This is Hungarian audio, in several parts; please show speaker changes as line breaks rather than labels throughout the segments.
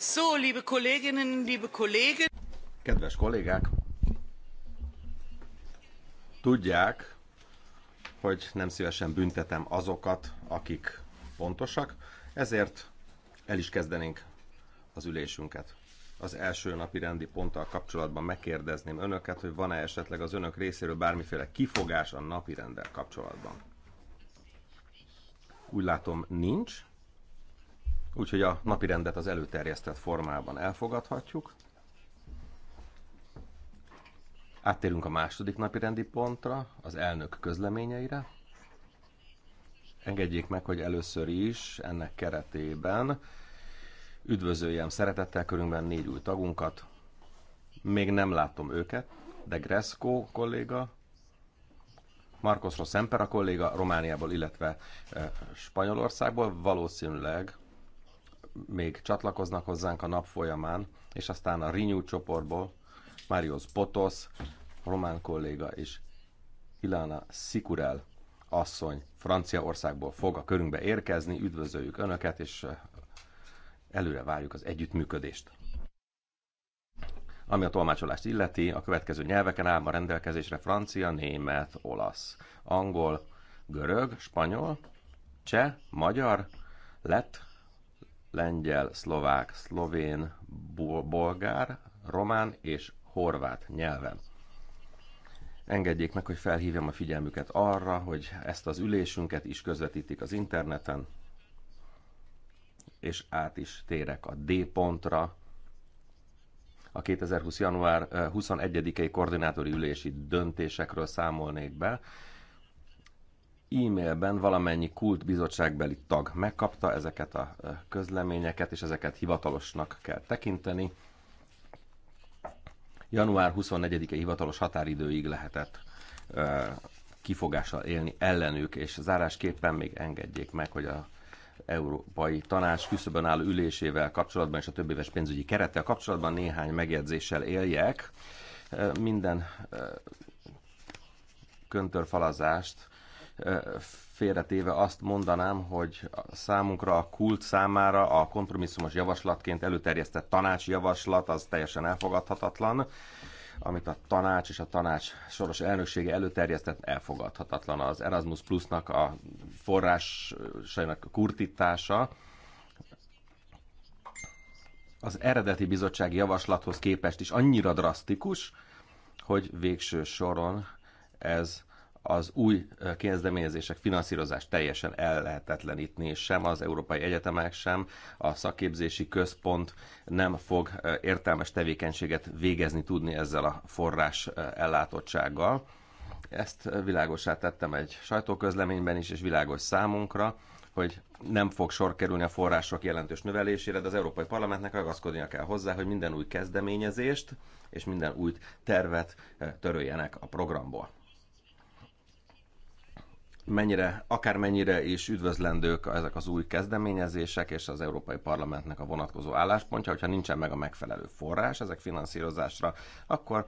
So, liebe Kolleginnen, liebe Kollegen.
Kedves kollégák, tudják, hogy nem szívesen büntetem azokat, akik pontosak, ezért el is kezdenénk az ülésünket. Az első napi rendi ponttal kapcsolatban megkérdezném önöket, hogy van-e esetleg az önök részéről bármiféle kifogás a napi rendel kapcsolatban. Úgy látom, nincs. Úgyhogy a napi rendet az előterjesztett formában elfogadhatjuk. Áttérünk a második napi rendi pontra, az elnök közleményeire. Engedjék meg, hogy először is ennek keretében üdvözöljem szeretettel körünkben négy új tagunkat. Még nem látom őket, de Gresco kolléga, Marcos Rosemper a kolléga Romániából, illetve eh, Spanyolországból valószínűleg még csatlakoznak hozzánk a nap folyamán, és aztán a Renew csoportból Marius Potos, román kolléga és Ilana Sikurel asszony Franciaországból fog a körünkbe érkezni. Üdvözöljük Önöket, és eh, előre várjuk az együttműködést. Ami a tolmácsolást illeti, a következő nyelveken áll a rendelkezésre francia, német, olasz, angol, görög, spanyol, cseh, magyar, lett, lengyel, szlovák, szlovén, bolgár, román és horvát nyelven. Engedjék meg, hogy felhívjam a figyelmüket arra, hogy ezt az ülésünket is közvetítik az interneten, és át is térek a D pontra, a 2020. január 21-i eh, koordinátori ülési döntésekről számolnék be e-mailben valamennyi kult bizottságbeli tag megkapta ezeket a közleményeket, és ezeket hivatalosnak kell tekinteni. Január 24-e hivatalos határidőig lehetett kifogással élni ellenük, és zárásképpen még engedjék meg, hogy a Európai Tanács küszöbön álló ülésével kapcsolatban és a többéves pénzügyi kerettel kapcsolatban néhány megjegyzéssel éljek. Minden köntörfalazást félretéve azt mondanám, hogy számunkra a kult számára a kompromisszumos javaslatként előterjesztett tanácsjavaslat az teljesen elfogadhatatlan amit a tanács és a tanács soros elnöksége előterjesztett, elfogadhatatlan az Erasmus Plusnak a forrásainak a kurtítása. Az eredeti bizottsági javaslathoz képest is annyira drasztikus, hogy végső soron ez az új kezdeményezések finanszírozást teljesen és sem az európai egyetemek, sem a szakképzési központ nem fog értelmes tevékenységet végezni tudni ezzel a forrás ellátottsággal. Ezt világosá tettem egy sajtóközleményben is, és világos számunkra, hogy nem fog sor kerülni a források jelentős növelésére, de az Európai Parlamentnek ragaszkodnia kell hozzá, hogy minden új kezdeményezést és minden új tervet töröljenek a programból mennyire, akármennyire is üdvözlendők ezek az új kezdeményezések és az Európai Parlamentnek a vonatkozó álláspontja, hogyha nincsen meg a megfelelő forrás ezek finanszírozásra, akkor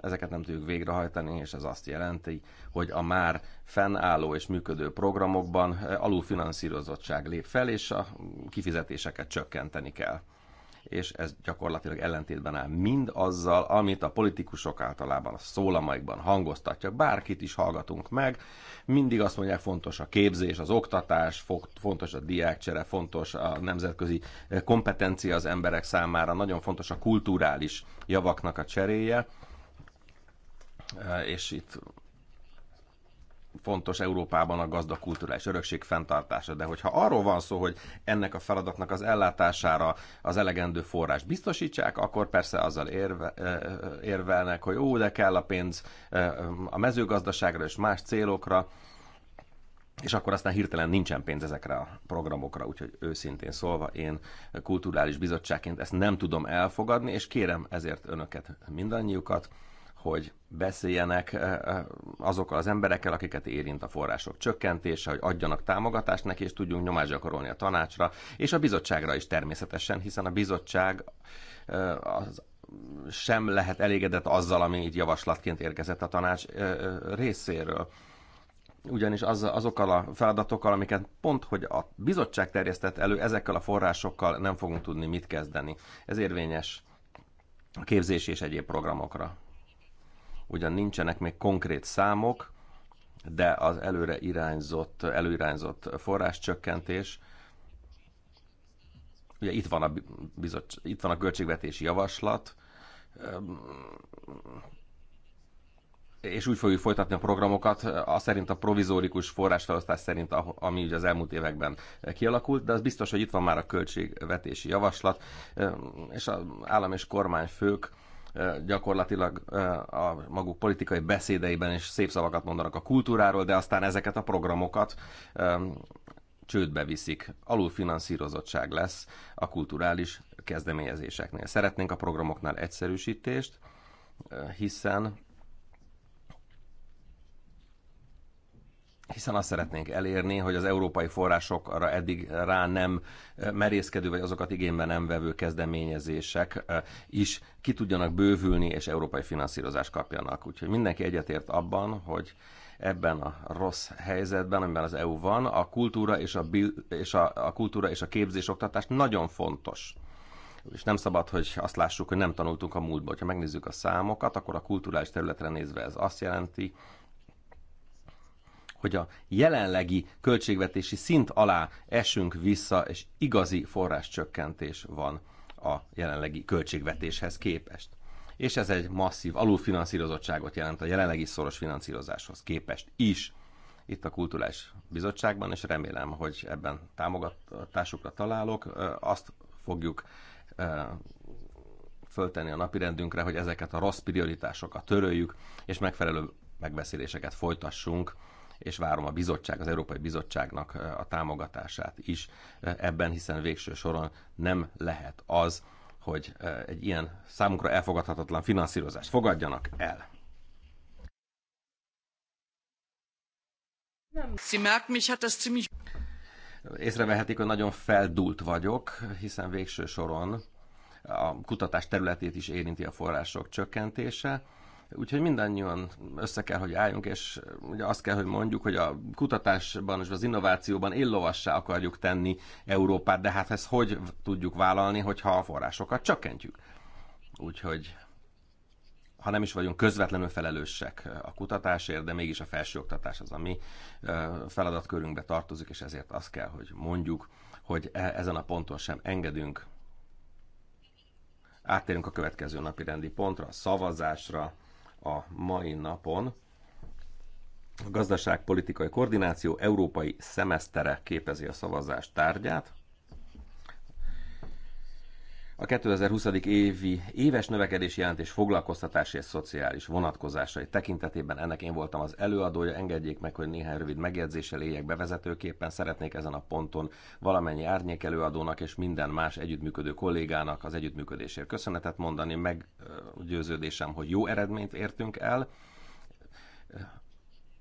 ezeket nem tudjuk végrehajtani, és ez azt jelenti, hogy a már fennálló és működő programokban eh, alulfinanszírozottság lép fel, és a kifizetéseket csökkenteni kell és ez gyakorlatilag ellentétben áll mind azzal, amit a politikusok általában a szólamaikban hangoztatják. Bárkit is hallgatunk meg, mindig azt mondják, fontos a képzés, az oktatás, fontos a diákcsere, fontos a nemzetközi kompetencia az emberek számára, nagyon fontos a kulturális javaknak a cseréje, és itt fontos Európában a gazdag kulturális örökség fenntartása, de hogyha arról van szó, hogy ennek a feladatnak az ellátására az elegendő forrás biztosítsák, akkor persze azzal érve, érvelnek, hogy ó, de kell a pénz a mezőgazdaságra és más célokra, és akkor aztán hirtelen nincsen pénz ezekre a programokra, úgyhogy őszintén szólva én kulturális bizottságként ezt nem tudom elfogadni, és kérem ezért önöket mindannyiukat, hogy beszéljenek azokkal az emberekkel, akiket érint a források csökkentése, hogy adjanak támogatást neki, és tudjunk nyomást gyakorolni a tanácsra, és a bizottságra is természetesen, hiszen a bizottság az sem lehet elégedett azzal, ami így javaslatként érkezett a tanács részéről ugyanis az, azokkal a feladatokkal, amiket pont, hogy a bizottság terjesztett elő, ezekkel a forrásokkal nem fogunk tudni mit kezdeni. Ez érvényes a képzési és egyéb programokra ugyan nincsenek még konkrét számok, de az előre irányzott, előirányzott forráscsökkentés, ugye itt van a, bizotts- itt van a költségvetési javaslat, és úgy fogjuk folytatni a programokat, a szerint a provizórikus forrásfelosztás szerint, ami ugye az elmúlt években kialakult, de az biztos, hogy itt van már a költségvetési javaslat, és az állam és kormányfők gyakorlatilag a maguk politikai beszédeiben is szép szavakat mondanak a kultúráról, de aztán ezeket a programokat csődbe viszik. Alulfinanszírozottság lesz a kulturális kezdeményezéseknél. Szeretnénk a programoknál egyszerűsítést, hiszen hiszen azt szeretnénk elérni, hogy az európai forrásokra eddig rá nem eh, merészkedő, vagy azokat igénybe nem vevő kezdeményezések eh, is ki tudjanak bővülni, és európai finanszírozást kapjanak. Úgyhogy mindenki egyetért abban, hogy ebben a rossz helyzetben, amiben az EU van, a kultúra és a, és a, a, kultúra és a képzés oktatás nagyon fontos és nem szabad, hogy azt lássuk, hogy nem tanultunk a múltból. Ha megnézzük a számokat, akkor a kulturális területre nézve ez azt jelenti, hogy a jelenlegi költségvetési szint alá esünk vissza, és igazi forráscsökkentés van a jelenlegi költségvetéshez képest. És ez egy masszív alulfinanszírozottságot jelent a jelenlegi szoros finanszírozáshoz képest is itt a Kulturális Bizottságban, és remélem, hogy ebben támogatásukra találok. Azt fogjuk föltenni a napirendünkre, hogy ezeket a rossz prioritásokat töröljük, és megfelelő megbeszéléseket folytassunk és várom a bizottság, az Európai Bizottságnak a támogatását is ebben, hiszen végső soron nem lehet az, hogy egy ilyen számunkra elfogadhatatlan finanszírozást fogadjanak el. Nem. Észrevehetik, hogy nagyon feldult vagyok, hiszen végső soron a kutatás területét is érinti a források csökkentése Úgyhogy mindannyian össze kell, hogy álljunk, és ugye azt kell, hogy mondjuk, hogy a kutatásban és az innovációban illovassá akarjuk tenni Európát, de hát ezt hogy tudjuk vállalni, hogyha a forrásokat csökkentjük? Úgyhogy ha nem is vagyunk közvetlenül felelősek a kutatásért, de mégis a felsőoktatás az, ami feladatkörünkbe tartozik, és ezért azt kell, hogy mondjuk, hogy e-, ezen a ponton sem engedünk. Áttérünk a következő napi rendi pontra, a szavazásra a mai napon. A gazdaságpolitikai koordináció európai szemesztere képezi a szavazás tárgyát. A 2020. évi éves növekedési jelentés foglalkoztatási és szociális vonatkozásai tekintetében ennek én voltam az előadója. Engedjék meg, hogy néhány rövid megjegyzéssel éljek bevezetőképpen. Szeretnék ezen a ponton valamennyi árnyék előadónak és minden más együttműködő kollégának az együttműködésért köszönetet mondani. Meggyőződésem, hogy jó eredményt értünk el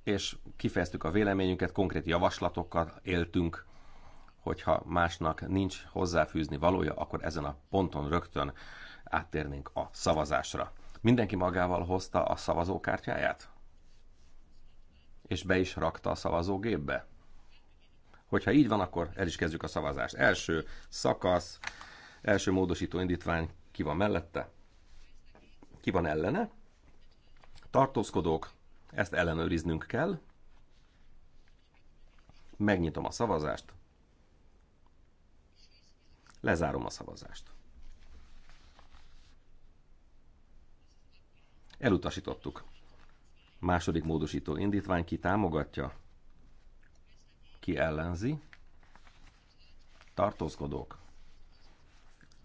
és kifejeztük a véleményünket, konkrét javaslatokkal éltünk hogyha másnak nincs hozzáfűzni valója, akkor ezen a ponton rögtön áttérnénk a szavazásra. Mindenki magával hozta a szavazókártyáját? És be is rakta a szavazógépbe? Hogyha így van, akkor el is kezdjük a szavazást. Első szakasz, első módosító indítvány, ki van mellette? Ki van ellene? Tartózkodók, ezt ellenőriznünk kell. Megnyitom a szavazást. Lezárom a szavazást. Elutasítottuk. Második módosító indítvány ki támogatja, ki ellenzi. Tartózkodók.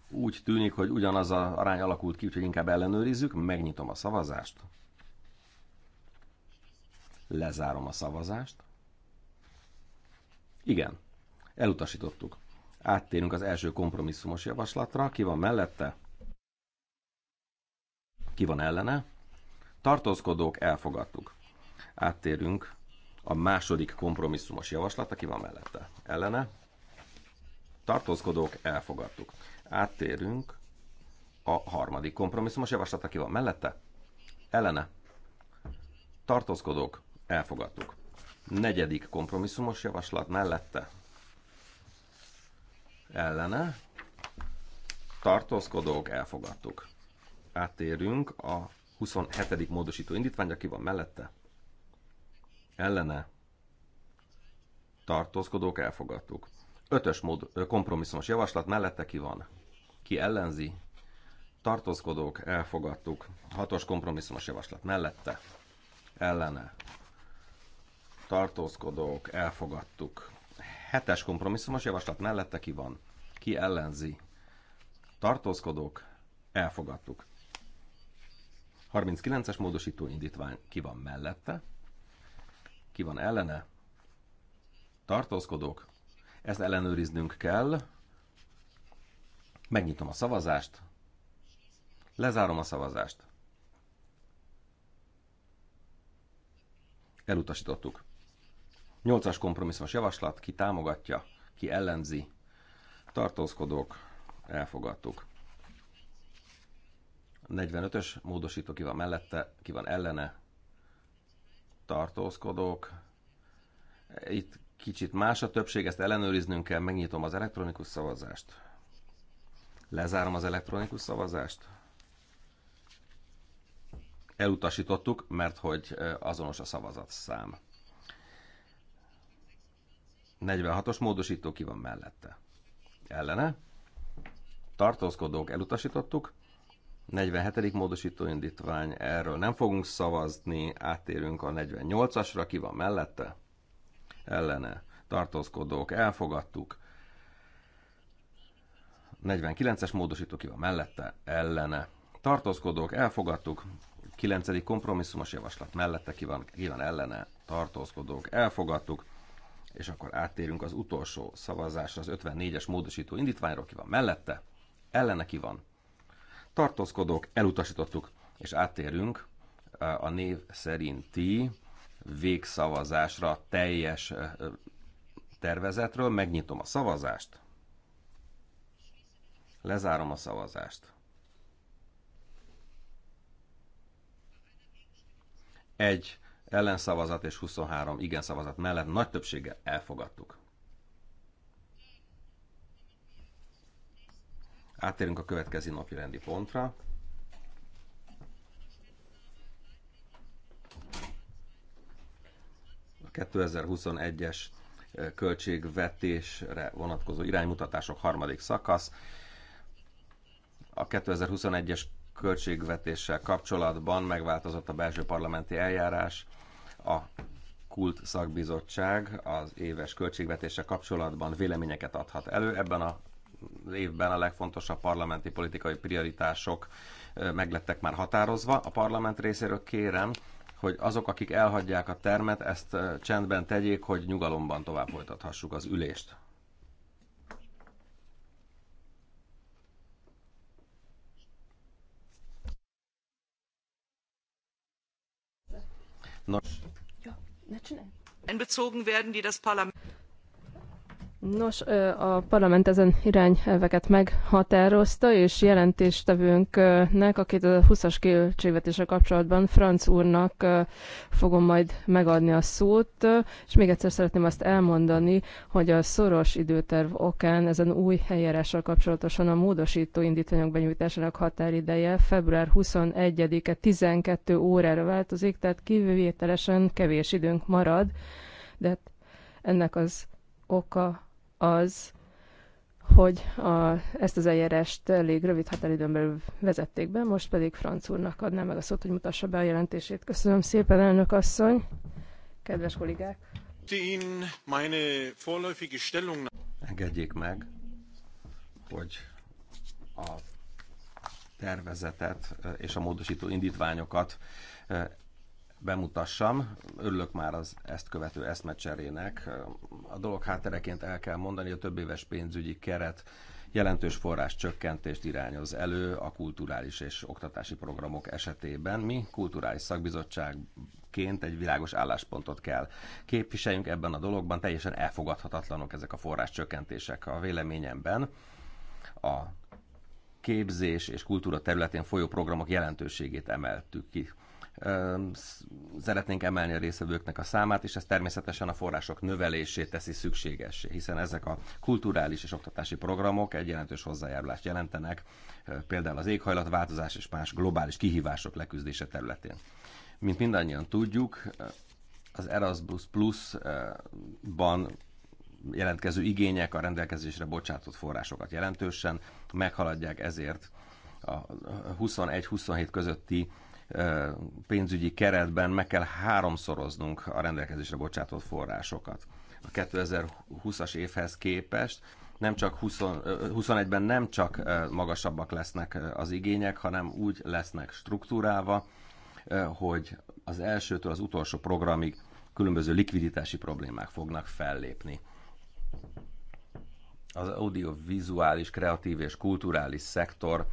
Úgy tűnik, hogy ugyanaz a arány alakult ki, úgyhogy inkább ellenőrizzük. Megnyitom a szavazást. Lezárom a szavazást. Igen, elutasítottuk. Áttérünk az első kompromisszumos javaslatra. Ki van mellette? Ki van ellene? Tartózkodók elfogadtuk. Áttérünk a második kompromisszumos javaslatra, Ki van mellette? Ellene? Tartózkodók elfogadtuk. Áttérünk a harmadik kompromisszumos javaslatra, Ki van mellette? Ellene? Tartózkodók elfogadtuk. Negyedik kompromisszumos javaslat mellette ellene tartózkodók elfogadtuk. Átérünk a 27. módosító indítványra, ki van mellette? Ellene tartózkodók elfogadtuk. Ötös mód, kompromisszumos javaslat mellette ki van? Ki ellenzi? Tartózkodók elfogadtuk. Hatos kompromisszumos javaslat mellette? Ellene tartózkodók elfogadtuk. Hetes kompromisszumos javaslat mellette ki van? Ki ellenzi? Tartózkodók? Elfogadtuk. 39-es módosító indítvány ki van mellette? Ki van ellene? Tartózkodók? Ezt ellenőriznünk kell. Megnyitom a szavazást. Lezárom a szavazást. Elutasítottuk. Nyolcas kompromisszumos javaslat, ki támogatja, ki ellenzi, tartózkodók, elfogadtuk. 45-ös módosító ki van mellette, ki van ellene, tartózkodók. Itt kicsit más a többség, ezt ellenőriznünk kell, megnyitom az elektronikus szavazást. Lezárom az elektronikus szavazást. Elutasítottuk, mert hogy azonos a szavazatszám. 46-os módosító ki van mellette? Ellene. Tartózkodók elutasítottuk. 47. módosító indítvány, erről nem fogunk szavazni, áttérünk a 48-asra, ki van mellette? Ellene. Tartózkodók elfogadtuk. 49-es módosító ki van mellette? Ellene. Tartózkodók elfogadtuk. 9. kompromisszumos javaslat mellette ki van, ki van ellene? Tartózkodók elfogadtuk. És akkor áttérünk az utolsó szavazásra, az 54-es módosító indítványról, ki van mellette, ellene ki van. Tartózkodók, elutasítottuk, és áttérünk eh, a név szerinti végszavazásra teljes eh, tervezetről. Megnyitom a szavazást. Lezárom a szavazást. Egy ellenszavazat és 23 igen szavazat mellett nagy többséggel elfogadtuk. Áttérünk a következő napi rendi pontra. A 2021-es eh, költségvetésre vonatkozó iránymutatások harmadik szakasz. A 2021-es költségvetéssel kapcsolatban megváltozott a belső parlamenti eljárás a Kult Szakbizottság az éves költségvetése kapcsolatban véleményeket adhat elő. Ebben a évben a legfontosabb parlamenti politikai prioritások meglettek már határozva. A parlament részéről kérem, hogy azok, akik elhagyják a termet, ezt csendben tegyék, hogy nyugalomban tovább folytathassuk az ülést. Nos,
einbezogen werden, die das Parlament.
Nos, a parlament ezen irányelveket meghatározta, és jelentéstevőnknek a 2020-as költségvetése kapcsolatban Franz úrnak fogom majd megadni a szót, és még egyszer szeretném azt elmondani, hogy a szoros időterv okán ezen új helyjárással kapcsolatosan a módosító indítványok benyújtásának határideje február 21-e 12 órára változik, tehát kivételesen kevés időnk marad, de hát ennek az oka az, hogy a, ezt az eljárást elég rövid határidőn belül vezették be, most pedig Franc úrnak adná meg a szót, hogy mutassa be a jelentését. Köszönöm szépen, elnök asszony, kedves kollégák!
Engedjék meg, hogy a tervezetet eh, és a módosító indítványokat eh, bemutassam. Örülök már az ezt követő eszmecserének. A dolog háttereként el kell mondani, a több éves pénzügyi keret jelentős forrás csökkentést irányoz elő a kulturális és oktatási programok esetében. Mi kulturális szakbizottságként egy világos álláspontot kell képviseljünk ebben a dologban. Teljesen elfogadhatatlanok ezek a forrás csökkentések a véleményemben. A képzés és kultúra területén folyó programok jelentőségét emeltük ki szeretnénk emelni a részvevőknek a számát, és ez természetesen a források növelését teszi szükséges, hiszen ezek a kulturális és oktatási programok egy jelentős hozzájárulást jelentenek, például az éghajlatváltozás és más globális kihívások leküzdése területén. Mint mindannyian tudjuk, az Erasmus Plus-ban jelentkező igények a rendelkezésre bocsátott forrásokat jelentősen meghaladják, ezért a 21-27 közötti pénzügyi keretben meg kell háromszoroznunk a rendelkezésre bocsátott forrásokat. A 2020-as évhez képest nem csak 20, 21-ben nem csak magasabbak lesznek az igények, hanem úgy lesznek struktúrálva, hogy az elsőtől az utolsó programig különböző likviditási problémák fognak fellépni. Az audiovizuális, kreatív és kulturális szektor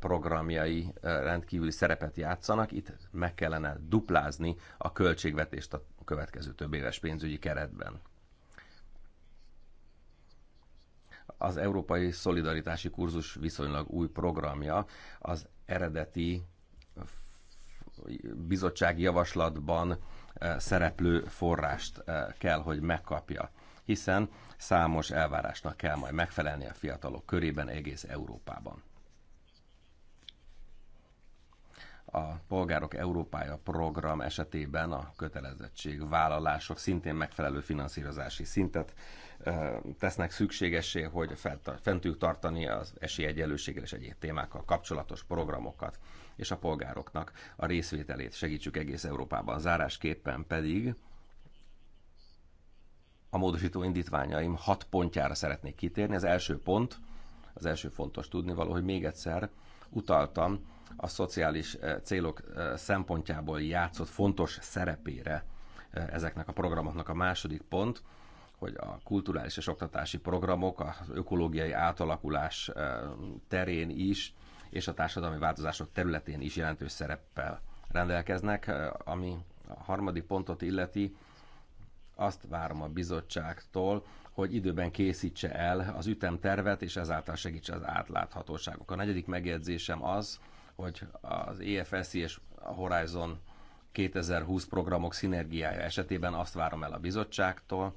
programjai rendkívüli szerepet játszanak. Itt meg kellene duplázni a költségvetést a következő több éves pénzügyi keretben. Az Európai Szolidaritási Kurzus viszonylag új programja az eredeti bizottsági javaslatban szereplő forrást kell, hogy megkapja, hiszen számos elvárásnak kell majd megfelelni a fiatalok körében egész Európában. a Polgárok Európája program esetében a kötelezettség vállalások szintén megfelelő finanszírozási szintet tesznek szükségessé, hogy fent tartani az esélyegyenlőséggel és egyéb témákkal kapcsolatos programokat, és a polgároknak a részvételét segítsük egész Európában. Zárásképpen pedig a módosító indítványaim hat pontjára szeretnék kitérni. Az első pont, az első fontos tudnivaló, hogy még egyszer utaltam a szociális eh, célok eh, szempontjából játszott fontos szerepére eh, ezeknek a programoknak. A második pont, hogy a kulturális és oktatási programok az ökológiai átalakulás terén is, és a társadalmi változások területén is jelentős szereppel rendelkeznek. Ami a harmadik pontot illeti, azt várom a bizottságtól, hogy időben készítse el az ütemtervet, és ezáltal segítse az átláthatóságok. A negyedik megjegyzésem az, hogy az EFSI és a Horizon 2020 programok szinergiája esetében azt várom el a bizottságtól,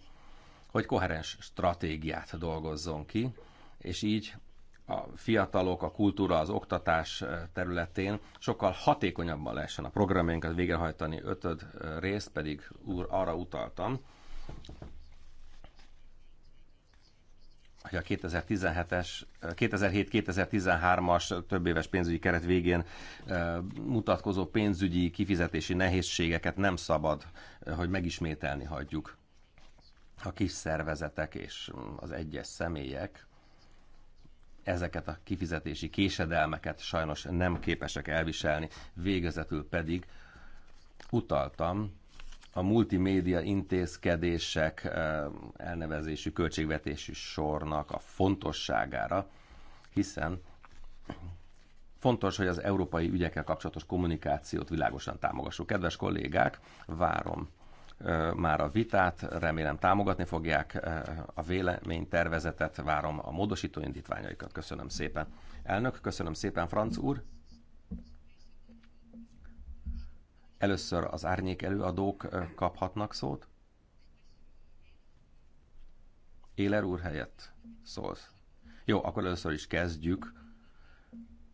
hogy koherens stratégiát dolgozzon ki, és így a fiatalok, a kultúra, az oktatás területén sokkal hatékonyabban lehessen a programjainkat végrehajtani. Ötöd részt pedig úr, arra utaltam, hogy a 2017-es, 2007-2013-as több éves pénzügyi keret végén mutatkozó pénzügyi kifizetési nehézségeket nem szabad, hogy megismételni hagyjuk. A kis szervezetek és mm, az egyes személyek ezeket a kifizetési késedelmeket sajnos nem képesek elviselni, végezetül pedig utaltam a multimédia intézkedések eh, elnevezésű költségvetési sornak a fontosságára, hiszen fontos, hogy az európai ügyekkel kapcsolatos kommunikációt világosan támogassuk. Kedves kollégák, várom eh, már a vitát, remélem támogatni fogják eh, a véleménytervezetet, várom a módosító indítványaikat. Köszönöm szépen. Elnök, köszönöm szépen, Franc úr. Először az árnyék előadók kaphatnak szót. Éler úr helyett szólsz. Jó, akkor először is kezdjük.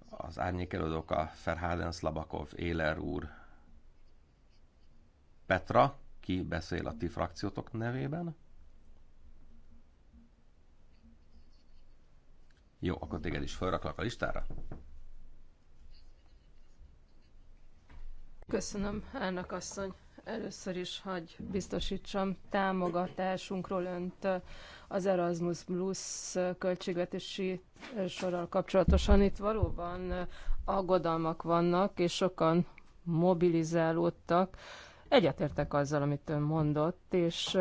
Az árnyék a Ferháden Szlabakov, Éler úr, Petra, ki beszél a ti frakciótok nevében? Jó, akkor téged is felraklak a listára.
Köszönöm, elnök asszony. Először is hagy biztosítsam támogatásunkról önt az Erasmus Plus költségvetési sorral kapcsolatosan. Itt valóban aggodalmak vannak, és sokan mobilizálódtak. Egyetértek azzal, amit ön mondott, és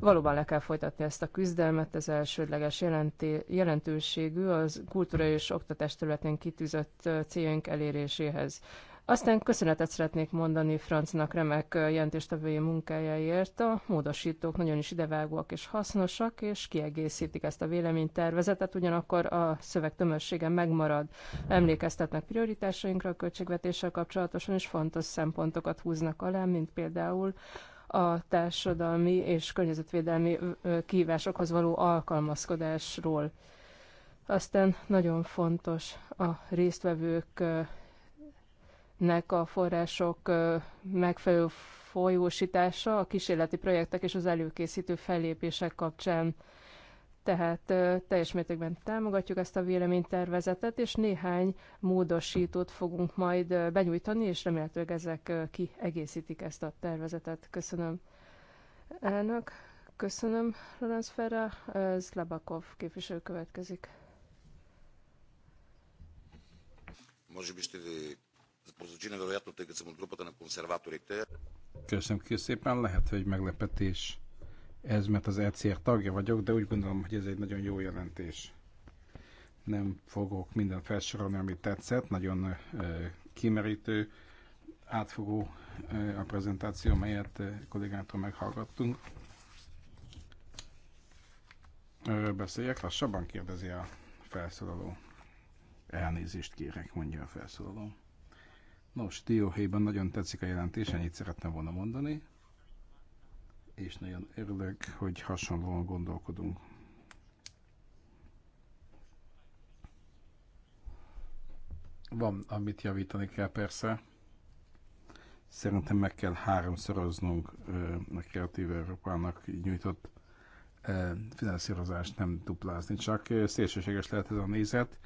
valóban le kell folytatni ezt a küzdelmet, ez elsődleges jelenti, jelentőségű az kultúra és oktatás területén kitűzött céljaink eléréséhez. Aztán köszönetet szeretnék mondani Francnak remek jelentéstevői munkájáért. A módosítók nagyon is idevágóak és hasznosak, és kiegészítik ezt a véleménytervezetet, ugyanakkor a szöveg tömössége megmarad. Emlékeztetnek prioritásainkra a költségvetéssel kapcsolatosan, és fontos szempontokat húznak alá, mint például a társadalmi és környezetvédelmi kihívásokhoz való alkalmazkodásról. Aztán nagyon fontos a résztvevők nek a források megfelelő folyósítása a kísérleti projektek és az előkészítő fellépések kapcsán. Tehát teljes mértékben támogatjuk ezt a véleménytervezetet, és néhány módosítót fogunk majd benyújtani, és remélhetőleg ezek kiegészítik ezt a tervezetet. Köszönöm. Elnök, köszönöm, Lorenz Ferra. Zlabakov képviselő következik.
Може
Köszönöm szépen, lehet, hogy meglepetés ez, mert az ECR tagja vagyok, de úgy gondolom, hogy ez egy nagyon jó jelentés. Nem fogok minden felsorolni, amit tetszett, nagyon kimerítő, átfogó a prezentáció, melyet kollégától meghallgattunk. Beszéljek lassabban, kérdezi a felszólaló. Elnézést kérek, mondja a felszólaló. Nos, dióhéjban nagyon tetszik a jelentés, ennyit szeretném volna mondani, és nagyon örülök, hogy hasonlóan gondolkodunk. Van, amit javítani kell persze. Szerintem meg kell háromszoroznunk a Kreatív Európának nyújtott finanszírozást, nem duplázni, csak szélsőséges lehet ez a nézet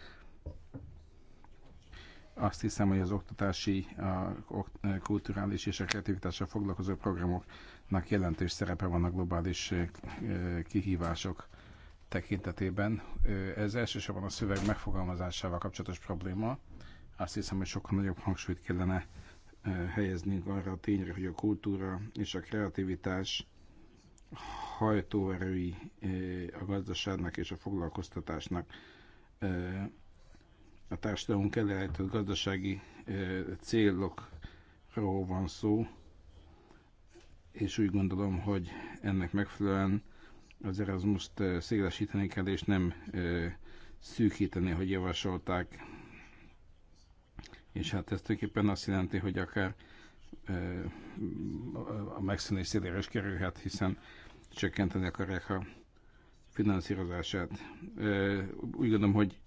azt hiszem, hogy az oktatási, a kulturális és a kreativitással foglalkozó programoknak jelentős szerepe van a globális kihívások tekintetében. Ez elsősorban a szöveg megfogalmazásával kapcsolatos probléma. Azt hiszem, hogy sokkal nagyobb hangsúlyt kellene helyeznünk arra a tényre, hogy a kultúra és a kreativitás hajtóerői a gazdaságnak és a foglalkoztatásnak a társadalunk elérhető gazdasági célokról van szó, és úgy gondolom, hogy ennek megfelelően az Erasmus-t szélesíteni kell, és nem szűkíteni, hogy javasolták. És hát ez tulajdonképpen azt jelenti, hogy akár a megszűnés szélére is kerülhet, hiszen csökkenteni akarják a finanszírozását. Úgy gondolom, hogy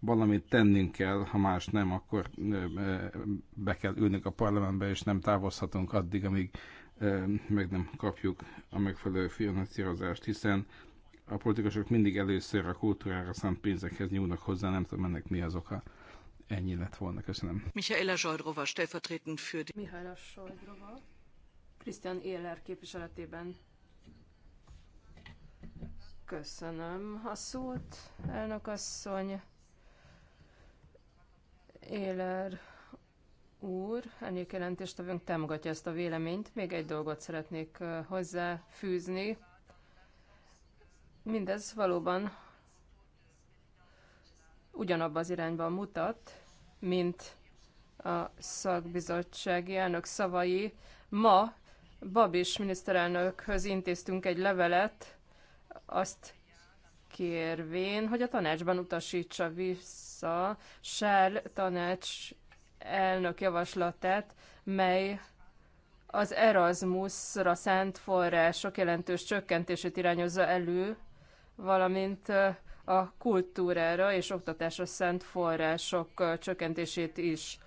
valamit tennünk kell, ha más nem, akkor be kell ülnünk a parlamentbe, és nem távozhatunk addig, amíg meg nem kapjuk a megfelelő finanszírozást, hiszen a politikusok mindig először a kultúrára szánt pénzekhez nyúlnak hozzá, nem tudom ennek mi az oka. Ennyi lett volna, köszönöm.
Michaela Zsajdrova, stellvertretend für die...
Michaela Zsajdrova, Christian Éler képviseletében. Köszönöm a szót, elnök asszony. Éler úr, ennyik jelentéstevőnk támogatja ezt a véleményt. Még egy dolgot szeretnék hozzáfűzni. Mindez valóban ugyanabba az irányba mutat, mint a szakbizottsági elnök szavai. Ma Babis miniszterelnökhöz intéztünk egy levelet, azt kérvén, hogy a tanácsban utasítsa vissza vissza Shell tanács elnök javaslatát, mely az Erasmusra szánt források jelentős csökkentését irányozza elő, valamint a kultúrára és oktatásra szánt források csökkentését is.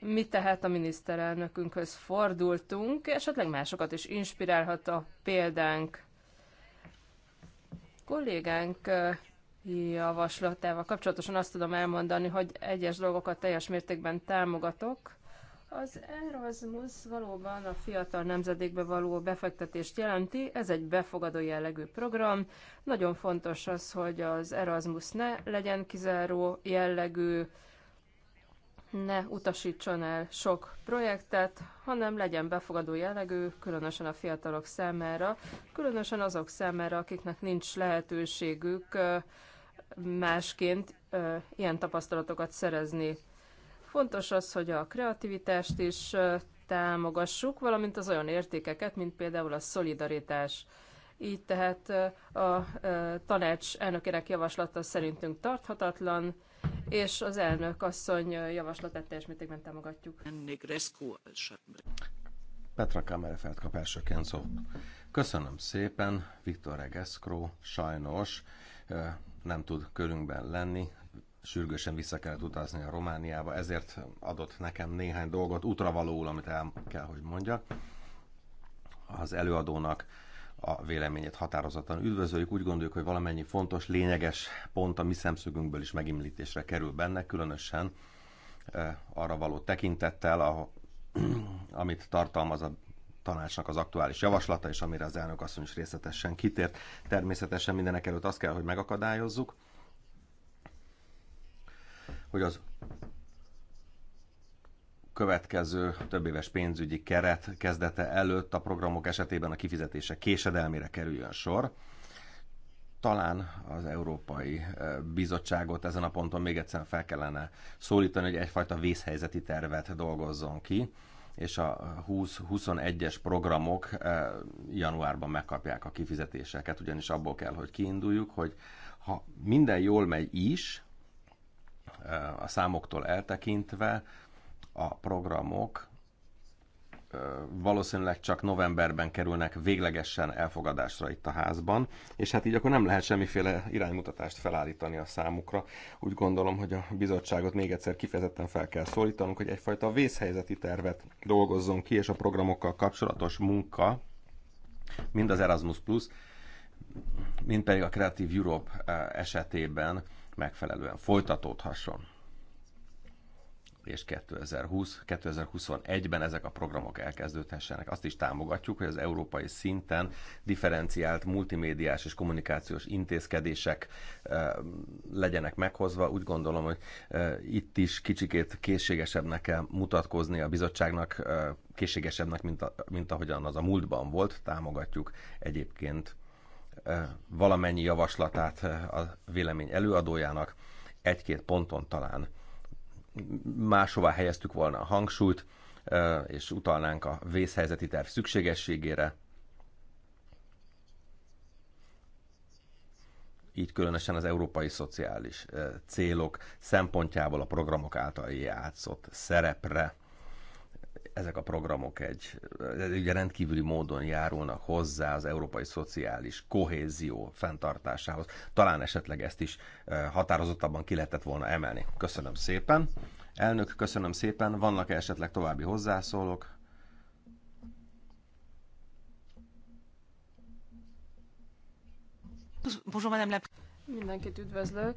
Mi tehát a miniszterelnökünkhöz fordultunk, esetleg másokat is inspirálhat a példánk. Kollégánk javaslatával kapcsolatosan azt tudom elmondani, hogy egyes dolgokat teljes mértékben támogatok. Az Erasmus valóban a fiatal nemzedékbe való befektetést jelenti, ez egy befogadó jellegű program. Nagyon fontos az, hogy az Erasmus ne legyen kizáró jellegű, ne utasítson el sok projektet, hanem legyen befogadó jellegű, különösen a fiatalok számára, különösen azok számára, akiknek nincs lehetőségük másként ilyen tapasztalatokat szerezni. Fontos az, hogy a kreativitást is támogassuk, valamint az olyan értékeket, mint például a szolidaritás. Így tehát a tanács elnökének javaslata szerintünk tarthatatlan, és az elnök asszony javaslatát teljes mértékben támogatjuk.
Petra Kamerefelt kap elsőként szó. Köszönöm szépen, Viktor Egeszkró, sajnos nem tud körünkben lenni, sürgősen vissza kellett utazni a Romániába, ezért adott nekem néhány dolgot útravalóul, amit el kell, hogy mondjak. Az előadónak a véleményét határozottan üdvözöljük. Úgy gondoljuk, hogy valamennyi fontos, lényeges pont a mi szemszögünkből is megimlítésre kerül benne, különösen eh, arra való tekintettel, amit tartalmaz a tanácsnak az aktuális javaslata, és amire az elnök asszony is részletesen kitért. Természetesen mindenek előtt azt kell, hogy megakadályozzuk, hogy az következő több éves pénzügyi keret kezdete előtt a programok esetében a kifizetése késedelmére kerüljön sor. Talán az Európai eh, Bizottságot ezen a ponton még egyszer fel kellene szólítani, hogy egyfajta vészhelyzeti tervet dolgozzon ki és a 20-21-es programok eh, januárban megkapják a kifizetéseket, ugyanis abból kell, hogy kiinduljuk, hogy ha minden jól megy is, eh, a számoktól eltekintve, a programok valószínűleg csak novemberben kerülnek véglegesen elfogadásra itt a házban, és hát így akkor nem lehet semmiféle iránymutatást felállítani a számukra. Úgy gondolom, hogy a bizottságot még egyszer kifejezetten fel kell szólítanunk, hogy egyfajta vészhelyzeti tervet dolgozzon ki, és a programokkal kapcsolatos munka, mind az Erasmus Plus, mind pedig a Creative Europe esetében megfelelően folytatódhasson és 2020-2021-ben ezek a programok elkezdődhessenek. Azt is támogatjuk, hogy az európai szinten differenciált multimédiás és kommunikációs intézkedések eh, legyenek meghozva. Úgy gondolom, hogy eh, itt is kicsikét készségesebbnek kell mutatkozni a bizottságnak, eh, készségesebbnek, mint, a, mint ahogyan az a múltban volt. Támogatjuk egyébként valamennyi javaslatát a vélemény előadójának. Egy-két ponton talán máshová helyeztük volna a hangsúlyt, és utalnánk a vészhelyzeti terv szükségességére. Így különösen az európai szociális célok szempontjából a programok által játszott szerepre ezek a programok egy ugye rendkívüli módon járulnak hozzá az európai szociális kohézió fenntartásához. Talán esetleg ezt is eh, határozottabban ki lehetett volna emelni. Köszönöm szépen. Elnök, köszönöm szépen. Vannak-e esetleg további hozzászólók?
Bonjour, madame la... Mindenkit üdvözlök.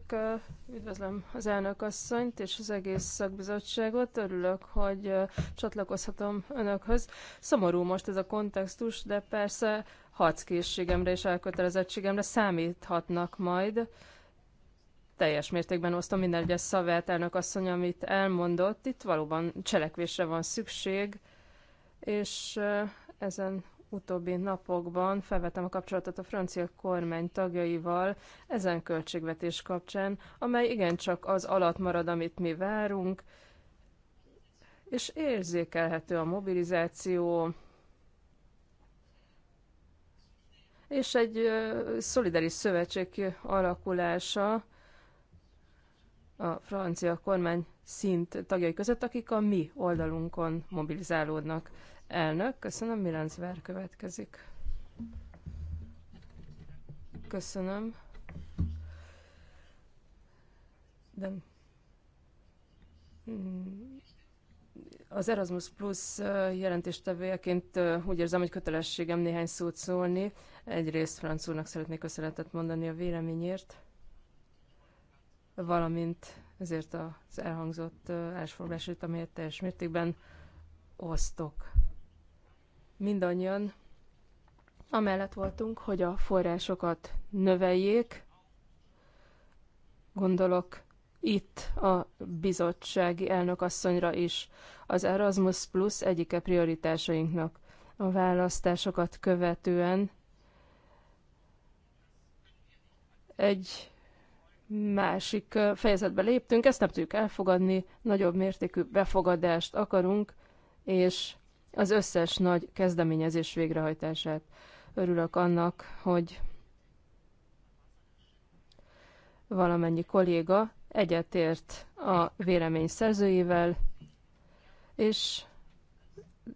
Üdvözlöm az elnök asszonyt és az egész szakbizottságot. Örülök, hogy csatlakozhatom önökhöz. Szomorú most ez a kontextus, de persze harckészségemre és elkötelezettségemre számíthatnak majd. Teljes mértékben osztom minden egyes szavát, elnök asszony, amit elmondott. Itt valóban cselekvésre van szükség, és ezen utóbbi napokban felvettem a kapcsolatot a francia kormány tagjaival ezen költségvetés kapcsán, amely igencsak az alatt marad, amit mi várunk, és érzékelhető a mobilizáció, és egy szolidaris szövetség alakulása a francia kormány szint tagjai között, akik a mi oldalunkon mobilizálódnak. Elnök, köszönöm, Milán Zver következik. Köszönöm. De mm, az Erasmus Plus jelentéstevőjeként úgy érzem, hogy kötelességem néhány szót szólni. Egyrészt francúrnak szeretnék köszönetet mondani a véleményért, valamint ezért az elhangzott állásfoglásért, amelyet teljes mértékben osztok mindannyian amellett voltunk, hogy a forrásokat növeljék. Gondolok itt a bizottsági elnökasszonyra is. Az Erasmus Plus egyike prioritásainknak. A választásokat követően egy másik fejezetbe léptünk, ezt nem tudjuk elfogadni, nagyobb mértékű befogadást akarunk, és az összes nagy kezdeményezés végrehajtását. Örülök annak, hogy valamennyi kolléga egyetért a vélemény szerzőjével, és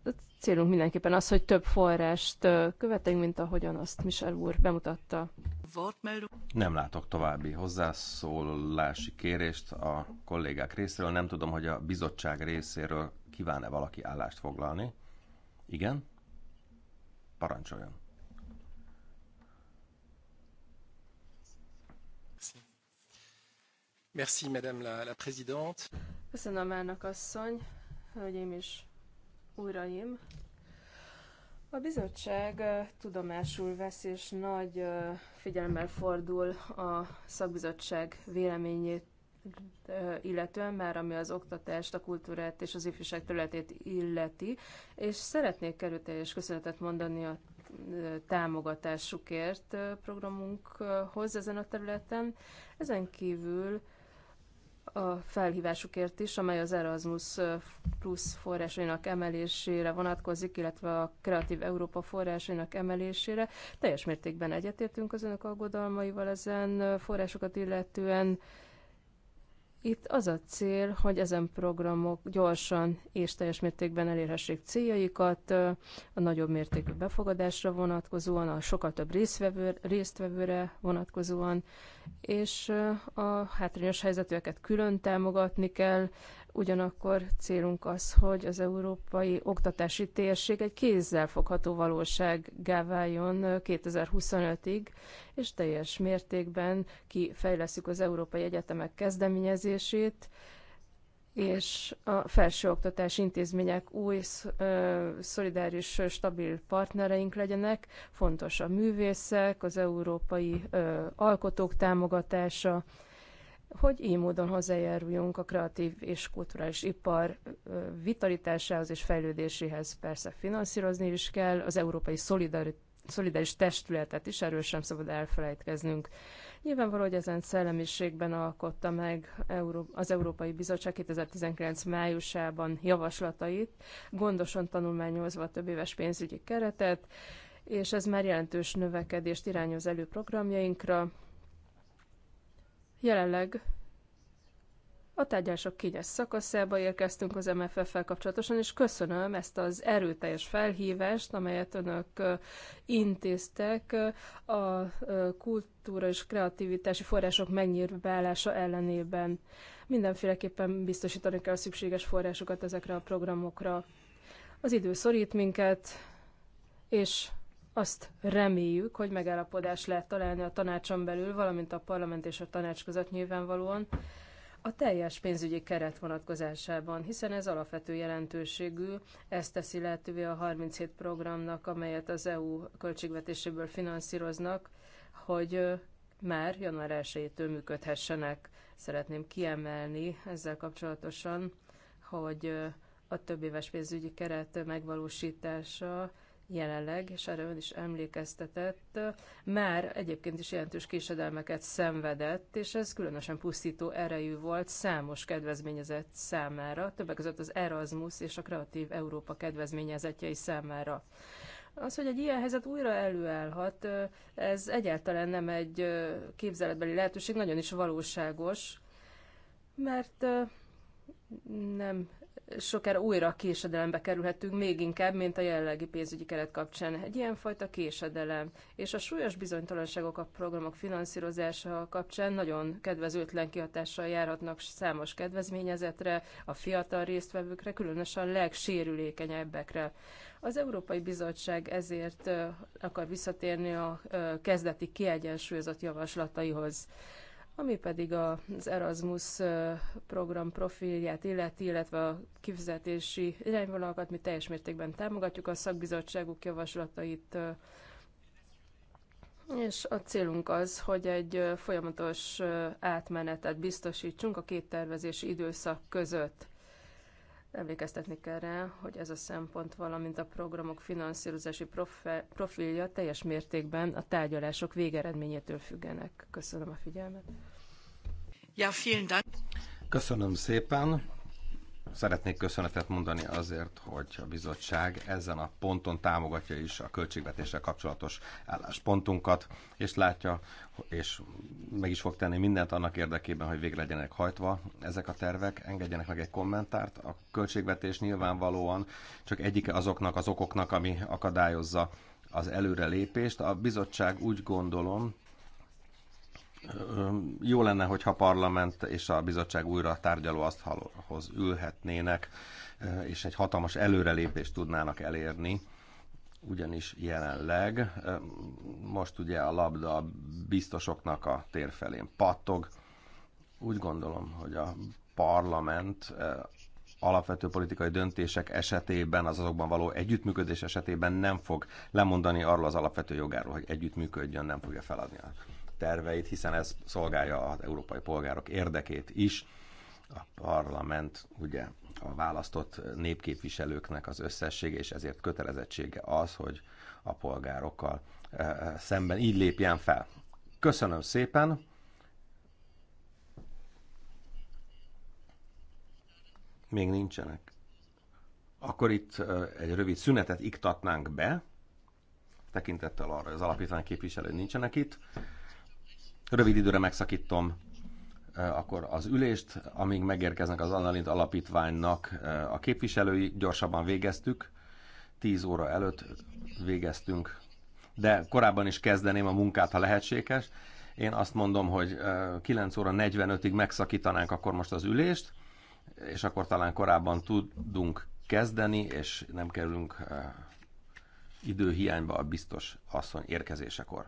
a célunk mindenképpen az, hogy több forrást követünk, mint ahogyan azt Michel úr bemutatta.
Nem látok további hozzászólási kérést a kollégák részéről. Nem tudom, hogy a bizottság részéről kíván-e valaki állást foglalni. Igen? Parancsoljon.
Merci, Madame la, la Présidente.
Köszönöm, elnök asszony, hölgyeim és uraim. A bizottság tudomásul vesz és nagy figyelemmel fordul a szakbizottság véleményét illetően már, ami az oktatást, a kultúrát és az ifjúság területét illeti, és szeretnék erőteljes köszönetet mondani a támogatásukért programunkhoz ezen a területen. Ezen kívül a felhívásukért is, amely az Erasmus plusz forrásainak emelésére vonatkozik, illetve a Kreatív Európa forrásainak emelésére. Teljes mértékben egyetértünk az önök aggodalmaival ezen forrásokat illetően. Itt az a cél, hogy ezen programok gyorsan és teljes mértékben elérhessék céljaikat, a nagyobb mértékű befogadásra vonatkozóan, a sokkal több résztvevő, résztvevőre vonatkozóan, és a hátrányos helyzetűeket külön támogatni kell, Ugyanakkor célunk az, hogy az európai oktatási térség egy kézzelfogható valósággá váljon 2025-ig, és teljes mértékben kifejleszük az európai egyetemek kezdeményezését, és a felsőoktatási intézmények új, szolidáris, stabil partnereink legyenek. Fontos a művészek, az európai alkotók támogatása, hogy így módon hozzájáruljunk a kreatív és kulturális ipar vitalitásához és fejlődéséhez. Persze finanszírozni is kell, az európai szolidaritás szolidáris testületet is, erről sem szabad elfelejtkeznünk. Nyilvánvaló, hogy ezen szellemiségben alkotta meg az Európai Bizottság 2019 májusában javaslatait, gondosan tanulmányozva a több éves pénzügyi keretet, és ez már jelentős növekedést irányoz elő programjainkra, Jelenleg a tárgyalások kényes szakaszába érkeztünk az MFF-fel kapcsolatosan, és köszönöm ezt az erőteljes felhívást, amelyet önök intéztek a kultúra és kreativitási források megnyírválása ellenében. Mindenféleképpen biztosítani kell a szükséges forrásokat ezekre a programokra. Az idő szorít minket, és azt reméljük, hogy megállapodás lehet találni a tanácson belül, valamint a parlament és a tanács között nyilvánvalóan a teljes pénzügyi keret vonatkozásában, hiszen ez alapvető jelentőségű, ezt teszi lehetővé a 37 programnak, amelyet az EU költségvetéséből finanszíroznak, hogy már január 1-től működhessenek. Szeretném kiemelni ezzel kapcsolatosan, hogy a több éves pénzügyi keret megvalósítása jelenleg, és erre ön is emlékeztetett, már egyébként is jelentős késedelmeket szenvedett, és ez különösen pusztító erejű volt számos kedvezményezett számára, többek között az Erasmus és a Kreatív Európa kedvezményezettjei számára. Az, hogy egy ilyen helyzet újra előállhat, ez egyáltalán nem egy képzeletbeli lehetőség, nagyon is valóságos, mert nem sokára újra késedelembe kerülhetünk, még inkább, mint a jelenlegi pénzügyi keret kapcsán. Egy ilyenfajta késedelem. És a súlyos bizonytalanságok a programok finanszírozása kapcsán nagyon kedvezőtlen kihatással járhatnak számos kedvezményezetre, a fiatal résztvevőkre, különösen a legsérülékenyebbekre. Az Európai Bizottság ezért akar visszatérni a kezdeti kiegyensúlyozott javaslataihoz ami pedig az Erasmus program profilját illeti, illetve a kifizetési irányvonalakat mi teljes mértékben támogatjuk, a szakbizottságuk javaslatait és a célunk az, hogy egy folyamatos átmenetet biztosítsunk a két tervezési időszak között. Emlékeztetni kell rá, hogy ez a szempont, valamint a programok finanszírozási profilja teljes mértékben a tárgyalások végeredményétől függenek. Köszönöm a figyelmet.
Ja, vielen Dank.
Köszönöm szépen. Szeretnék köszönetet mondani azért, hogy a bizottság ezen a ponton támogatja is a költségvetéssel kapcsolatos álláspontunkat, és látja, és meg is fog tenni mindent annak érdekében, hogy végre legyenek hajtva ezek a tervek. Engedjenek meg egy kommentárt. A költségvetés nyilvánvalóan csak egyike azoknak az okoknak, ami akadályozza az előrelépést. A bizottság úgy gondolom, jó lenne, hogyha a parlament és a bizottság újra tárgyaló asztalhoz ülhetnének, és egy hatalmas előrelépést tudnának elérni ugyanis jelenleg most ugye a labda biztosoknak a tér felén pattog. Úgy gondolom, hogy a parlament alapvető politikai döntések esetében, az azokban való együttműködés esetében nem fog lemondani arról az alapvető jogáról, hogy együttműködjön, nem fogja feladni a terveit, hiszen ez szolgálja az európai polgárok érdekét is. A parlament ugye a választott népképviselőknek az összessége, és ezért kötelezettsége az, hogy a polgárokkal eh, eh, szemben így lépjen fel. Köszönöm szépen! Még nincsenek. Akkor itt eh, egy rövid szünetet iktatnánk be, tekintettel arra, hogy az alapítvány képviselő nincsenek itt. Rövid időre megszakítom eh, akkor az ülést, amíg megérkeznek az Annalint Alapítványnak eh, a képviselői, gyorsabban végeztük, 10 óra előtt végeztünk, de korábban is kezdeném a munkát, ha lehetséges. Én azt mondom, hogy 9 eh, óra 45-ig megszakítanánk akkor most az ülést, és akkor talán korábban tudunk kezdeni, és nem kerülünk időhiányba a biztos asszony érkezésekor.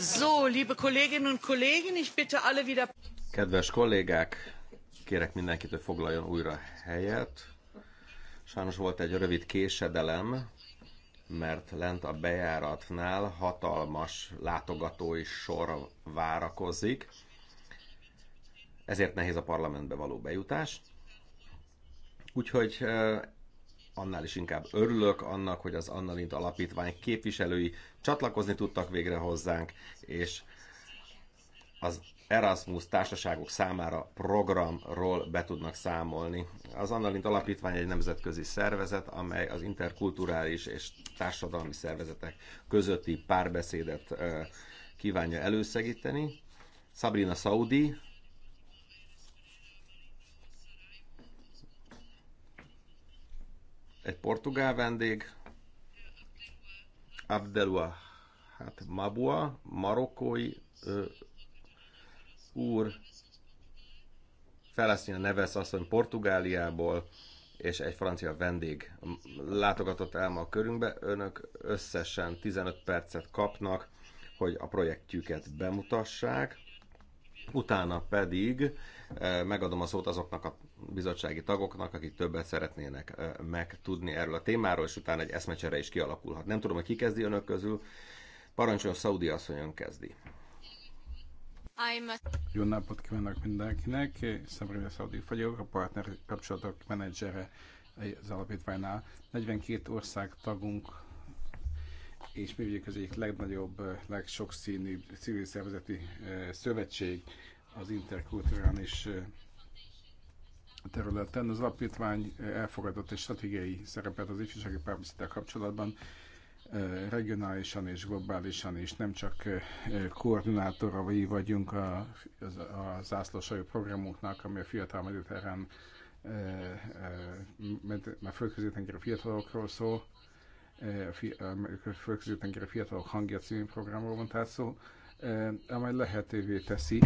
So, liebe Kolleginnen und Kollegen, ich bitte alle wieder...
Kedves kollégák, kérek mindenkit, hogy foglaljon újra helyet. Sajnos volt egy rövid késedelem, mert lent a bejáratnál hatalmas látogatói sor várakozik, ezért nehéz a parlamentbe való bejutás. Úgyhogy eh, annál is inkább örülök annak, hogy az Annalint Alapítvány képviselői csatlakozni tudtak végre hozzánk, és az Erasmus társaságok számára programról be tudnak számolni. Az Annalint Alapítvány egy nemzetközi szervezet, amely az interkulturális és társadalmi szervezetek közötti párbeszédet kívánja elősegíteni. Sabrina Saudi, egy portugál vendég, Abdelua hát Mabua, marokkói ö, úr, a Neves asszony Portugáliából, és egy francia vendég látogatott el ma a körünkbe. Önök összesen 15 percet kapnak, hogy a projektjüket bemutassák, utána pedig Megadom a szót azoknak a bizottsági tagoknak, akik többet szeretnének megtudni erről a témáról, és utána egy eszmecsere is kialakulhat. Nem tudom, hogy ki kezdi önök közül.
Parancsoljon, Szaudi asszonyon kezdi. Jó napot kívánok mindenkinek! Szabrina Szaudi vagyok, a partner kapcsolatok menedzsere az alapítványnál. 42 ország tagunk, és mi vagyunk az egyik legnagyobb, legsokszínűbb civil szervezeti szövetség az interkulturális területen. Az alapítvány elfogadott egy stratégiai szerepet az ifjúsági párbeszéddel kapcsolatban, regionálisan és globálisan is, nem csak koordinátorai vagyunk a, a zászlósajó programunknak, ami a fiatal mediterrán, a földközi-tengeri fiatalokról szól, a földközi-tengeri fiatalok hangja című programról van tehát szó, amely lehetővé teszi,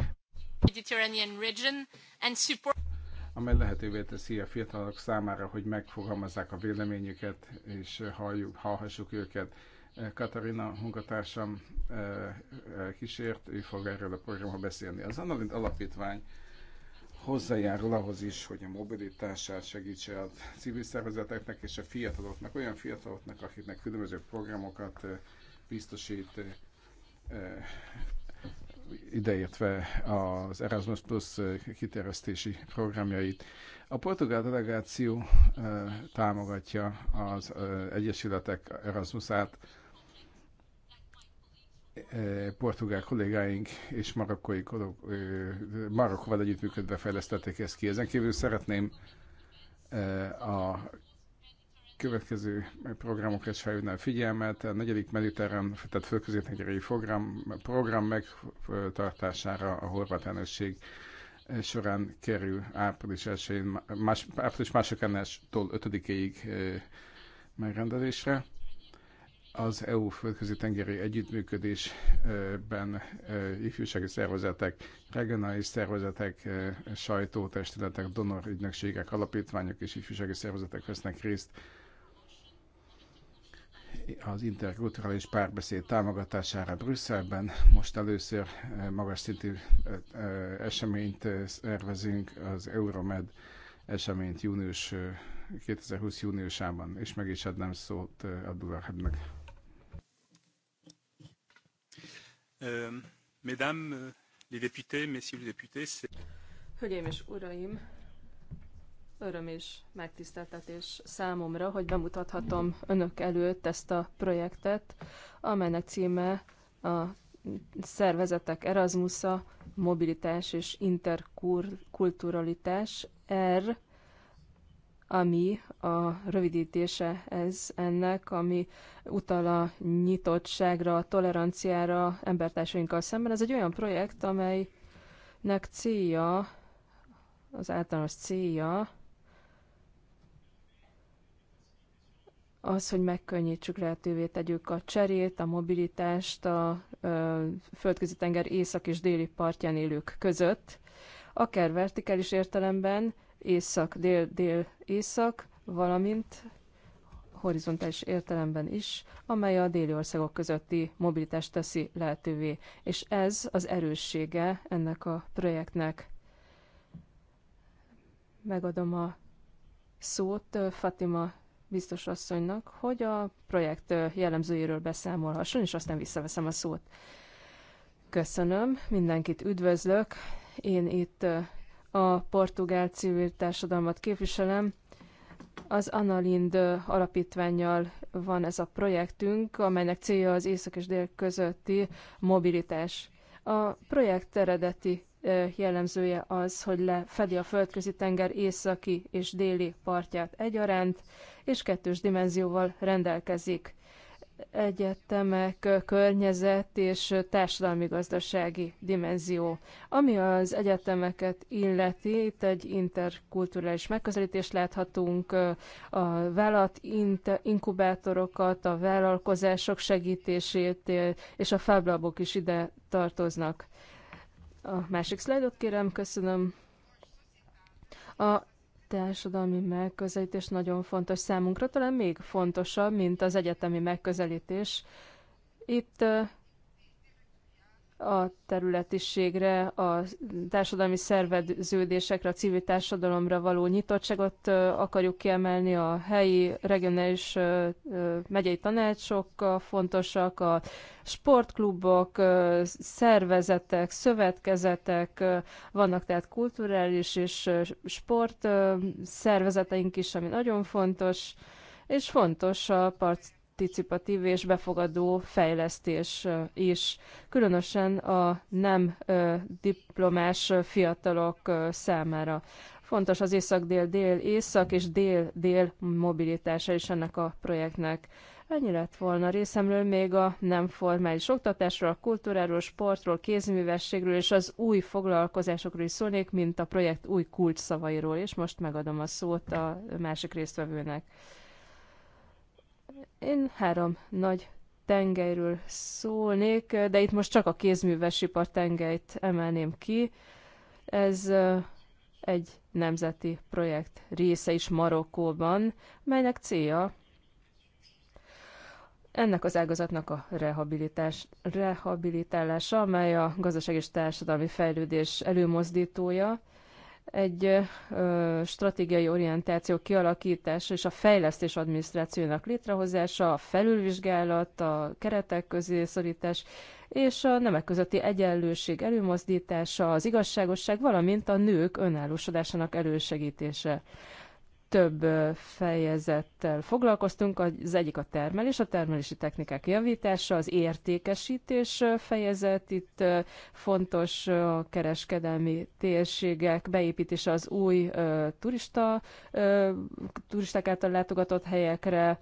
amely lehetővé teszi a fiatalok számára, hogy megfogalmazzák a véleményüket, és halljuk, hallhassuk őket. Katarina munkatársam eh, eh, kísért, ő fog erről a programról beszélni. Az Annalint Alapítvány hozzájárul ahhoz is, hogy a mobilitását segítse a civil szervezeteknek és a fiataloknak, olyan fiataloknak, akiknek különböző programokat eh, biztosít, ideértve az Erasmus Plus eh, kiterjesztési programjait. A portugál delegáció eh, támogatja az eh, egyesületek Erasmusát. Portugál kollégáink és marokkói Marokkóval együttműködve fejlesztették ezt ki. Ezen kívül szeretném a következő programokra is felhívnám figyelmet. A negyedik mediterrán, tehát fölközép program, program megtartására a horvát elnökség során kerül április 1-én, más, április másodikánától 5-ig megrendelésre. Az EU földközi tengeri együttműködésben ifjúsági szervezetek, regionális szervezetek, sajtótestületek, donorügynökségek, alapítványok és ifjúsági szervezetek vesznek részt az interkulturális párbeszéd támogatására Brüsszelben. Most először eh, magas szintű eh, eh, eseményt szervezünk, az Euromed eseményt június 2020 júniusában, és meg is adnám szót a Hebnek. Euh, mesdames euh, les députés, messieurs les députés,
Hölgyeim és uraim, Öröm és megtiszteltetés számomra, hogy bemutathatom önök előtt ezt a projektet, amelynek címe a szervezetek Erasmusa, mobilitás és interkulturalitás, R, ami a rövidítése ez ennek, ami utal a nyitottságra, a toleranciára embertársainkkal szemben. Ez egy olyan projekt, amelynek célja, az általános célja, az, hogy megkönnyítsük, lehetővé tegyük a cserét, a mobilitást a földközi tenger észak és déli partján élők között, akár vertikális értelemben, észak, dél, dél, észak, valamint horizontális értelemben is, amely a déli országok közötti mobilitást teszi lehetővé. És ez az erőssége ennek a projektnek. Megadom a szót Fatima biztos asszonynak, hogy a projekt jellemzőiről beszámolhasson, és aztán visszaveszem a szót. Köszönöm, mindenkit üdvözlök. Én itt a portugál civil társadalmat képviselem. Az Analind alapítványjal van ez a projektünk, amelynek célja az észak és dél közötti mobilitás. A projekt eredeti jellemzője az, hogy lefedi a földközi tenger északi és déli partját egyaránt, és kettős dimenzióval rendelkezik. Egyetemek, környezet és társadalmi-gazdasági dimenzió. Ami az egyetemeket illeti, itt egy interkulturális megközelítést láthatunk, a vállalat inkubátorokat, a vállalkozások segítését és a fáblabok is ide tartoznak a másik szlájdot kérem, köszönöm. A társadalmi megközelítés nagyon fontos számunkra, talán még fontosabb, mint az egyetemi megközelítés. Itt a területiségre, a társadalmi szerveződésekre, a civil társadalomra való nyitottságot akarjuk kiemelni, a helyi, regionális megyei tanácsok fontosak, a sportklubok, szervezetek, szövetkezetek, vannak tehát kulturális és sport szervezeteink is, ami nagyon fontos, és fontos a part participatív és befogadó fejlesztés is, különösen a nem diplomás fiatalok számára. Fontos az észak-dél-dél-észak és dél-dél mobilitása is ennek a projektnek. Ennyi lett volna részemről még a nem formális oktatásról, a kultúráról, sportról, kézművességről és az új foglalkozásokról is szólnék, mint a projekt új szavairól, és most megadom a szót a másik résztvevőnek. Én három nagy tengelyről szólnék, de itt most csak a kézművesipar tengelyt emelném ki. Ez egy nemzeti projekt része is Marokkóban, melynek célja ennek az ágazatnak a rehabilitás, rehabilitálása, amely a gazdaság és társadalmi fejlődés előmozdítója, egy ö, stratégiai orientáció kialakítása és a fejlesztés adminisztrációnak létrehozása, a felülvizsgálat, a keretek közé szorítás és a nemek közötti egyenlőség előmozdítása, az igazságosság, valamint a nők önállósodásának elősegítése több fejezettel foglalkoztunk, az egyik a termelés, a termelési technikák javítása, az értékesítés fejezet, itt fontos a kereskedelmi térségek beépítése az új turista, turisták által látogatott helyekre,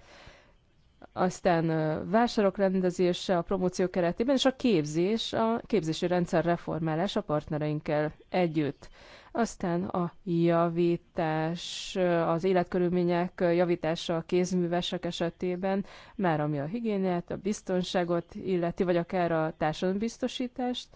aztán vásárok rendezése a promóció keretében, és a képzés, a képzési rendszer reformálása partnereinkkel együtt. Aztán a javítás, az életkörülmények javítása a kézművesek esetében, már ami a higiéniát, a biztonságot illeti, vagy akár a társadalombiztosítást.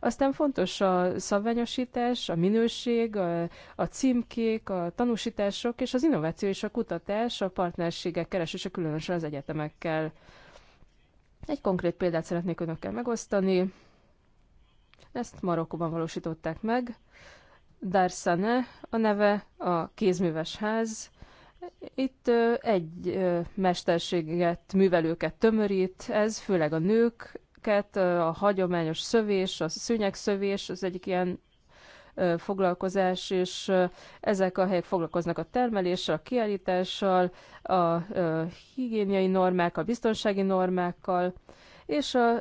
Aztán fontos a szabványosítás, a minőség, a, a címkék, a tanúsítások és az innováció és a kutatás, a partnerségek keresése különösen az egyetemekkel. Egy konkrét példát szeretnék önökkel megosztani. Ezt Marokkóban valósították meg. Darsane a neve, a kézműves ház. Itt egy mesterséget, művelőket tömörít, ez főleg a nőket, a hagyományos szövés, a szőnyegszövés, az egyik ilyen foglalkozás, és ezek a helyek foglalkoznak a termeléssel, a kiállítással, a higiéniai normákkal, biztonsági normákkal, és a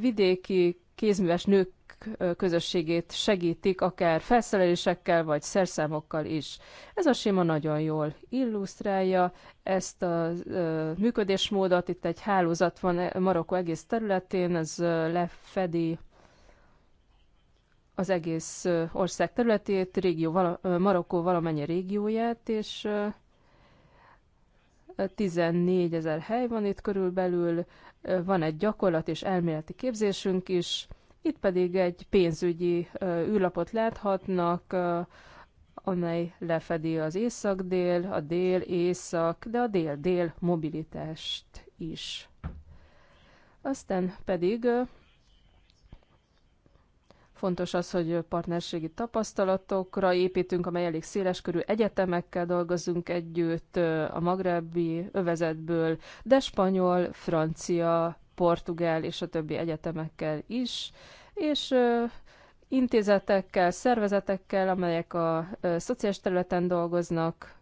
vidéki kézműves nők közösségét segítik, akár felszerelésekkel vagy szerszámokkal is. Ez a sima nagyon jól illusztrálja ezt a működésmódot. Itt egy hálózat van e, Marokko egész területén, ez lefedi az egész ország területét, régió, Marokkó valamennyi régióját, és 14 ezer hely van itt körülbelül, van egy gyakorlat és elméleti képzésünk is, itt pedig egy pénzügyi űrlapot láthatnak, amely lefedi az észak-dél, a dél-észak, de a dél-dél mobilitást is. Aztán pedig Fontos az, hogy partnerségi tapasztalatokra építünk, amely elég körű egyetemekkel dolgozunk együtt a magrebbi övezetből, de spanyol, francia, portugál és a többi egyetemekkel is, és intézetekkel, szervezetekkel, amelyek a szociális területen dolgoznak,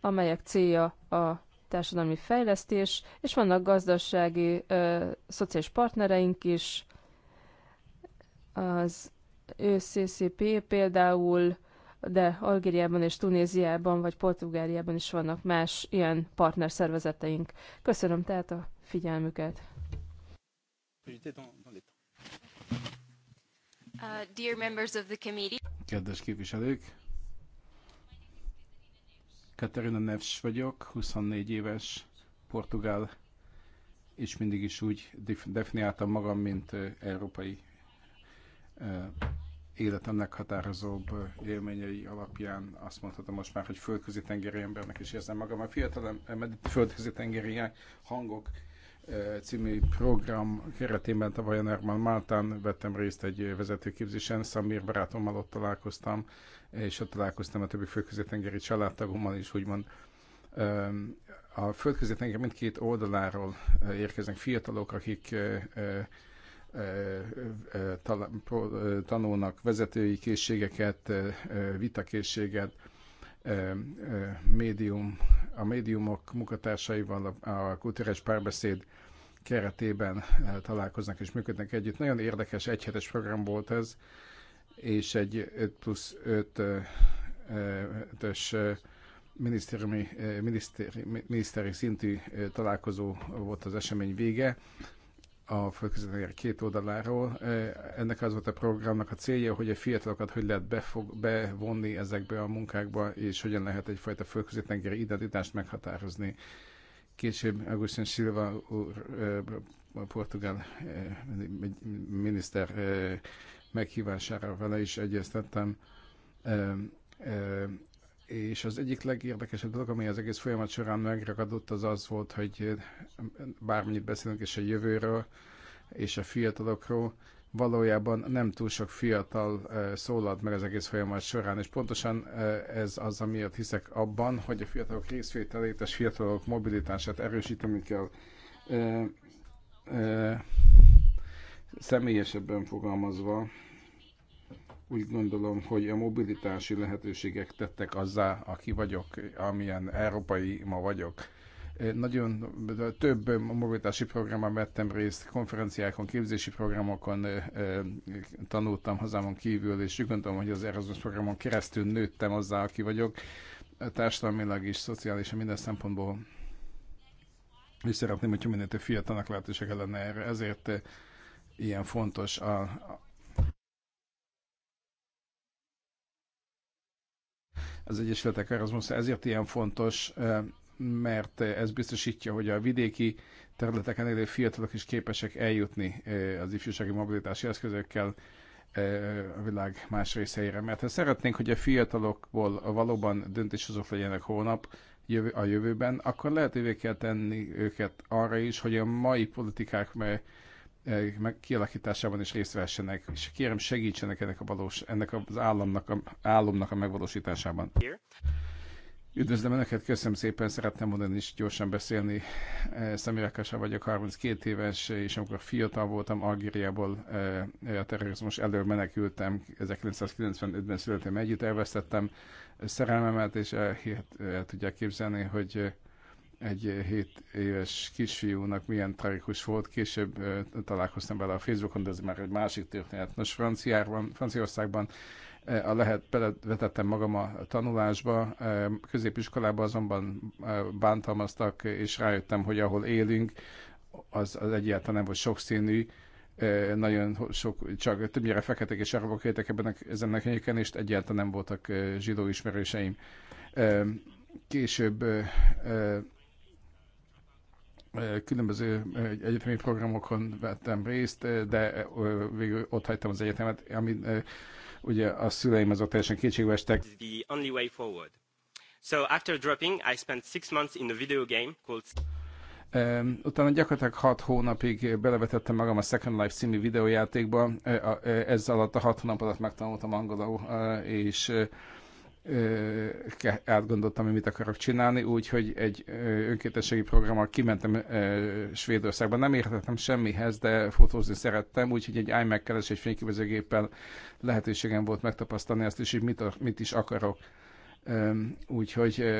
amelyek célja a társadalmi fejlesztés, és vannak gazdasági, ö, szociális partnereink is. Az ÖCCP például de Algériában és Tunéziában vagy Portugáliában is vannak más ilyen partnerszervezeteink. Köszönöm tehát a figyelmüket. Uh,
Kedves képviselők, Katerina Neves vagyok, 24 éves, portugál, és mindig is úgy definiáltam magam, mint európai életem leghatározóbb élményei alapján azt mondhatom most már, hogy földközi tengeri embernek is érzem magam. A fiatal eh, földközi tengeri hangok eh, című program keretében tavaly Nerman Máltán vettem részt egy eh, vezetőképzésen, Szamir barátommal ott találkoztam, és ott találkoztam a többi földközi-tengeri családtagommal is, úgymond a földközi tenger mindkét oldaláról érkeznek fiatalok, akik tanulnak vezetői készségeket, vitakészséget, médium, a médiumok munkatársaival a kulturális párbeszéd keretében találkoznak és működnek együtt. Nagyon érdekes egyhetes program volt ez, és egy 5 plusz 5 ös minisztéri miniszteri szintű találkozó volt az esemény vége a földközi két oldaláról. E, ennek az volt a programnak a célja, hogy a fiatalokat hogy lehet befog, bevonni ezekbe a munkákba, és hogyan lehet egyfajta földközi tengeri identitást meghatározni. Később Agustin Silva úr, e, a portugál e, miniszter meghívására vele is egyeztettem és az egyik legérdekesebb dolog, ami az egész folyamat során megragadott, az az volt, hogy eh, bármennyit beszélünk is a jövőről és a fiatalokról, valójában nem túl sok fiatal eh, szólalt meg az egész folyamat során, és pontosan eh, ez az, amiért hiszek abban, hogy a fiatalok részvételét és fiatalok mobilitását erősíteni kell. személyesebben fogalmazva, úgy gondolom, hogy a mobilitási lehetőségek tettek azzá, aki vagyok, amilyen európai ma vagyok. Nagyon több mobilitási programban vettem részt, konferenciákon, képzési programokon tanultam hazámon kívül, és úgy gondolom, hogy az Erasmus programon keresztül nőttem azzá, aki vagyok társadalmilag és szociálisan minden szempontból és szeretném, hogyha minél több fiatalnak lehetősége lenne erre. Ezért ilyen fontos a, az Egyesületek Erasmus ezért ilyen fontos, mert ez biztosítja, hogy a vidéki területeken élő fiatalok is képesek eljutni az ifjúsági mobilitási eszközökkel a világ más részeire. Mert ha szeretnénk, hogy a fiatalokból valóban döntéshozók legyenek holnap, a jövőben, akkor lehetővé kell tenni őket arra is, hogy a mai politikák kialakításában is részt vessenek, és kérem segítsenek ennek, a valós, ennek az államnak, a, álomnak a megvalósításában. Üdvözlöm Önöket, köszönöm szépen, szeretném mondani, is gyorsan beszélni. Szemirákása vagyok, 32 éves, és amikor fiatal voltam, Algériából a terrorizmus elől menekültem, 1995-ben születtem, együtt elvesztettem szerelmemet, és el, el tudják képzelni, hogy egy 7 éves kisfiúnak milyen tragikus volt. Később uh, találkoztam vele a Facebookon, de ez már egy másik történet. Nos, Franciárban, Franciaországban uh, a lehet, belevetettem magam a tanulásba, uh, középiskolában azonban bántalmaztak, és rájöttem, hogy ahol élünk, az, az egyáltalán nem volt sokszínű, nagyon sok, csak többnyire feketek és arabok éltek ebben ezen a könyöken, és egyáltalán nem voltak zsidó ismerőseim. Később különböző egyetemi programokon vettem részt, de végül ott hagytam az egyetemet, ami ugye a szüleim azok teljesen kétségbe estek.
The only way forward. So after dropping, I spent six months in a video game called
Utána gyakorlatilag 6 hónapig belevetettem magam a Second Life című videójátékba. Ezzel alatt a 6 hónap alatt megtanultam angolul, és átgondoltam, hogy mit akarok csinálni, úgyhogy egy önkéntességi programmal kimentem Svédországba. Nem értettem semmihez, de fotózni szerettem, úgyhogy egy iMac-kel és egy fényképezőgéppel lehetőségem volt megtapasztalni azt is, hogy mit, mit is akarok. Úgyhogy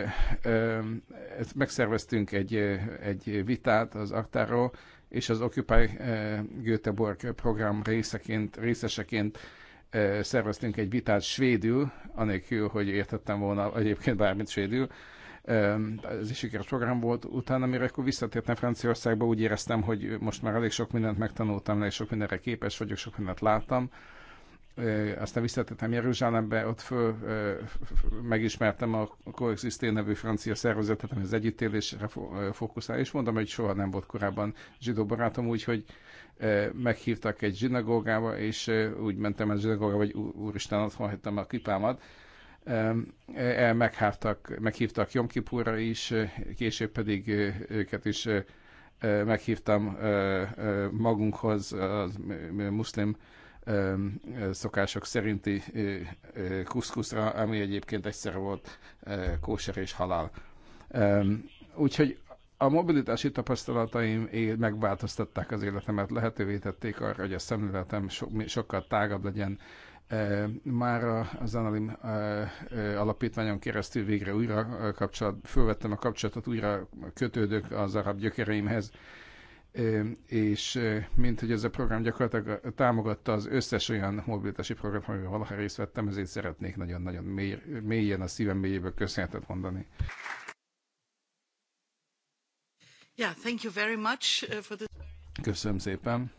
megszerveztünk egy, egy vitát az aktáról, és az Occupy Göteborg program részeként, részeseként szerveztünk egy vitát svédül, anélkül, hogy értettem volna egyébként bármit svédül. Ez is sikeres program volt. Utána, mire akkor visszatértem Franciaországba, úgy éreztem, hogy most már elég sok mindent megtanultam, és sok mindenre képes vagyok, sok mindent láttam aztán visszatértem Jeruzsálembe, ott föl, megismertem a Coexisté nevű francia szervezetet, ami az együttélésre fókuszál, és mondom, hogy soha nem volt korábban zsidó barátom, úgyhogy meghívtak egy zsinagógába, és úgy mentem a zsinagógába, hogy úristen, ott hagytam a kipámat. Meghívtak, meghívtak Jomkipúra is, később pedig őket is meghívtam magunkhoz a muszlim szokások szerinti kuszkuszra, ami egyébként egyszer volt kóser és halál. Úgyhogy a mobilitási tapasztalataim megváltoztatták az életemet, lehetővé tették arra, hogy a szemléletem so, sokkal tágabb legyen. E, már az Analim e, e, alapítványon keresztül végre újra kapcsolat, fölvettem a kapcsolatot, újra kötődök az arab gyökereimhez, és mint hogy ez a program gyakorlatilag támogatta az összes olyan mobilitási program, amivel valaha részt vettem, ezért szeretnék nagyon-nagyon mély, mélyen a szívem mélyéből köszönetet mondani.
Uh,
Köszönöm szépen.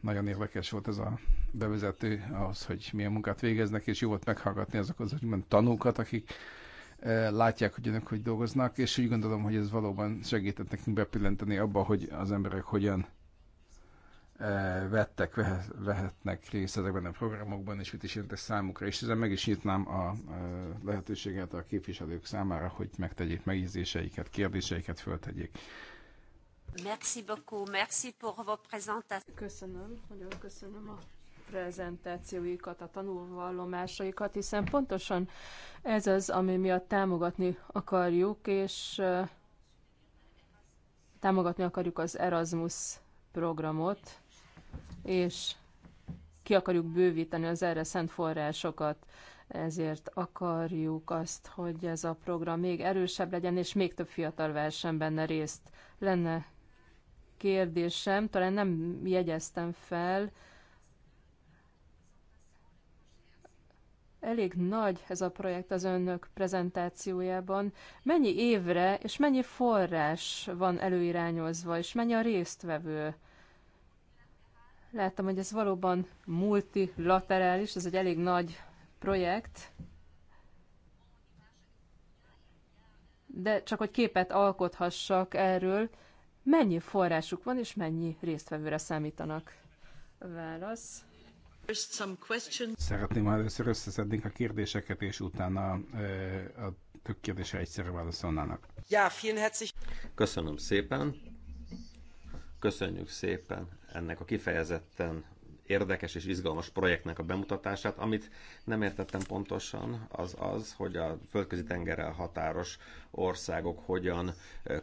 Nagyon érdekes volt ez a bevezető ahhoz, hogy milyen munkát végeznek, és jó volt meghallgatni azok az úgymond tanúkat, akik eh, látják, hogy önök hogy dolgoznak, és úgy gondolom, hogy ez valóban segített nekünk bepillenteni abba, hogy az emberek hogyan vettek, vehetnek részt ezekben a programokban, és mit is jöntek számukra. És ezzel meg is nyitnám a lehetőséget a képviselők számára, hogy megtegyék megjegyzéseiket, kérdéseiket föltegyék.
Merci beaucoup, merci pour vos présentations. Köszönöm, nagyon köszönöm a prezentációikat, a tanulvallomásaikat, hiszen pontosan ez az, ami miatt támogatni akarjuk, és eh, támogatni akarjuk az Erasmus programot, és ki akarjuk bővíteni az erre szent forrásokat. Ezért akarjuk azt, hogy ez a program még erősebb legyen, és még több fiatal versen benne részt. Lenne kérdésem, talán nem jegyeztem fel, Elég nagy ez a projekt az önök prezentációjában. Mennyi évre és mennyi forrás van előirányozva, és mennyi a résztvevő? Láttam, hogy ez valóban multilaterális, ez egy elég nagy projekt. De csak hogy képet alkothassak erről, mennyi forrásuk van, és mennyi résztvevőre számítanak? Válasz. Szeretném
először összeszedni a kérdéseket, és utána a több kérdésre egyszerre válaszolnának.
Ja, vielen herzlich.
Köszönöm szépen.
Köszönjük szépen ennek a kifejezetten érdekes és izgalmas projektnek a bemutatását. Amit nem értettem pontosan, az az, hogy a földközi tengerrel határos országok hogyan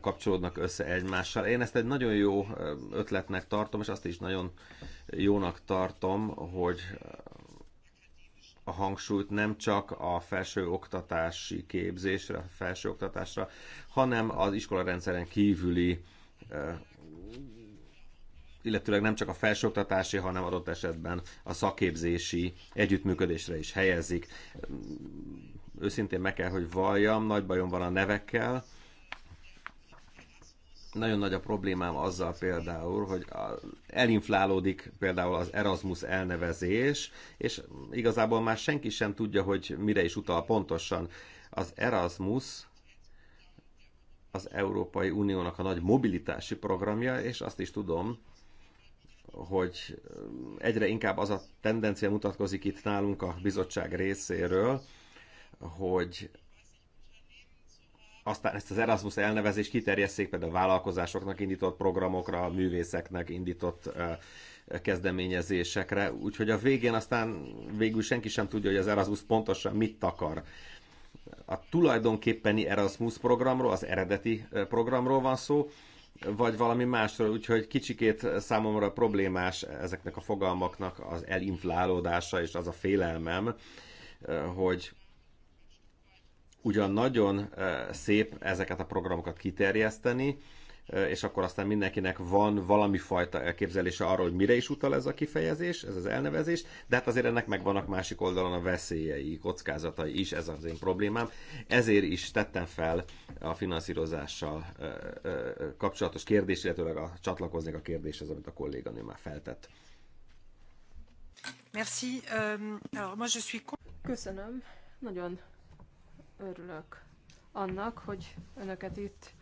kapcsolódnak össze egymással. Én ezt egy nagyon jó ötletnek tartom, és azt is nagyon jónak tartom, hogy a hangsúlyt nem csak a felső oktatási képzésre, felső oktatásra, hanem az iskolarendszeren kívüli illetőleg nem csak a felsőoktatási, hanem adott esetben a szakképzési együttműködésre is helyezik. Őszintén meg kell, hogy valljam, nagy bajom van a nevekkel, nagyon nagy a problémám azzal például, hogy elinflálódik például az Erasmus elnevezés, és igazából már senki sem tudja, hogy mire is utal pontosan. Az Erasmus az Európai Uniónak a nagy mobilitási programja, és azt is tudom, hogy egyre inkább az a tendencia mutatkozik itt nálunk a bizottság részéről, hogy aztán ezt az Erasmus elnevezést kiterjesszék például a vállalkozásoknak indított programokra, a művészeknek indított kezdeményezésekre, úgyhogy a végén aztán végül senki sem tudja, hogy az Erasmus pontosan mit akar. A tulajdonképpeni Erasmus programról, az eredeti programról van szó, vagy valami másról, úgyhogy kicsikét számomra problémás ezeknek a fogalmaknak az elinflálódása és az a félelmem, eh, hogy ugyan nagyon eh, szép ezeket a programokat kiterjeszteni, és akkor aztán mindenkinek van valami fajta elképzelése arról, hogy mire is utal ez a kifejezés, ez az elnevezés, de hát azért ennek vannak másik oldalon a veszélyei, kockázatai is, ez az én problémám. Ezért is tettem fel a finanszírozással kapcsolatos kérdést, illetőleg a, csatlakoznék a kérdéshez, amit a kolléganő már feltett.
Merci. alors, moi je suis... Köszönöm. Nagyon örülök annak, hogy önöket itt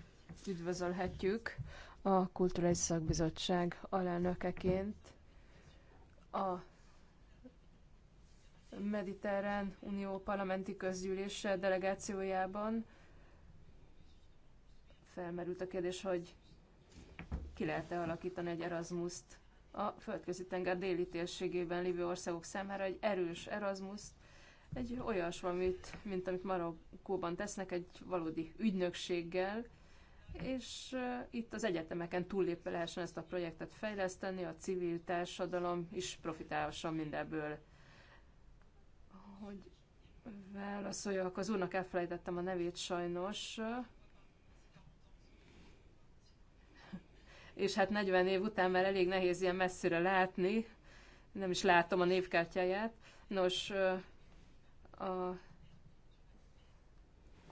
üdvözölhetjük a Kulturális Szakbizottság alelnökeként a Mediterrán Unió Parlamenti Közgyűlése delegációjában. Felmerült a kérdés, hogy ki lehet-e alakítani egy Erasmus-t a földközi tenger déli térségében lévő országok számára egy erős erasmus egy olyasmit, mint amit Marokkóban tesznek, egy valódi ügynökséggel, és itt az egyetemeken túllépve lehessen ezt a projektet fejleszteni, a civil társadalom is profitálhasson mindebből. Hogy válaszoljak, az úrnak elfelejtettem a nevét sajnos, és hát 40 év után már elég nehéz ilyen messzire látni, nem is látom a névkártyáját. Nos, a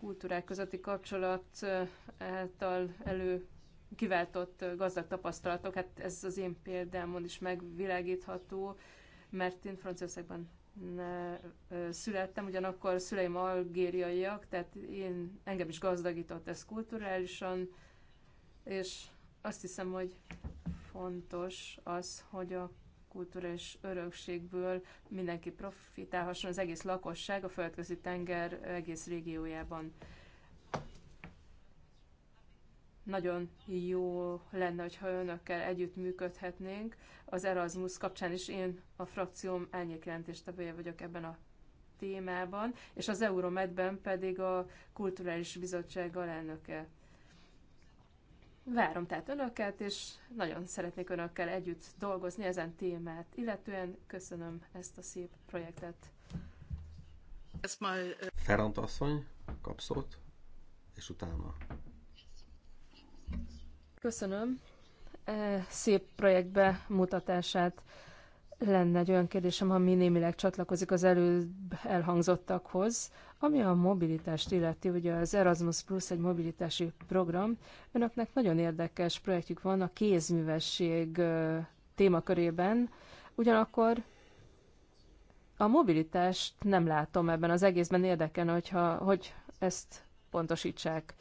kultúrák közötti kapcsolat által elő kiváltott gazdag tapasztalatok, hát ez az én példámon is megvilágítható, mert én Franciaországban születtem, ugyanakkor szüleim algériaiak, tehát én, engem is gazdagított ez kulturálisan, és azt hiszem, hogy fontos az, hogy a kulturális örökségből mindenki profitálhasson, az egész lakosság a földközi tenger egész régiójában. Nagyon jó lenne, hogyha önökkel együtt működhetnénk. Az Erasmus kapcsán is én a frakcióm elnyékjelentéstevője vagyok ebben a témában, és az Euromedben pedig a Kulturális Bizottság alelnöke. Várom tehát önöket, és nagyon szeretnék önökkel együtt dolgozni ezen témát, illetően köszönöm ezt a szép projektet. Ferrant
asszony, kapszót, és utána.
Köszönöm e, szép projektbe mutatását. Lenne egy olyan kérdésem, ami némileg csatlakozik az előbb elhangzottakhoz, ami a mobilitást illeti, ugye az Erasmus Plus egy mobilitási program. Önöknek nagyon érdekes projektjük van a kézművesség témakörében, ugyanakkor a mobilitást nem látom ebben az egészben, érdekelne, hogyha, hogy ezt pontosítsák.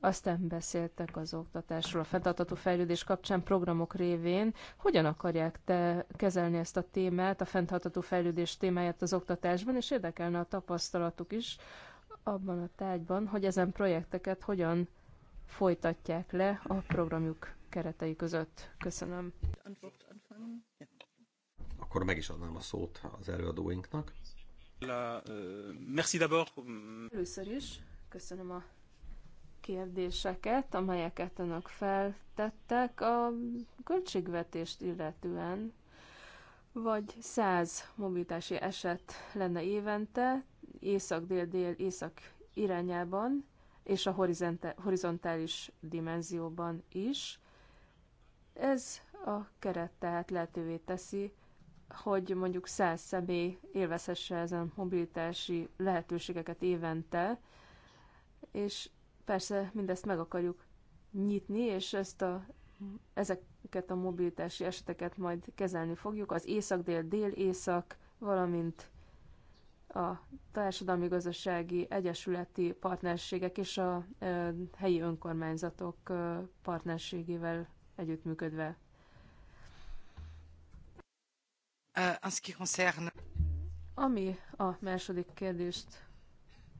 Aztán beszéltek az oktatásról, a fenntartható fejlődés kapcsán programok révén. Hogyan akarják te kezelni ezt a témát, a fenntartható fejlődés témáját az oktatásban, és érdekelne a tapasztalatuk is abban a tárgyban, hogy ezen projekteket hogyan folytatják le a programjuk keretei között. Köszönöm.
Akkor meg is adnám a szót az előadóinknak.
La, uh, merci d'abord.
Először is köszönöm a kérdéseket, amelyeket önök feltettek a költségvetést illetően, vagy 100 mobilitási eset lenne évente, észak-dél-dél, észak irányában, és a horizontális dimenzióban is. Ez a keret tehát lehetővé teszi, hogy mondjuk 100 személy élvezhesse ezen mobilitási lehetőségeket évente, és Persze mindezt meg akarjuk nyitni, és ezt a, ezeket a mobilitási eseteket majd kezelni fogjuk. Az észak-dél-dél-észak, valamint a társadalmi gazdasági egyesületi partnerségek és a e, helyi önkormányzatok e, partnerségével együttműködve.
Euh,
Ami a második kérdést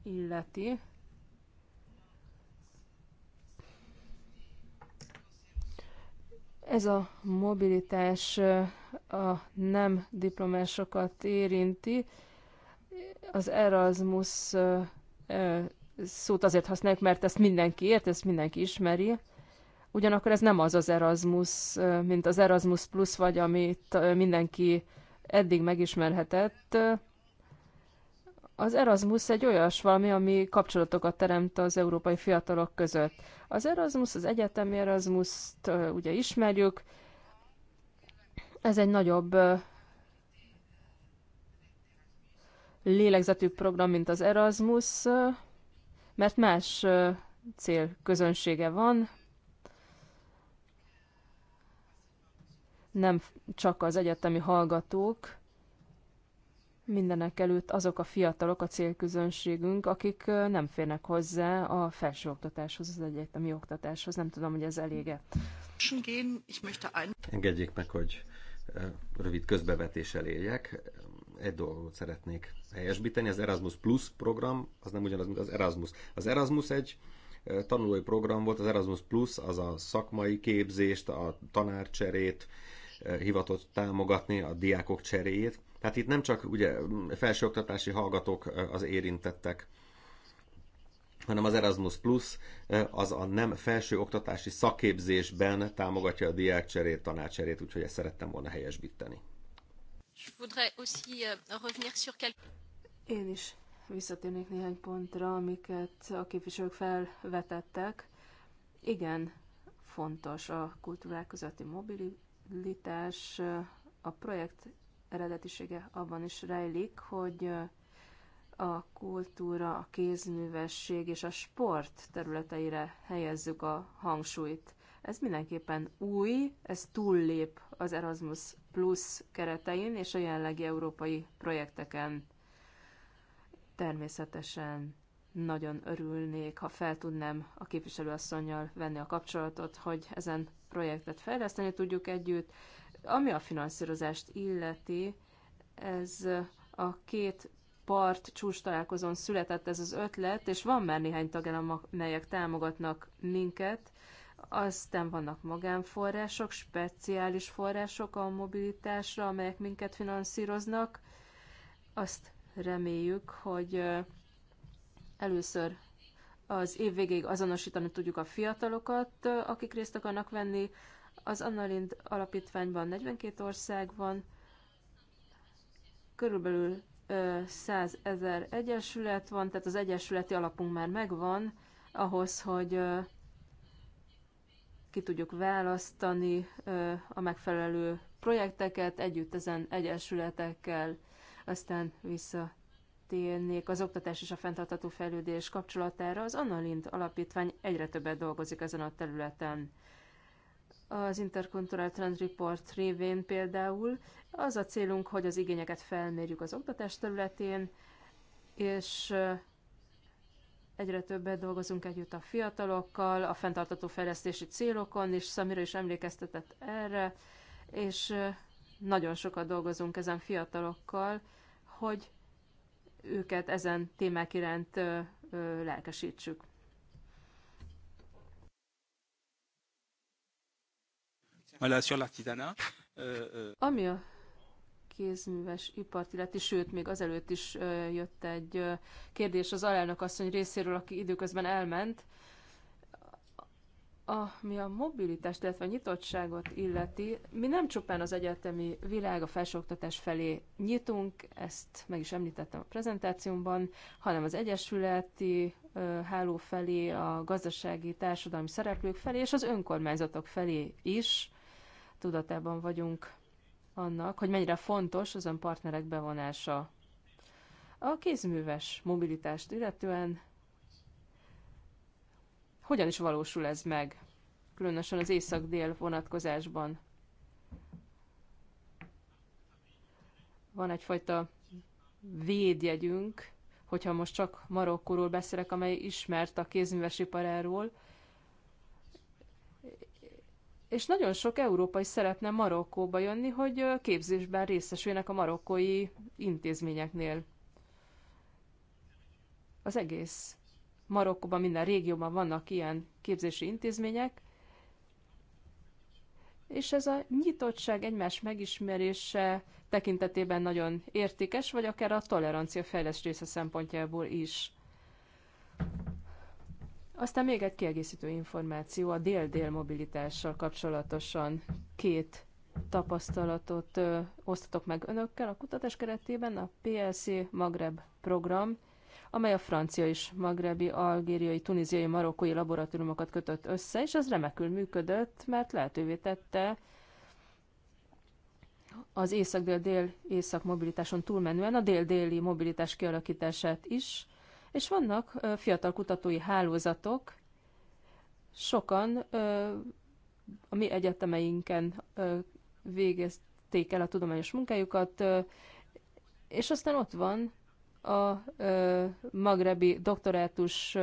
illeti, Ez a mobilitás a nem diplomásokat érinti. Az Erasmus szót azért használjuk, mert ezt mindenki ért, ezt mindenki ismeri. Ugyanakkor ez nem az az Erasmus, mint az Erasmus Plus, vagy amit mindenki eddig megismerhetett. Az Erasmus egy olyas valami, ami kapcsolatokat teremt az európai fiatalok között. Az Erasmus, az egyetemi erasmus ugye ismerjük, ez egy nagyobb lélegzetű program, mint az Erasmus, mert más célközönsége van, nem csak az egyetemi hallgatók, Mindenek előtt azok a fiatalok a célközönségünk, akik nem férnek hozzá a felsőoktatáshoz, az egyetemi oktatáshoz. Nem tudom, hogy ez elége.
Engedjék meg, hogy rövid közbevetéssel éljek. Egy dolgot szeretnék helyesbíteni. Az Erasmus Plus program az nem ugyanaz, mint az Erasmus. Az Erasmus egy tanulói program volt, az Erasmus Plus az a szakmai képzést, a tanárcserét hivatott támogatni, a diákok cseréjét. Tehát itt nem csak ugye felsőoktatási hallgatók az érintettek, hanem az Erasmus Plus az a nem felsőoktatási szakképzésben támogatja a diákcserét, tanácserét, úgyhogy ezt szerettem volna helyesbíteni.
Euh, Én is visszatérnék néhány pontra, amiket a képviselők felvetettek. Igen, fontos a kultúrák közötti mobilitás, a projekt eredetisége abban is rejlik, hogy a kultúra, a kézművesség és a sport területeire helyezzük a hangsúlyt. Ez mindenképpen új, ez túllép az Erasmus Plus keretein és a jelenlegi európai projekteken. Természetesen nagyon örülnék, ha fel tudnám a képviselőasszonynal venni a kapcsolatot, hogy ezen projektet fejleszteni tudjuk együtt, ami a finanszírozást illeti, ez a két part csúcs találkozón született ez az ötlet, és van már néhány tagállam, melyek támogatnak minket. Aztán vannak magánforrások, speciális források a mobilitásra, amelyek minket finanszíroznak. Azt reméljük, hogy először az év végéig azonosítani tudjuk a fiatalokat, akik részt akarnak venni az Annalind alapítványban 42 ország van, körülbelül 100 ezer egyesület van, tehát az egyesületi alapunk már megvan ahhoz, hogy ki tudjuk választani a megfelelő projekteket együtt ezen egyesületekkel, aztán visszatérnék az oktatás és a fenntartható fejlődés kapcsolatára. Az Annalint Alapítvány egyre többet dolgozik ezen a területen az Intercultural Trend Report révén például. Az a célunk, hogy az igényeket felmérjük az oktatás területén, és egyre többet dolgozunk együtt a fiatalokkal, a fenntartató fejlesztési célokon, és Szamira is emlékeztetett erre, és nagyon sokat dolgozunk ezen fiatalokkal, hogy őket ezen témák iránt lelkesítsük.
Euh, euh,
Ami a kézműves ipart illeti, sőt, még azelőtt is jött egy kérdés az alelnök asszony részéről, aki időközben elment. Ami a mobilitást, illetve a nyitottságot illeti, mi nem csupán az egyetemi világ, a felsőoktatás felé nyitunk, ezt meg is említettem a prezentációmban, hanem az egyesületi háló felé, a gazdasági, társadalmi szereplők felé és az önkormányzatok felé is, tudatában vagyunk annak, hogy mennyire fontos az önpartnerek bevonása a kézműves mobilitást illetően. Hogyan is valósul ez meg, különösen az észak-dél vonatkozásban? Van egyfajta védjegyünk, hogyha most csak Marokkóról beszélek, amely ismert a kézművesiparáról, és nagyon sok európai szeretne Marokkóba jönni, hogy képzésben részesüljenek a marokkói intézményeknél. Az egész Marokkóban, minden régióban vannak ilyen képzési intézmények, és ez a nyitottság egymás megismerése tekintetében nagyon értékes, vagy akár a tolerancia fejlesztése része szempontjából is. Aztán még egy kiegészítő információ a dél-dél mobilitással kapcsolatosan két tapasztalatot ö, osztatok meg önökkel a kutatás keretében, a PLC Magreb program, amely a francia és magrebi, algériai, tunéziai, marokkói laboratóriumokat kötött össze, és az remekül működött, mert lehetővé tette az észak-dél-dél észak mobilitáson túlmenően a dél-déli mobilitás kialakítását is, és vannak fiatal kutatói hálózatok, sokan a mi egyetemeinken végezték el a tudományos munkájukat, és aztán ott van a magrebi doktorátus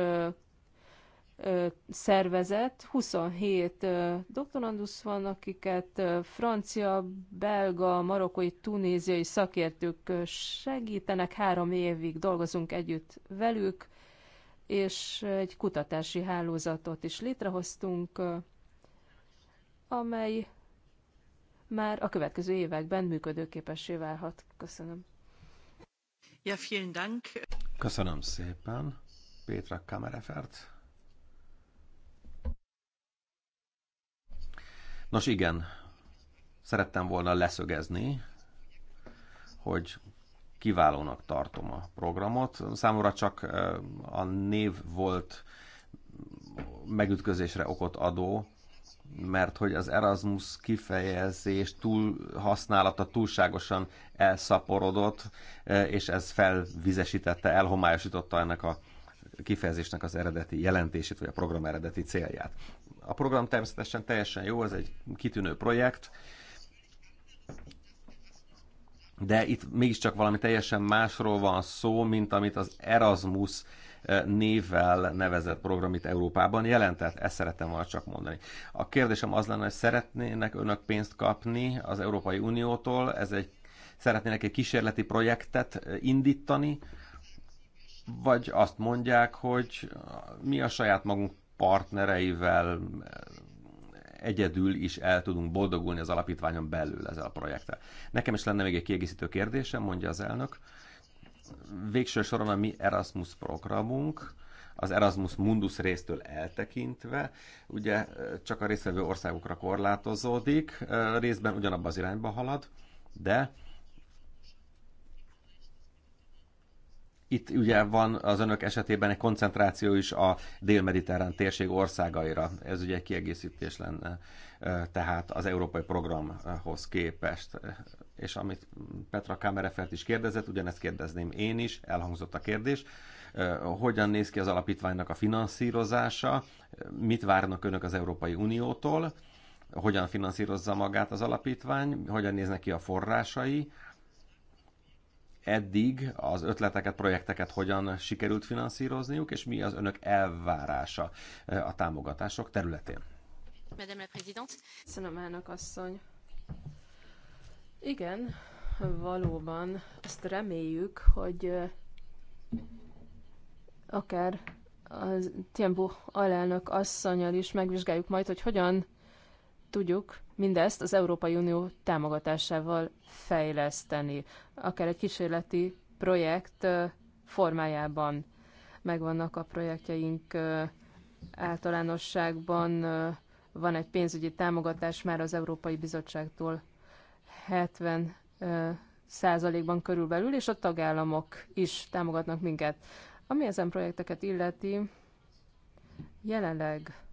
szervezet. 27 doktorandusz van, akiket francia, belga, marokkai, tunéziai szakértők segítenek. Három évig dolgozunk együtt velük, és egy kutatási hálózatot is létrehoztunk, amely már a következő években működőképessé válhat. Köszönöm. Ja, vielen Dank.
Köszönöm szépen. Pétra Kamerefert. Nos igen, szerettem volna leszögezni, hogy kiválónak tartom a programot. Számomra csak a név volt megütközésre okot adó, mert hogy az Erasmus kifejezés túl használata túlságosan elszaporodott, és ez felvizesítette, elhomályosította ennek a kifejezésnek az eredeti jelentését, vagy a program eredeti célját. A program természetesen teljesen jó, ez egy kitűnő projekt, de itt mégiscsak valami teljesen másról van szó, mint amit az Erasmus eh, névvel nevezett program itt Európában jelentett. Ezt szeretem volna csak mondani. A kérdésem az lenne, hogy szeretnének önök pénzt kapni az Európai Uniótól, ez egy, szeretnének egy kísérleti projektet eh, indítani, vagy azt mondják, hogy mi a saját magunk partnereivel egyedül is el tudunk boldogulni az alapítványon belül ezzel a projekttel. Nekem is lenne még egy kiegészítő kérdésem, mondja az elnök. Végső soron a mi Erasmus programunk, az Erasmus Mundus résztől eltekintve, ugye csak a résztvevő országokra korlátozódik, részben ugyanabban az irányba halad, de itt ugye van az önök esetében egy koncentráció is a dél-mediterrán térség országaira. Ez ugye egy kiegészítés lenne tehát az európai programhoz képest. És amit Petra Kamerefert is kérdezett, ugyanezt kérdezném én is, elhangzott a kérdés, hogyan néz ki az alapítványnak a finanszírozása, mit várnak önök az Európai Uniótól, hogyan finanszírozza magát az alapítvány, hogyan néznek ki a forrásai, eddig az ötleteket, projekteket hogyan sikerült finanszírozniuk, és mi az önök elvárása eh, a támogatások területén?
Madame la Présidente. Köszönöm, elnök asszony. Igen, valóban azt reméljük, hogy eh, akár a Tiembu alelnök asszonyal is megvizsgáljuk majd, hogy hogyan tudjuk mindezt az Európai Unió támogatásával fejleszteni, akár egy kísérleti projekt formájában. Megvannak a projektjeink általánosságban, van egy pénzügyi támogatás már az Európai Bizottságtól 70 százalékban körülbelül, és a tagállamok is támogatnak minket. Ami ezen projekteket illeti, jelenleg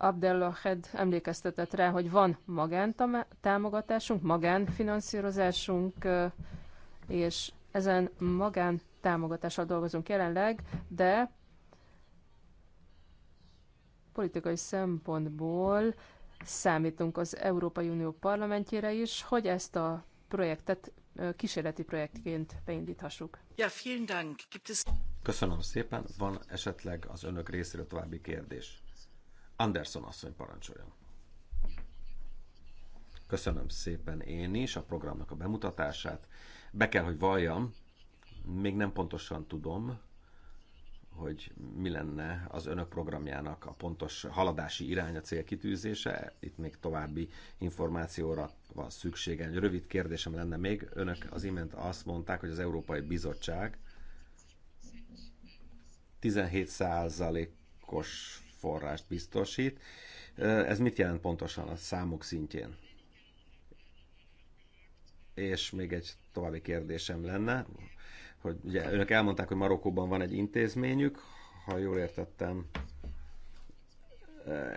Abdellahed emlékeztetett rá, hogy van magántámogatásunk, magánfinanszírozásunk, és ezen támogatással dolgozunk jelenleg, de politikai szempontból számítunk az Európai Unió parlamentjére is, hogy ezt a projektet kísérleti projektként beindíthassuk. Ja, vielen Dank.
Köszönöm szépen. Van esetleg az önök részéről további kérdés? Anderson asszony parancsoljon. Köszönöm szépen én is a programnak a bemutatását. Be kell, hogy valljam, még nem pontosan tudom, hogy mi lenne az önök programjának a pontos haladási a célkitűzése. Itt még további információra van szüksége. Egy rövid kérdésem lenne még. Önök az imént azt mondták, hogy az Európai Bizottság 17%-os forrást biztosít. Ez mit jelent pontosan a számok szintjén? És még egy további kérdésem lenne, hogy ugye önök elmondták, hogy Marokkóban van egy intézményük, ha jól értettem,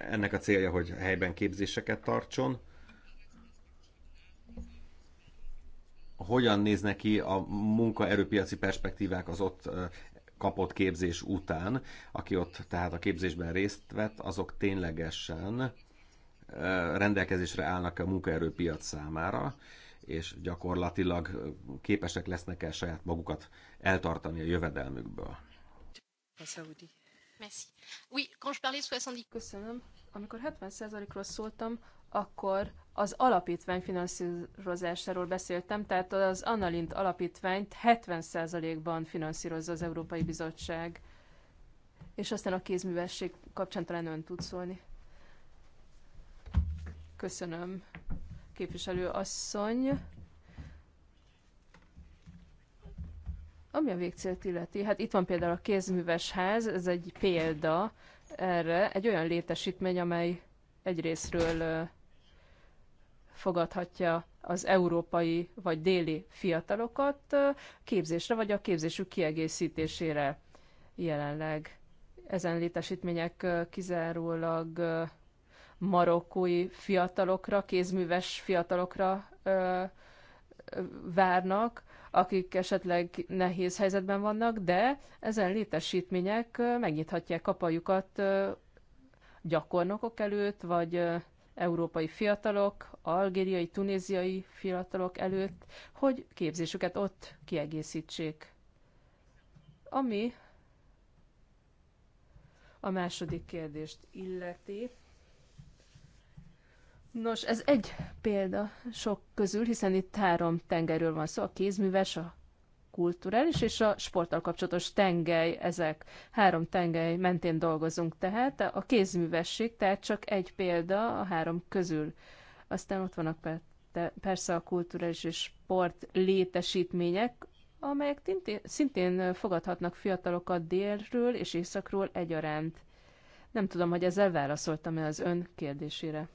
ennek a célja, hogy helyben képzéseket tartson. Hogyan néznek ki a munkaerőpiaci perspektívák az ott kapott képzés után, aki ott tehát a képzésben részt vett, azok ténylegesen rendelkezésre állnak a munkaerőpiac számára, és gyakorlatilag képesek lesznek el saját magukat eltartani a jövedelmükből.
Köszönöm. Amikor 70%-ról szóltam, akkor az alapítvány finanszírozásáról beszéltem, tehát az Annalint alapítványt 70%-ban finanszírozza az Európai Bizottság. És aztán a kézművesség kapcsán talán ön tud szólni. Köszönöm, képviselő asszony. Ami a végcélt illeti, hát itt van például a kézműves ház, ez egy példa erre, egy olyan létesítmény, amely egyrésztről fogadhatja az európai vagy déli fiatalokat képzésre vagy a képzésük kiegészítésére jelenleg. Ezen létesítmények kizárólag marokkói fiatalokra, kézműves fiatalokra várnak, akik esetleg nehéz helyzetben vannak, de ezen létesítmények megnyithatják kapajukat gyakornokok előtt, vagy európai fiatalok, algériai, tunéziai fiatalok előtt, hogy képzésüket ott kiegészítsék. Ami a második kérdést illeti. Nos, ez egy példa sok közül, hiszen itt három tengerről van szó, a kézműves, a kulturális és a sporttal kapcsolatos tengely, ezek három tengely mentén dolgozunk tehát. A kézművesség, tehát csak egy példa a három közül. Aztán ott vannak persze a kulturális és sport létesítmények, amelyek szintén fogadhatnak fiatalokat délről és északról egyaránt. Nem tudom, hogy ezzel válaszoltam-e az ön kérdésére.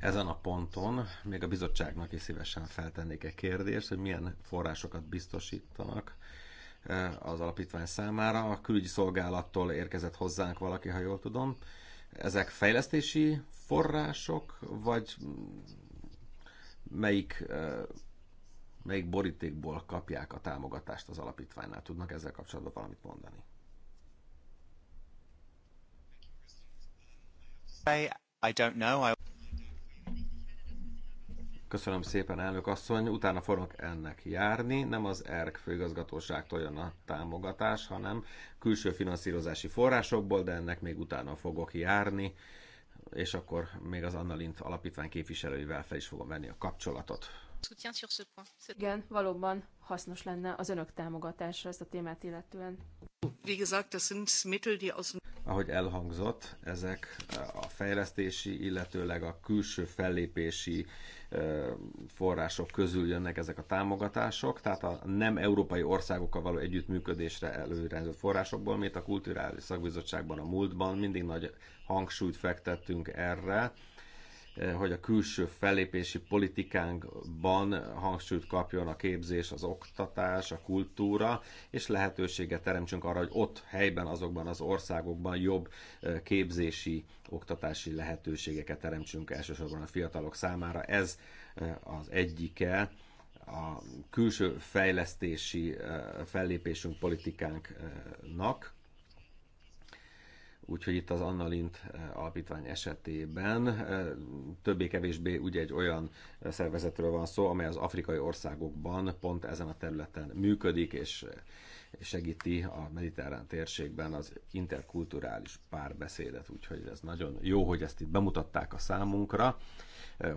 Ezen
a ponton még a bizottságnak is szívesen feltennék egy kérdést, hogy milyen forrásokat biztosítanak eh, az alapítvány számára. A külügyi szolgálattól érkezett hozzánk valaki, ha jól tudom. Ezek fejlesztési források, vagy melyik, eh, melyik borítékból kapják a támogatást az alapítványnál? Tudnak ezzel kapcsolatban valamit mondani? Köszönöm szépen, elnök asszony. Utána fogok ennek járni. Nem az ERK főigazgatóságtól jön a támogatás, hanem külső finanszírozási forrásokból, de ennek még utána fogok járni és akkor még az Annalint alapítvány képviselőivel fel is fogom venni a kapcsolatot.
Igen, valóban hasznos lenne az önök támogatása ezt a témát illetően.
Ahogy elhangzott, ezek a fejlesztési, illetőleg a külső fellépési források közül jönnek ezek a támogatások, tehát a nem európai országokkal való együttműködésre előrendő forrásokból, mint a Kulturális Szakbizottságban a múltban mindig nagy hangsúlyt fektettünk erre, Eh, hogy a külső fellépési politikánkban hangsúlyt kapjon a képzés, az oktatás, a kultúra, és lehetőséget teremtsünk arra, hogy ott helyben, azokban az országokban jobb eh, képzési, oktatási lehetőségeket teremtsünk elsősorban a fiatalok számára. Ez eh, az egyike a külső fejlesztési fellépésünk politikánknak, Úgyhogy itt az Annalint eh, alapítvány esetében eh, többé-kevésbé ugye egy olyan eh, szervezetről van szó, amely az afrikai országokban pont ezen a területen működik, és segíti a mediterrán térségben az interkulturális párbeszédet, úgyhogy ez nagyon jó, hogy ezt itt bemutatták a számunkra,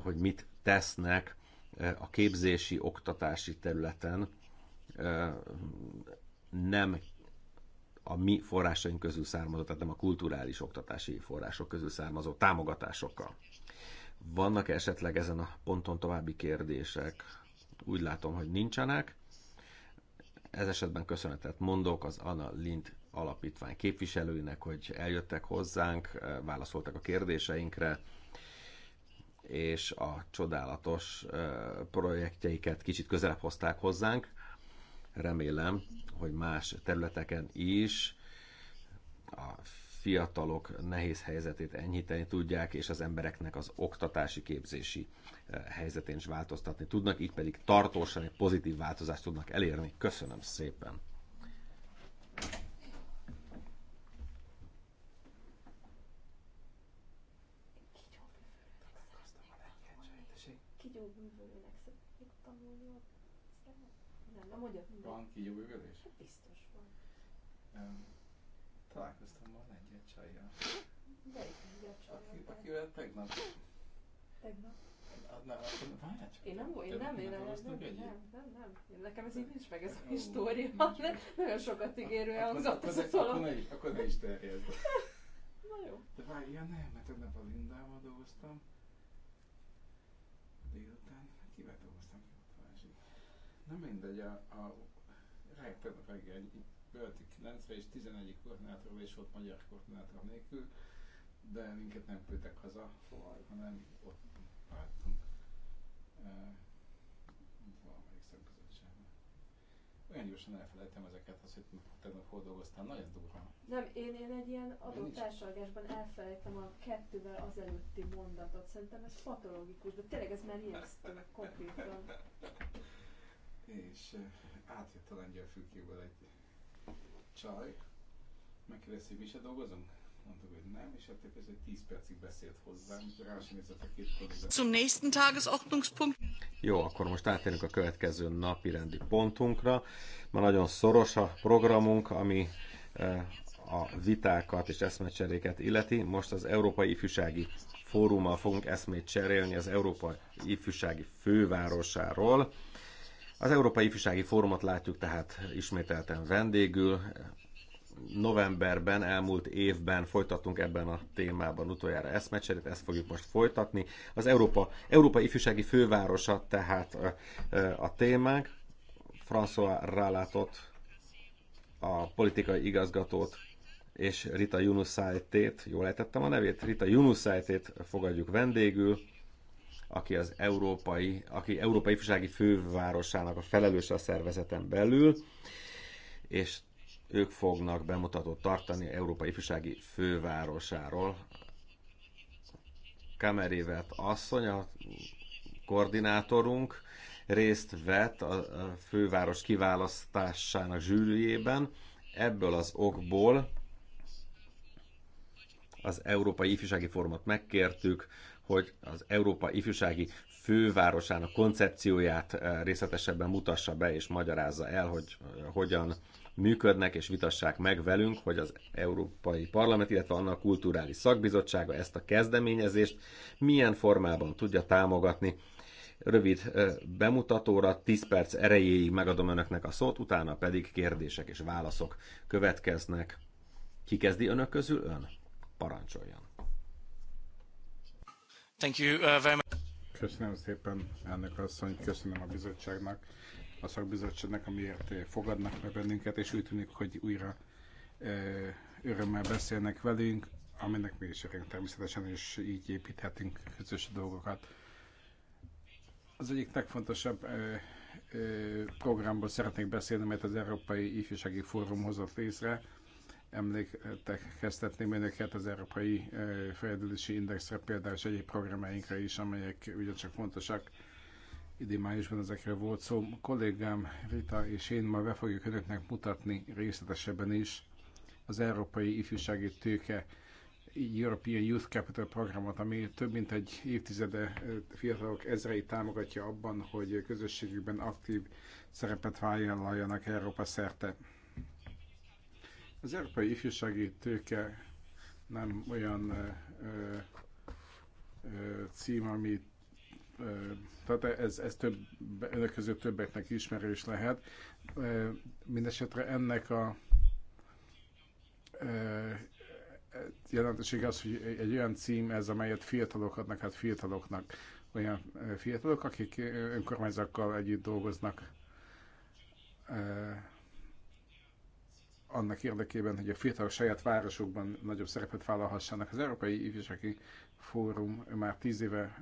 hogy mit tesznek a képzési, oktatási területen nem a mi forrásaink közül származó, tehát nem a kulturális oktatási források közül származó támogatásokkal. Vannak -e esetleg ezen a ponton további kérdések? Úgy látom, hogy nincsenek. Ez esetben köszönetet mondok az Anna Lind alapítvány képviselőinek, hogy eljöttek hozzánk, válaszoltak a kérdéseinkre, és a csodálatos projektjeiket kicsit közelebb hozták hozzánk. Remélem, hogy más területeken is a fiatalok nehéz helyzetét enyhíteni tudják, és az embereknek az oktatási képzési helyzetén is változtatni tudnak, így pedig tartósan egy pozitív változást tudnak elérni. Köszönöm szépen!
Kigyógyulvőnek szeretnék tanulni, nem mondja van
kigyújgözés? Biztos van. Um, találkoztam volna egy ilyen csajjal.
Melyik egy
csajjal? tegnap. Tegnap? Hát Na, várjál csak. Én nem, én nem, én nem, nem, nem,
nem, nem, nekem ez így nincs meg ez a história, de nagyon sokat hát ígérő elhangzott ez a szóló. Akkor ne is, akkor Na jó.
De várj, ja nem, mert tegnap a Lindával dolgoztam, délután, hát kivel dolgoztam, Nem volt Nem másik. Na mindegy, a, a Rákpedagógia egy bölti 9 és 11 koordinátorról és volt magyar koordinátor nélkül, de minket nem küldtek haza, hanem ott vártunk eh, valamelyik szakbizottságban. Olyan gyorsan elfelejtem ezeket, az, hogy tegnap hol dolgoztam, nagyon durva.
Nem, én, én egy ilyen adott társadalmásban elfelejtem a kettővel az előtti mondatot. Szerintem ez patológikus, de tényleg ez már ijesztő konkrétan
és átjött a lengyel egy csaj, megkérdezte, hogy mi se dolgozunk? Mondtuk, hogy nem, és hát ez egy 10 percig beszélt hozzám, rá sem nézett a két kollégát. Zum
nächsten Tagesordnungspunkt.
Jó, akkor most átérünk a következő napi rendi pontunkra. Ma nagyon szoros a programunk, ami a vitákat és eszmecseréket illeti. Most az Európai Ifjúsági Fórummal fogunk eszmét cserélni az Európai Ifjúsági Fővárosáról az Európai Ifjúsági Fórumot látjuk tehát ismételten vendégül. Novemberben, elmúlt évben folytattunk ebben a témában utoljára eszmecserét, ezt fogjuk most folytatni. Az Európa, Európa Ifjúsági Fővárosa tehát a, a témánk. François Rálátot, a politikai igazgatót és Rita Junusaitét, jól lehetettem a nevét, Rita Junusaitét fogadjuk vendégül aki az európai, aki európai ifjúsági fővárosának a felelőse a szervezeten belül, és ők fognak bemutatót tartani Európai Ifjúsági Fővárosáról. Kamerévet asszony, a koordinátorunk, részt vett a főváros kiválasztásának zsűrűjében. Ebből az okból az Európai Ifjúsági Fórumot megkértük, hogy az Európa ifjúsági fővárosának koncepcióját eh, részletesebben mutassa be és magyarázza el, hogy eh, hogyan működnek, és vitassák meg velünk, hogy az Európai Parlament, illetve annak kulturális szakbizottsága ezt a kezdeményezést milyen formában tudja támogatni. Rövid eh, bemutatóra, 10 perc erejéig megadom önöknek a szót, utána pedig kérdések és válaszok következnek. Ki kezdi önök közül?
Ön? Parancsoljon. Thank you uh, very much. Köszönöm szépen, elnök asszony, köszönöm a bizottságnak, a szakbizottságnak, amiért eh, fogadnak meg bennünket, és úgy tűnik, hogy újra eh, örömmel beszélnek velünk, aminek mi is örünk természetesen, és így építhetünk közös dolgokat. Az egyik legfontosabb ö, eh, ö, programból szeretnék beszélni, mert az Európai Ifjúsági Fórum hozott észre, emlékeztetném önöket az Európai eh, Fejlődési Indexre, például és egyéb programjainkra is, amelyek ugyancsak fontosak. Idén májusban ezekről volt szó. A kollégám Rita és én ma be fogjuk önöknek mutatni részletesebben is az Európai Ifjúsági Tőke European Youth Capital programot, ami több mint egy évtizede eh, fiatalok ezrei támogatja abban, hogy közösségükben aktív szerepet vállaljanak Európa szerte. Az európai ifjúsági tőke nem olyan ö, ö, cím, ö, tehát ez, ez több, önök között többeknek ismerős lehet. Mindenesetre ennek a jelentőség az, hogy egy olyan cím ez, amelyet fiatalok adnak, hát fiataloknak, olyan fiatalok, akik önkormányzakkal együtt dolgoznak annak érdekében, hogy a fiatalok saját városokban nagyobb szerepet vállalhassanak. Az Európai Ifjúsági Fórum már tíz éve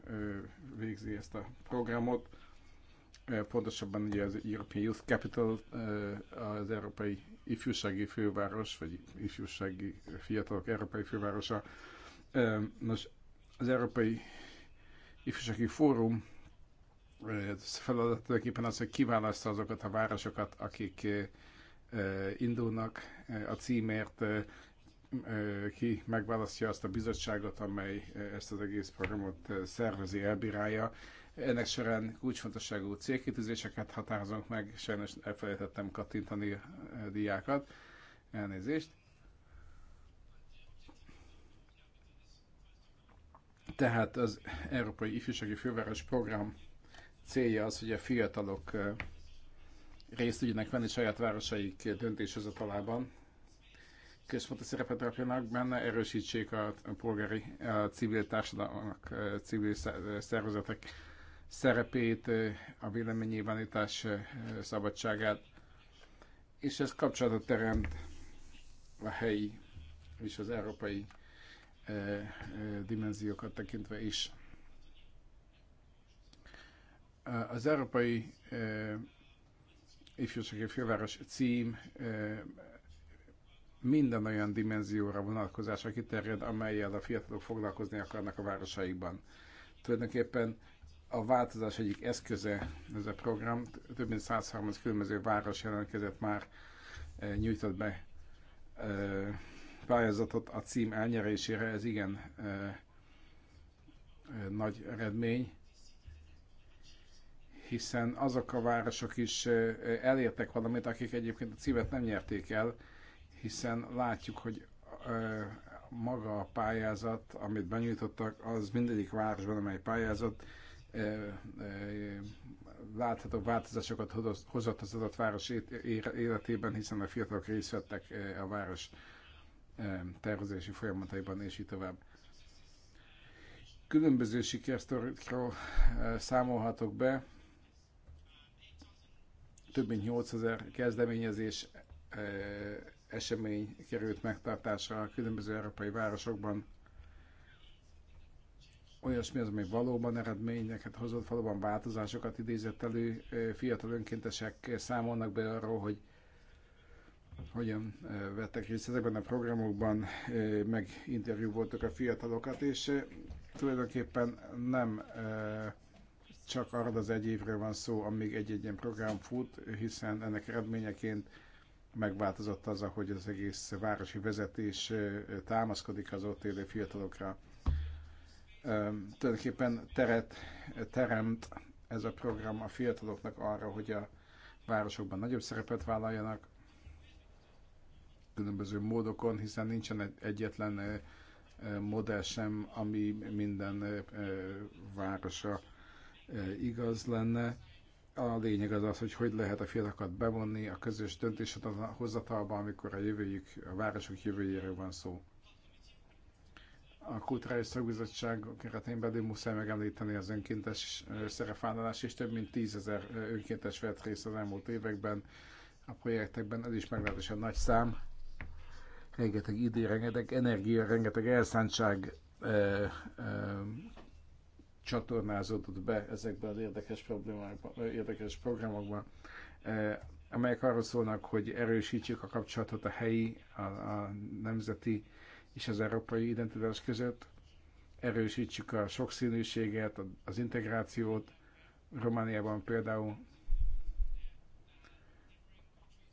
végzi ezt a programot, pontosabban ugye az European Youth Capital, az Európai Ifjúsági Főváros, vagy Ifjúsági Fiatalok Európai Fővárosa. Nos, az Európai Ifjúsági Fórum feladat tulajdonképpen az, hogy kiválasztja azokat a városokat, akik indulnak a címért, ki megválasztja azt a bizottságot, amely ezt az egész programot szervezi, elbírálja. Ennek során kulcsfontosságú célkitűzéseket határozunk meg, sajnos elfelejtettem kattintani a diákat, elnézést. Tehát az Európai Ifjúsági Főváros Program célja az, hogy a fiatalok részt tudjanak venni saját városaik döntéshozatalában, központi szerepet rakjanak benne, erősítsék a, polgári, a civil társadalmak, a civil szervezetek szerepét, a véleménynyilvánítás szabadságát, és ez kapcsolatot teremt a helyi és az európai dimenziókat tekintve is. Az európai ifjúsági főváros cím minden olyan dimenzióra vonatkozása kiterjed, amelyel a fiatalok foglalkozni akarnak a városaikban. Tulajdonképpen a változás egyik eszköze ez a program. Több mint 130 különböző város jelentkezett már, nyújtott be pályázatot a cím elnyerésére. Ez igen nagy eredmény hiszen azok a városok is elértek valamit, akik egyébként a címet nem nyerték el, hiszen látjuk, hogy maga a pályázat, amit benyújtottak, az mindegyik városban, amely pályázat látható változásokat hozott az adott város életében, hiszen a fiatalok részt vettek a város tervezési folyamataiban, és így tovább. Különböző sikersztorikról számolhatok be, több mint 8000 kezdeményezés, eh, esemény került megtartásra a különböző európai városokban. Olyasmi az, ami valóban eredményeket hozott, valóban változásokat idézett elő. Eh, fiatal önkéntesek számolnak be arról, hogy hogyan eh, vettek részt ezekben a programokban, interjú voltak a fiatalokat, és tulajdonképpen nem csak arra az egy évre van szó, amíg egy-egy ilyen program fut, hiszen ennek eredményeként megváltozott az, ahogy az egész városi vezetés támaszkodik az ott élő fiatalokra. Tulajdonképpen teret teremt ez a program a fiataloknak arra, hogy a városokban nagyobb szerepet vállaljanak, különböző módokon, hiszen nincsen egyetlen modell sem, ami minden városa igaz lenne. A lényeg az az, hogy hogy lehet a fiatalokat bevonni a közös döntéshozatalba, amikor a jövőjük, a városok jövőjéről van szó. A Kulturális Szakbizottság keretén belül muszáj megemlíteni az önkéntes szerepvállalás, és több mint tízezer önkéntes vett részt az elmúlt években a projektekben, ez is meglehetősen nagy szám. Rengeteg idő, rengeteg energia, rengeteg elszántság csatornázódott be ezekben az érdekes, problémákban, érdekes programokban, eh, amelyek arról szólnak, hogy erősítsük a kapcsolatot a helyi, a, a nemzeti és az európai identitás között, erősítsük a sokszínűséget, az integrációt. Romániában például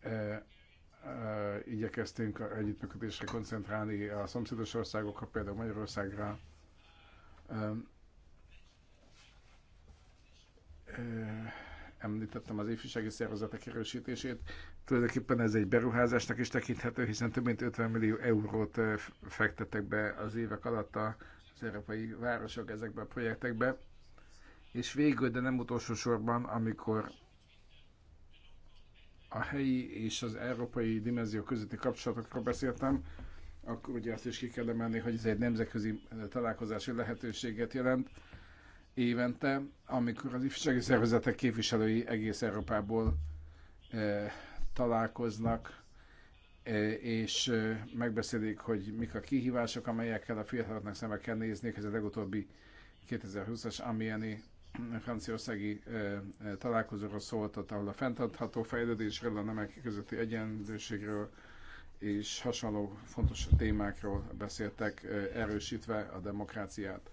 e, e, igyekeztünk együttműködésre koncentrálni a szomszédos országokkal, például Magyarországra, említettem az ifjúsági szervezetek erősítését. Tulajdonképpen ez egy beruházásnak is tekinthető, hiszen több mint 50 millió eurót fektettek be az évek alatt az európai városok ezekbe a projektekbe. És végül, de nem utolsó sorban, amikor a helyi és az európai dimenzió közötti kapcsolatokról beszéltem, akkor ugye azt is ki kell emelni, hogy ez egy nemzetközi találkozási lehetőséget jelent évente, amikor az ifjúsági szervezetek képviselői egész Európából eh, találkoznak, eh, és eh, megbeszélik, hogy mik a kihívások, amelyekkel a fiataloknak szembe kell nézniük. Ez a legutóbbi 2020-as Amieni franciaországi találkozóról szólt, ott, ahol a fenntartható fejlődésről, a nemek közötti egyenlőségről és hasonló fontos témákról beszéltek, erősítve a demokráciát.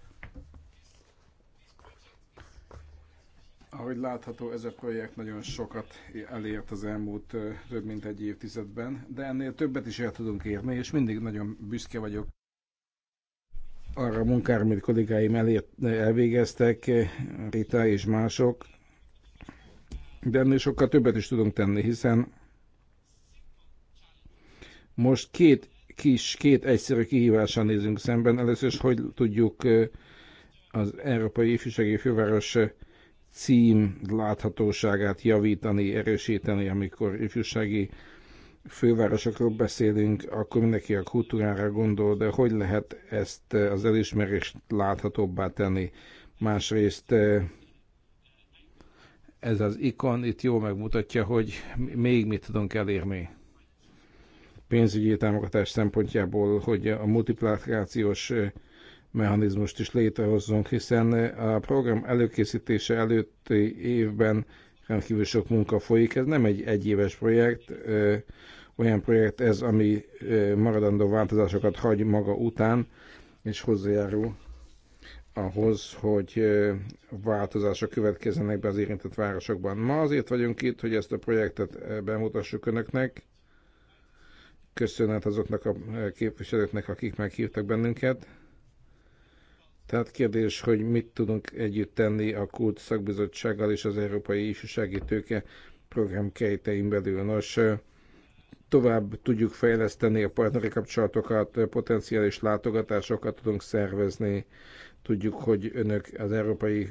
Ahogy látható, ez a projekt nagyon sokat elért az elmúlt több mint egy évtizedben, de ennél többet is el tudunk érni, és mindig nagyon büszke vagyok arra a munkára, amit kollégáim elért, elvégeztek, Rita és mások, de ennél sokkal többet is tudunk tenni, hiszen most két kis, két egyszerű kihívással nézünk szemben. Először is, hogy tudjuk az Európai Ifjúsági Főváros cím láthatóságát javítani, erősíteni, amikor ifjúsági fővárosokról beszélünk, akkor mindenki a kultúrára gondol, de hogy lehet ezt az elismerést láthatóbbá tenni? Másrészt ez az ikon itt jól megmutatja, hogy még mit tudunk elérni pénzügyi támogatás szempontjából, hogy a multiplikációs mechanizmust is létrehozzunk, hiszen a program előkészítése előtti évben rendkívül sok munka folyik. Ez nem egy egyéves projekt, olyan projekt ez, ami maradandó változásokat hagy maga után, és hozzájárul ahhoz, hogy változások következzenek be az érintett városokban. Ma azért vagyunk itt, hogy ezt a projektet bemutassuk Önöknek. Köszönet azoknak a képviselőknek, akik meghívtak bennünket. Tehát kérdés, hogy mit tudunk együtt tenni a Kult Szakbizottsággal és az Európai Ifjúsági Tőke program kejtein belül. Nos, tovább tudjuk fejleszteni a partneri kapcsolatokat, potenciális látogatásokat tudunk szervezni, tudjuk, hogy önök az Európai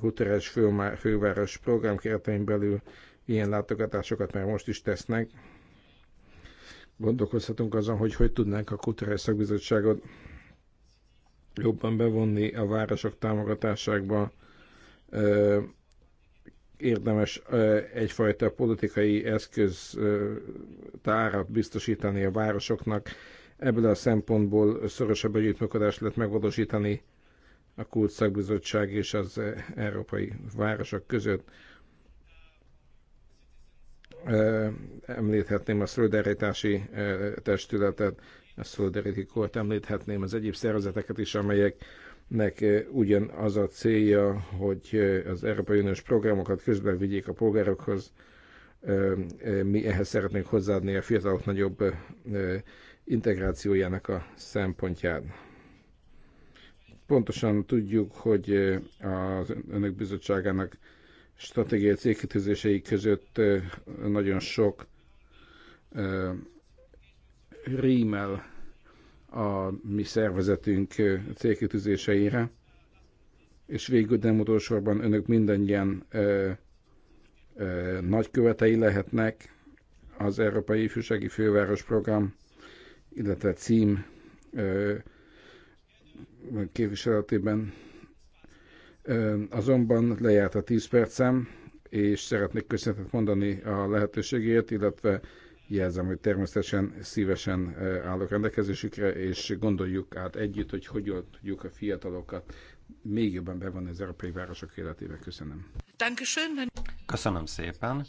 Guterres Főváros program keretein belül ilyen látogatásokat már most is tesznek. Gondolkozhatunk azon, hogy hogy tudnánk a kulturális Szakbizottságot jobban bevonni a városok támogatásákba. Érdemes egyfajta politikai eszköz tárat biztosítani a városoknak. Ebből a szempontból szorosabb együttműködést lehet megvalósítani a Kult Szakbizottság és az európai városok között említhetném a szolidaritási testületet, a Solidarity Court említhetném az egyéb szervezeteket is, amelyeknek az a célja, hogy az Európai Uniós programokat közben vigyék a polgárokhoz. Mi ehhez szeretnénk hozzáadni a fiatalok nagyobb integrációjának a szempontját. Pontosan tudjuk, hogy az Önök Bizottságának stratégiai célkitűzései között nagyon sok rímel a mi szervezetünk célkitűzéseire, és végül nem utolsóban önök mindannyian ö, ö, nagykövetei lehetnek az Európai Ifjúsági Főváros Program, illetve cím ö, képviseletében. Ö, azonban lejárt a 10 percem, és szeretnék köszönetet mondani a lehetőségért, illetve Jelzem, hogy természetesen szívesen eh, állok rendelkezésükre, és gondoljuk át együtt, hogy hogyan tudjuk a fiatalokat még jobban bevonni az európai városok életébe. Köszönöm. Köszönöm szépen.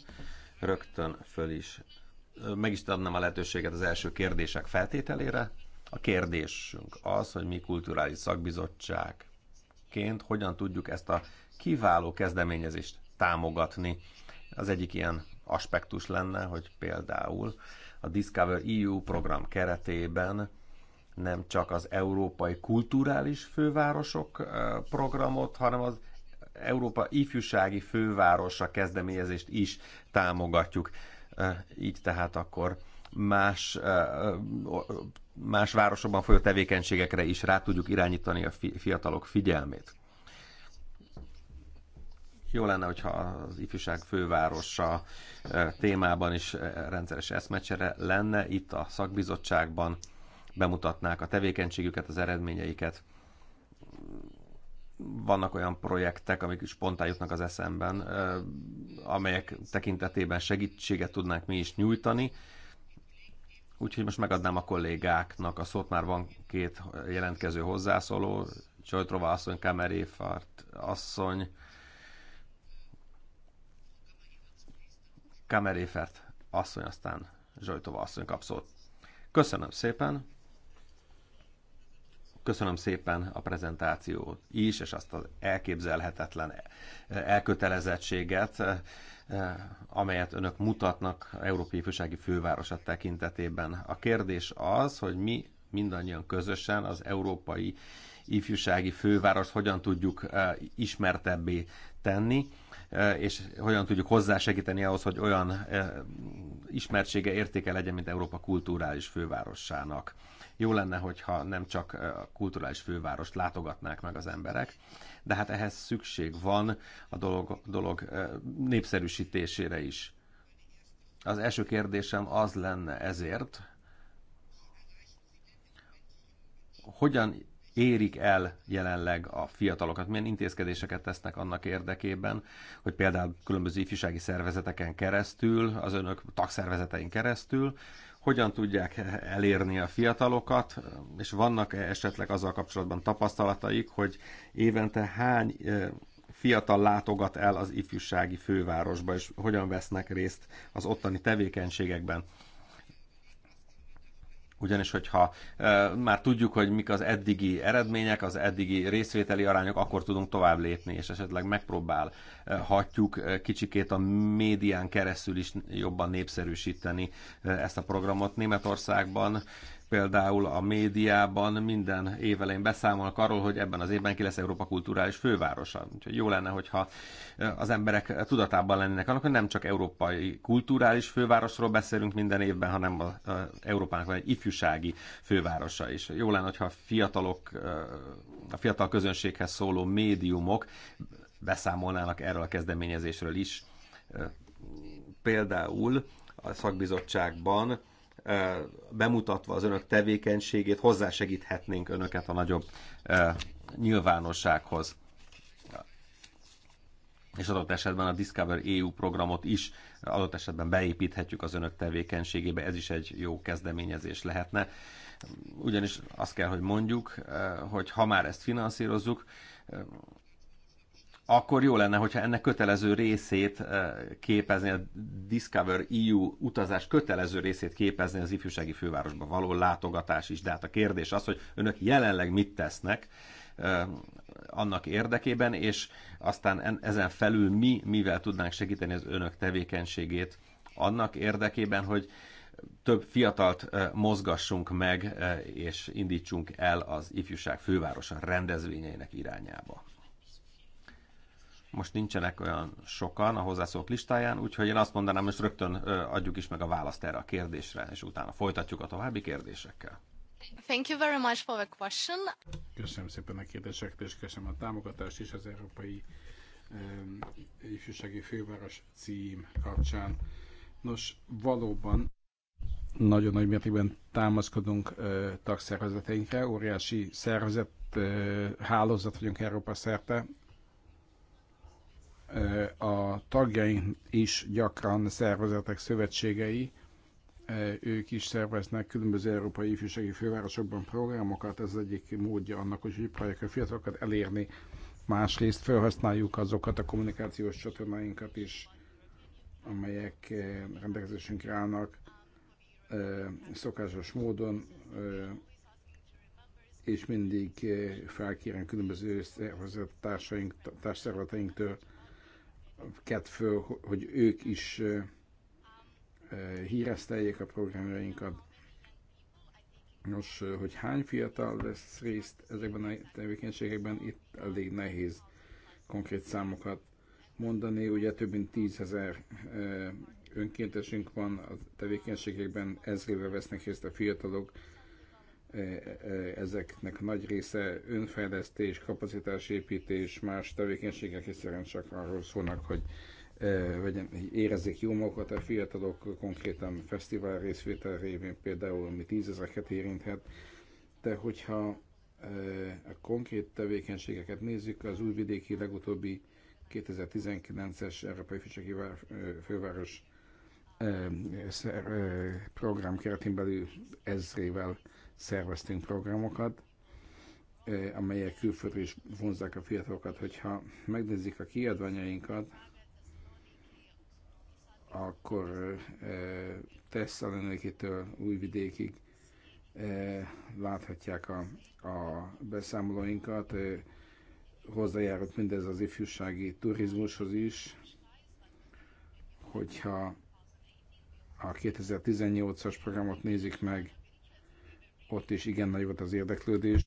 Rögtön föl is
eh, meg is adnám a lehetőséget az első kérdések feltételére. A kérdésünk az, hogy mi kulturális szakbizottságként hogyan tudjuk ezt a kiváló kezdeményezést támogatni. Az egyik ilyen aspektus lenne, hogy például a Discover EU program keretében nem csak az európai kulturális fővárosok programot, hanem az Európa ifjúsági fővárosa kezdeményezést is támogatjuk. Így tehát akkor más, más városokban folyó tevékenységekre is rá tudjuk irányítani a fiatalok figyelmét jó lenne, hogyha az ifjúság fővárosa eh, témában is eh, rendszeres eszmecsere lenne. Itt a szakbizottságban bemutatnák a tevékenységüket, az eredményeiket. Vannak olyan projektek, amik is jutnak az eszemben, eh, amelyek tekintetében segítséget tudnánk mi is nyújtani. Úgyhogy most megadnám a kollégáknak a szót, már van két jelentkező hozzászóló, Csajtrova asszony, Kameréfart asszony, Kameréfert asszony, aztán Zsajtova asszony kap szót. Köszönöm szépen! Köszönöm szépen a prezentációt is, és azt az elképzelhetetlen elkötelezettséget, amelyet önök mutatnak Európai Ifjúsági Fővárosa tekintetében. A kérdés az, hogy mi mindannyian közösen az Európai Ifjúsági Fővárost hogyan tudjuk eh, ismertebbé tenni, E, és hogyan tudjuk hozzásegíteni ahhoz, hogy olyan e, ismertsége, értéke legyen, mint Európa kulturális fővárosának. Jó lenne, hogyha nem csak e, a kulturális fővárost látogatnák meg az emberek, de hát ehhez szükség van a dolog, dolog népszerűsítésére is. Az első kérdésem az lenne ezért, hogyan érik el jelenleg a fiatalokat? Milyen intézkedéseket tesznek annak érdekében, hogy például különböző ifjúsági szervezeteken keresztül, az önök tagszervezetein keresztül, hogyan tudják elérni a fiatalokat, és vannak -e esetleg azzal kapcsolatban tapasztalataik, hogy évente hány fiatal látogat el az ifjúsági fővárosba, és hogyan vesznek részt az ottani tevékenységekben? Ugyanis, hogyha már tudjuk, hogy mik az eddigi eredmények, az eddigi részvételi arányok, akkor tudunk tovább lépni, és esetleg megpróbálhatjuk kicsikét a médián keresztül is jobban népszerűsíteni ezt a programot. Németországban Például a médiában minden évelején beszámolnak arról, hogy ebben az évben ki lesz Európa kulturális fővárosa. Úgyhogy jó lenne, hogyha az emberek tudatában lennének annak, hogy nem csak európai kulturális fővárosról beszélünk minden évben, hanem az Európának van egy ifjúsági fővárosa is. Jó lenne, hogyha a fiatalok, a fiatal közönséghez szóló médiumok beszámolnának erről a kezdeményezésről is. Például a szakbizottságban bemutatva az önök tevékenységét, hozzásegíthetnénk önöket a nagyobb nyilvánossághoz. És adott esetben a Discover EU programot is adott esetben beépíthetjük az önök tevékenységébe, ez is egy jó kezdeményezés lehetne. Ugyanis azt kell, hogy mondjuk, hogy ha már ezt finanszírozzuk, akkor jó lenne, hogyha ennek kötelező részét eh, képezni, a Discover EU utazás kötelező részét képezni az ifjúsági fővárosba való látogatás is. De hát a kérdés az, hogy önök jelenleg mit tesznek eh, annak érdekében, és aztán ezen felül mi mivel tudnánk segíteni az önök tevékenységét annak érdekében, hogy több fiatalt eh, mozgassunk meg, és indítsunk el az ifjúság fővárosa rendezvényeinek irányába. Most nincsenek olyan sokan a hozzászólók listáján, úgyhogy én azt mondanám, most rögtön adjuk is meg a választ erre a kérdésre, és utána folytatjuk a további kérdésekkel.
Thank you very much for the question.
Köszönöm szépen a kérdéseket, és köszönöm a támogatást is az Európai um, Ifjúsági Főváros cím kapcsán. Nos, valóban nagyon nagy mértékben támaszkodunk uh, tagszervezeteinkre, óriási szervezet, uh, hálózat vagyunk Európa szerte, a tagjaink is gyakran szervezetek szövetségei, ők is szerveznek különböző európai ifjúsági fővárosokban programokat, ez az egyik módja annak, hogy próbáljuk a fiatalokat elérni. Másrészt felhasználjuk azokat a kommunikációs csatornáinkat is, amelyek rendelkezésünkre állnak szokásos módon, és mindig felkérem különböző szervezet társaink, társszervezeteinktől, ket föl, hogy ők is hírezteljék a programjainkat. Nos, hogy hány fiatal vesz részt ezekben a tevékenységekben, itt elég nehéz konkrét számokat mondani. Ugye több mint tízezer önkéntesünk van a tevékenységekben, ezrével vesznek részt a fiatalok, E, e, ezeknek nagy része önfejlesztés, kapacitásépítés, más tevékenységek, hiszen csak arról szólnak, hogy e, vegyen, érezzék jó magukat a fiatalok, konkrétan fesztivál részvétel révén például, ami tízezreket érinthet, de hogyha a konkrét tevékenységeket nézzük, az újvidéki legutóbbi 2019-es Európai Ficsaki Főváros program keretén belül ezrével szerveztünk programokat, amelyek külföldre is vonzák a fiatalokat. Hogyha megnézik a kiadványainkat, akkor Tesszalonikitől Újvidékig láthatják a, a beszámolóinkat. Hozzájárult mindez az ifjúsági turizmushoz is, hogyha a 2018-as programot nézik meg, ott is igen nagy volt az érdeklődés.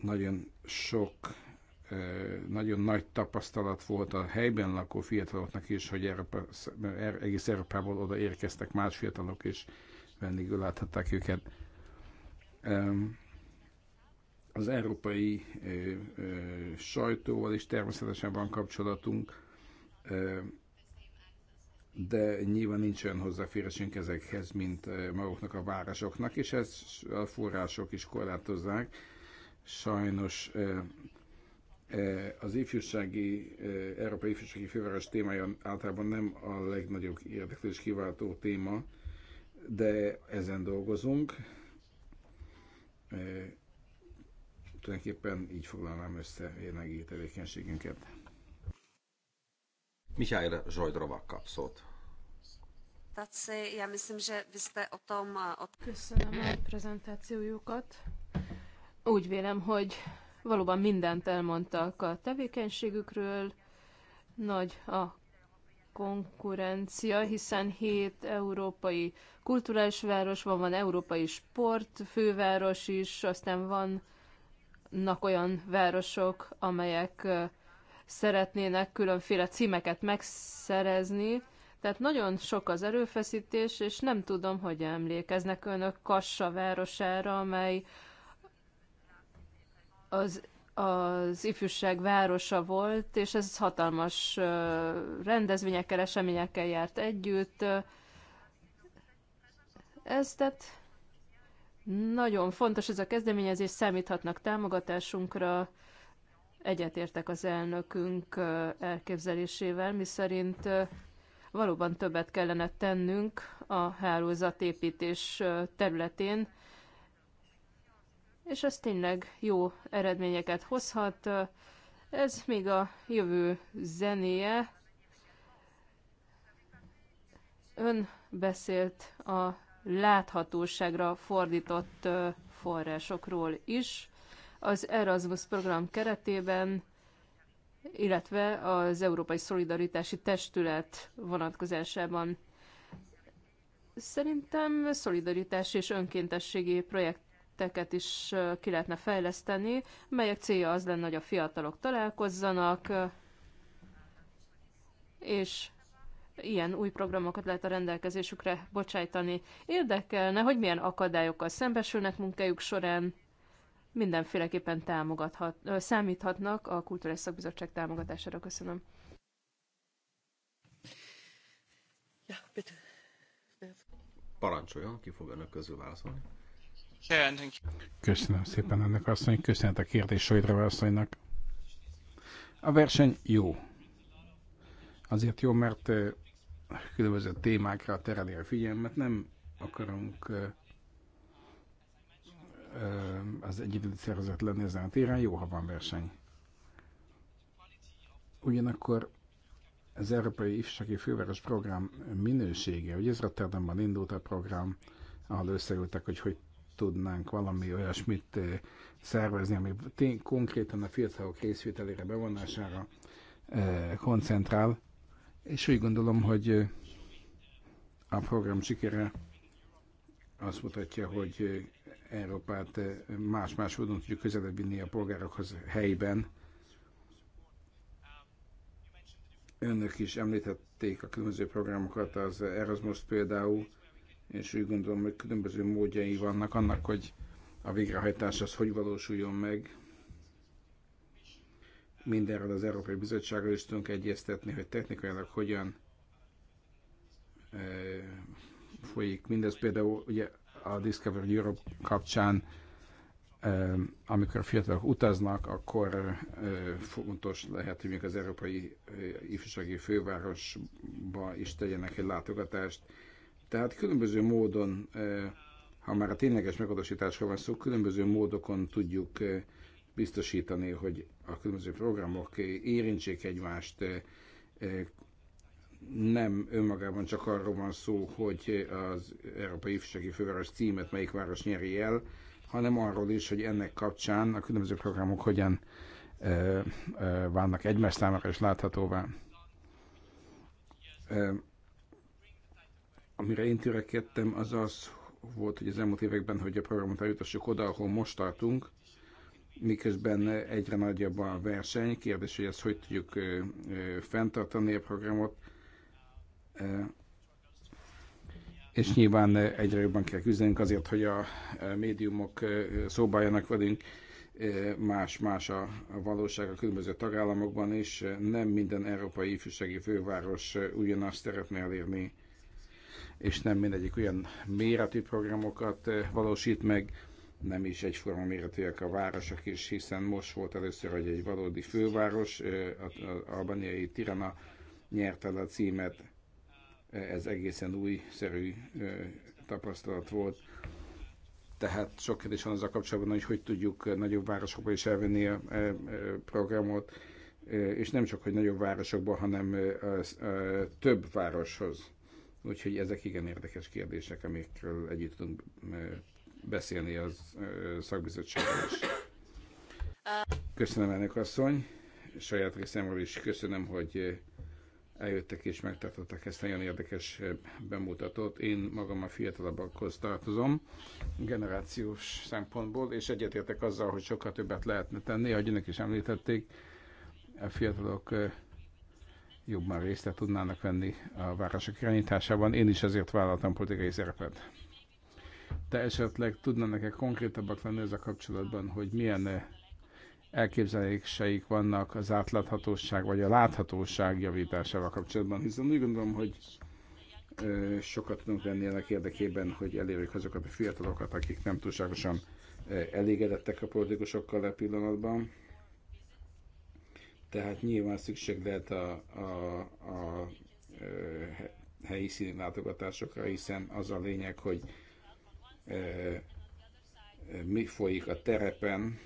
Nagyon sok, nagyon nagy tapasztalat volt a helyben lakó fiataloknak is, hogy Európa, er, egész Európából oda érkeztek más fiatalok, és vendégül láthatták őket. Az európai sajtóval is természetesen van kapcsolatunk de nyilván nincs olyan hozzáférésünk ezekhez, mint eh, maguknak a városoknak, és ezt a források is korlátozzák. Sajnos eh, eh, az ifjúsági, Európai Ifjúsági Főváros témája általában nem a legnagyobb érdeklődés kiváltó téma, de ezen dolgozunk. Tulajdonképpen így foglalnám össze jelenlegi tevékenységünket. Mihály Zsajdrova kap szót.
Eh,
Köszönöm a prezentációjukat. Úgy vélem, hogy valóban mindent elmondtak a tevékenységükről. Nagy a konkurencia, hiszen hét európai kulturális város van, van európai sportfőváros is, aztán vannak olyan városok, amelyek eh, szeretnének különféle címeket megszerezni, tehát nagyon sok az erőfeszítés, és nem tudom, hogy emlékeznek önök Kassa városára, amely az, az ifjúság városa volt, és ez hatalmas rendezvényekkel, eseményekkel járt együtt. Ez tehát nagyon fontos ez a kezdeményezés, számíthatnak támogatásunkra, Egyetértek az elnökünk elképzelésével, miszerint valóban többet kellene tennünk a hálózatépítés területén, és ez tényleg jó eredményeket hozhat. Ez még a jövő zenéje. Ön beszélt a láthatóságra fordított forrásokról is az Erasmus program keretében, illetve az Európai Szolidaritási Testület vonatkozásában. Szerintem szolidaritás és önkéntességi projekteket is ki lehetne fejleszteni, melyek célja az lenne, hogy a fiatalok találkozzanak, és ilyen új programokat lehet a rendelkezésükre bocsájtani. Érdekelne, hogy milyen akadályokkal szembesülnek munkájuk során, mindenféleképpen támogathat, számíthatnak a Kulturális Szakbizottság támogatására. Köszönöm.
Ja, bitte. Parancsoljon, ki fog önök közül válaszolni.
Köszönöm szépen ennek asszony, köszönet a kérdés asszonynak. A verseny jó. Azért jó, mert különböző témákra tereli a figyelmet, nem akarunk az egyedül szervezet lenni ezen a téren, jó, ha van verseny. Ugyanakkor az Európai Ifjúsági Főváros Program minősége, ugye ez Rotterdamban indult a program, ahol összeültek, hogy hogy tudnánk valami olyasmit szervezni, ami tény, konkrétan a fiatalok részvételére, bevonására koncentrál, és úgy gondolom, hogy a program sikere azt mutatja, hogy Európát eh, más-más módon tudjuk közelebb vinni a polgárokhoz helyben. Önök is említették a különböző programokat, az Erasmus például, és úgy gondolom, hogy különböző módjai vannak annak, hogy a végrehajtás az hogy valósuljon meg. Mindenről az Európai Bizottsággal is tudunk egyeztetni, hogy technikailag hogyan eh, folyik mindez. Például ugye a Discovery Europe kapcsán, eh, amikor fiatalok utaznak, akkor eh, fontos lehet, hogy még az Európai eh, Ifjúsági Fővárosba is tegyenek egy látogatást. Tehát különböző módon, ha már a tényleges megadósításról van szó, különböző módokon tudjuk biztosítani, hogy a különböző programok érintsék egymást, nem önmagában csak arról van szó, hogy az Európai Ifjúsági Főváros címet melyik város nyeri el, hanem arról is, hogy ennek kapcsán a különböző programok hogyan ö, ö, válnak egymás számára és láthatóvá. Ö, amire én törekedtem, az az volt, hogy az elmúlt években, hogy a programot eljutassuk oda, ahol most tartunk, miközben egyre nagyobb a verseny. Kérdés, hogy ezt hogy tudjuk fenntartani a programot, és nyilván egyre jobban kell küzdenünk azért, hogy a médiumok szóbáljanak velünk, más-más a valóság a különböző tagállamokban, és nem minden európai ifjúsági főváros ugyanazt szeretné elérni, és nem mindegyik olyan méretű programokat valósít meg, nem is egyforma méretűek a városok is, hiszen most volt először, hogy egy valódi főváros, az albaniai Tirana nyerte el a címet, ez egészen újszerű tapasztalat volt. Tehát sok kérdés van a kapcsolatban, hogy hogy tudjuk nagyobb városokba is elvenni a e, e, programot, és nem csak, hogy nagyobb városokba, hanem több városhoz. Úgyhogy ezek igen érdekes kérdések, amikről együtt tudunk beszélni az szakbizottsággal is. Köszönöm, elnök asszony. Saját részemről is köszönöm, hogy eljöttek és megtartottak ezt a nagyon érdekes eh, bemutatót. Én magam a fiatalabbakhoz tartozom generációs szempontból, és egyetértek azzal, hogy sokkal többet lehetne tenni, ahogy önök is említették, a fiatalok eh, jobban részt tudnának venni a városok irányításában. Én is azért vállaltam politikai szerepet. De esetleg tudnának-e konkrétabbak lenni ez a kapcsolatban, hogy milyen eh, elképzeléseik vannak az átláthatóság vagy a láthatóság javításával kapcsolatban, hiszen úgy gondolom, hogy sokat tudunk tenni ennek érdekében, hogy elérjük azokat a fiatalokat, akik nem túlságosan elégedettek a politikusokkal e pillanatban. Tehát nyilván szükség lehet a, a, a helyi látogatásokra, hiszen az a lényeg, hogy mi folyik a terepen,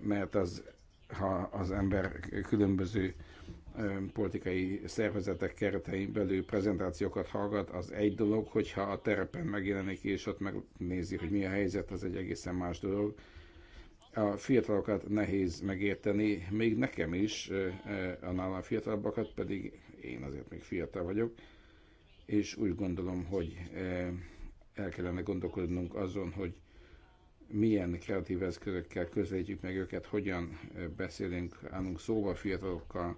mert az, ha az ember különböző politikai szervezetek keretein belül prezentációkat hallgat, az egy dolog, hogyha a terepen megjelenik és ott megnézi, hogy mi a helyzet, az egy egészen más dolog. A fiatalokat nehéz megérteni, még nekem is, a nálam fiatalabbakat, pedig én azért még fiatal vagyok, és úgy gondolom, hogy el kellene gondolkodnunk azon, hogy milyen kreatív eszközökkel közelítjük meg őket, hogyan eh, beszélünk, állunk szóba fiatalokkal,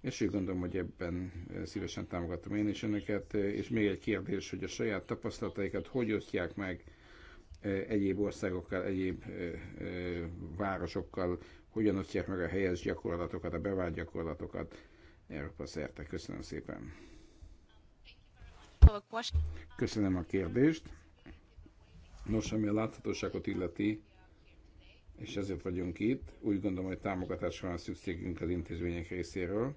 és úgy gondolom, hogy ebben eh, szívesen támogatom én is önöket. Eh, és még egy kérdés, hogy a saját tapasztalataikat hogy osztják meg egyéb országokkal, egyéb városokkal, hogyan osztják meg a helyes gyakorlatokat, a bevált gyakorlatokat Európa szerte. Köszönöm szépen. Köszönöm a kérdést. Nos, ami a láthatóságot illeti, és ezért vagyunk itt, úgy gondolom, hogy támogatásra van szükségünk az intézmények részéről.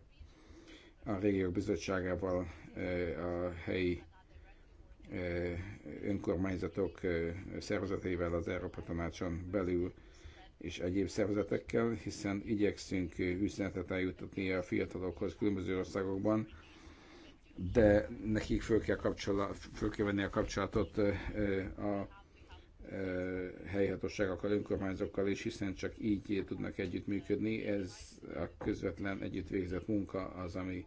A régiók bizottságával e, a helyi e, önkormányzatok e, szervezeteivel az Európa Tanácson belül és egyéb szervezetekkel, hiszen igyekszünk üzenetet eljutatni a fiatalokhoz különböző országokban, de nekik föl kell, kapcsolat, föl kell venni a kapcsolatot a helyhatóságokkal, önkormányzókkal is, hiszen csak így tudnak együttműködni. Ez a közvetlen együtt végzett munka az, ami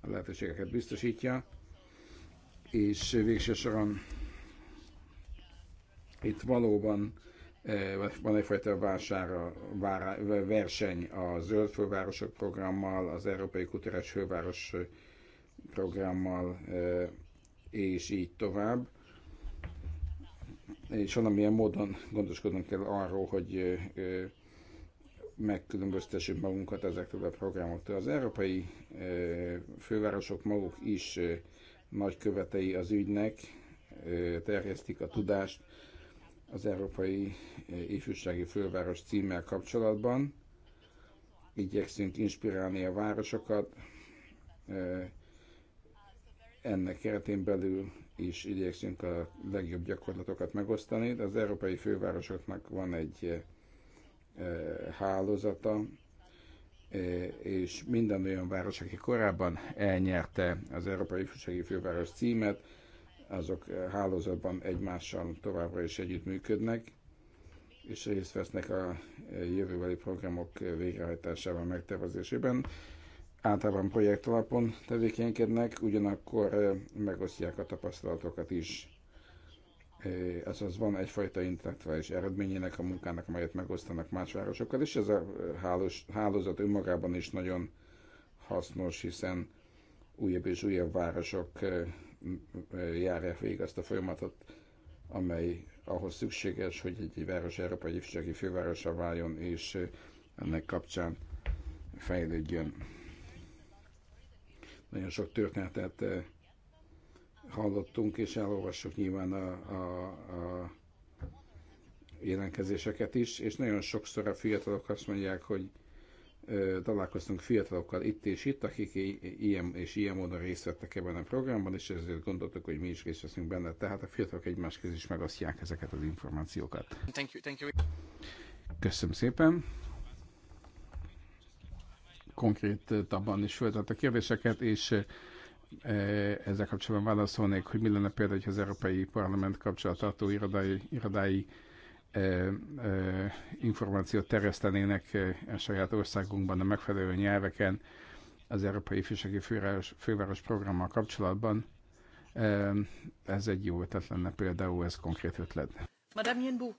a lehetőségeket biztosítja. És végső soron itt valóban van egyfajta vására, vára, verseny a zöld fővárosok programmal, az Európai Kutatás Főváros programmal, és így tovább és valamilyen módon gondoskodnunk kell arról, hogy megkülönböztessük magunkat ezektől a programoktól. Az európai fővárosok maguk is nagykövetei az ügynek, terjesztik a tudást az Európai Ifjúsági Főváros címmel kapcsolatban. Igyekszünk inspirálni a városokat ennek keretén belül is igyekszünk a legjobb gyakorlatokat megosztani. De az európai fővárosoknak van egy eh, hálózata, eh, és minden olyan város, aki korábban elnyerte az Európai Ifjúsági Főváros címet, azok hálózatban egymással továbbra is együttműködnek, és részt vesznek a eh, jövőbeli programok végrehajtásában, megtervezésében általában projekt alapon tevékenykednek, ugyanakkor megosztják a tapasztalatokat is. Azaz van egyfajta intellektuális eredményének a munkának, amelyet megosztanak más városokkal, és ez a hálós, hálózat önmagában is nagyon hasznos, hiszen újabb és újabb városok járják végig azt a folyamatot, amely ahhoz szükséges, hogy egy város európai ifjúsági fővárosa váljon, és ennek kapcsán fejlődjön. Nagyon sok történetet eh, hallottunk, és elolvassuk nyilván a, a, a jelenkezéseket is, és nagyon sokszor a fiatalok azt mondják, hogy ö, eh, találkoztunk fiatalokkal itt és itt, akik ilyen és ilyen módon részt vettek ebben a programban, és ezért gondoltuk, hogy mi is részt veszünk benne. Tehát a fiatalok egymás közé is megosztják ezeket az információkat. Thank you, thank you. Köszönöm szépen! konkrétabban is feltett a kérdéseket, és eh, ezzel kapcsolatban válaszolnék, hogy mi lenne például, hogy az Európai Parlament kapcsolatartó irodai irodai e, e, információt terjesztenének a saját országunkban a megfelelő nyelveken az Európai Fősegi Főváros, Főváros programmal kapcsolatban. E, ez egy jó ötlet lenne például, ez konkrét ötlet.
Madame Yenbu.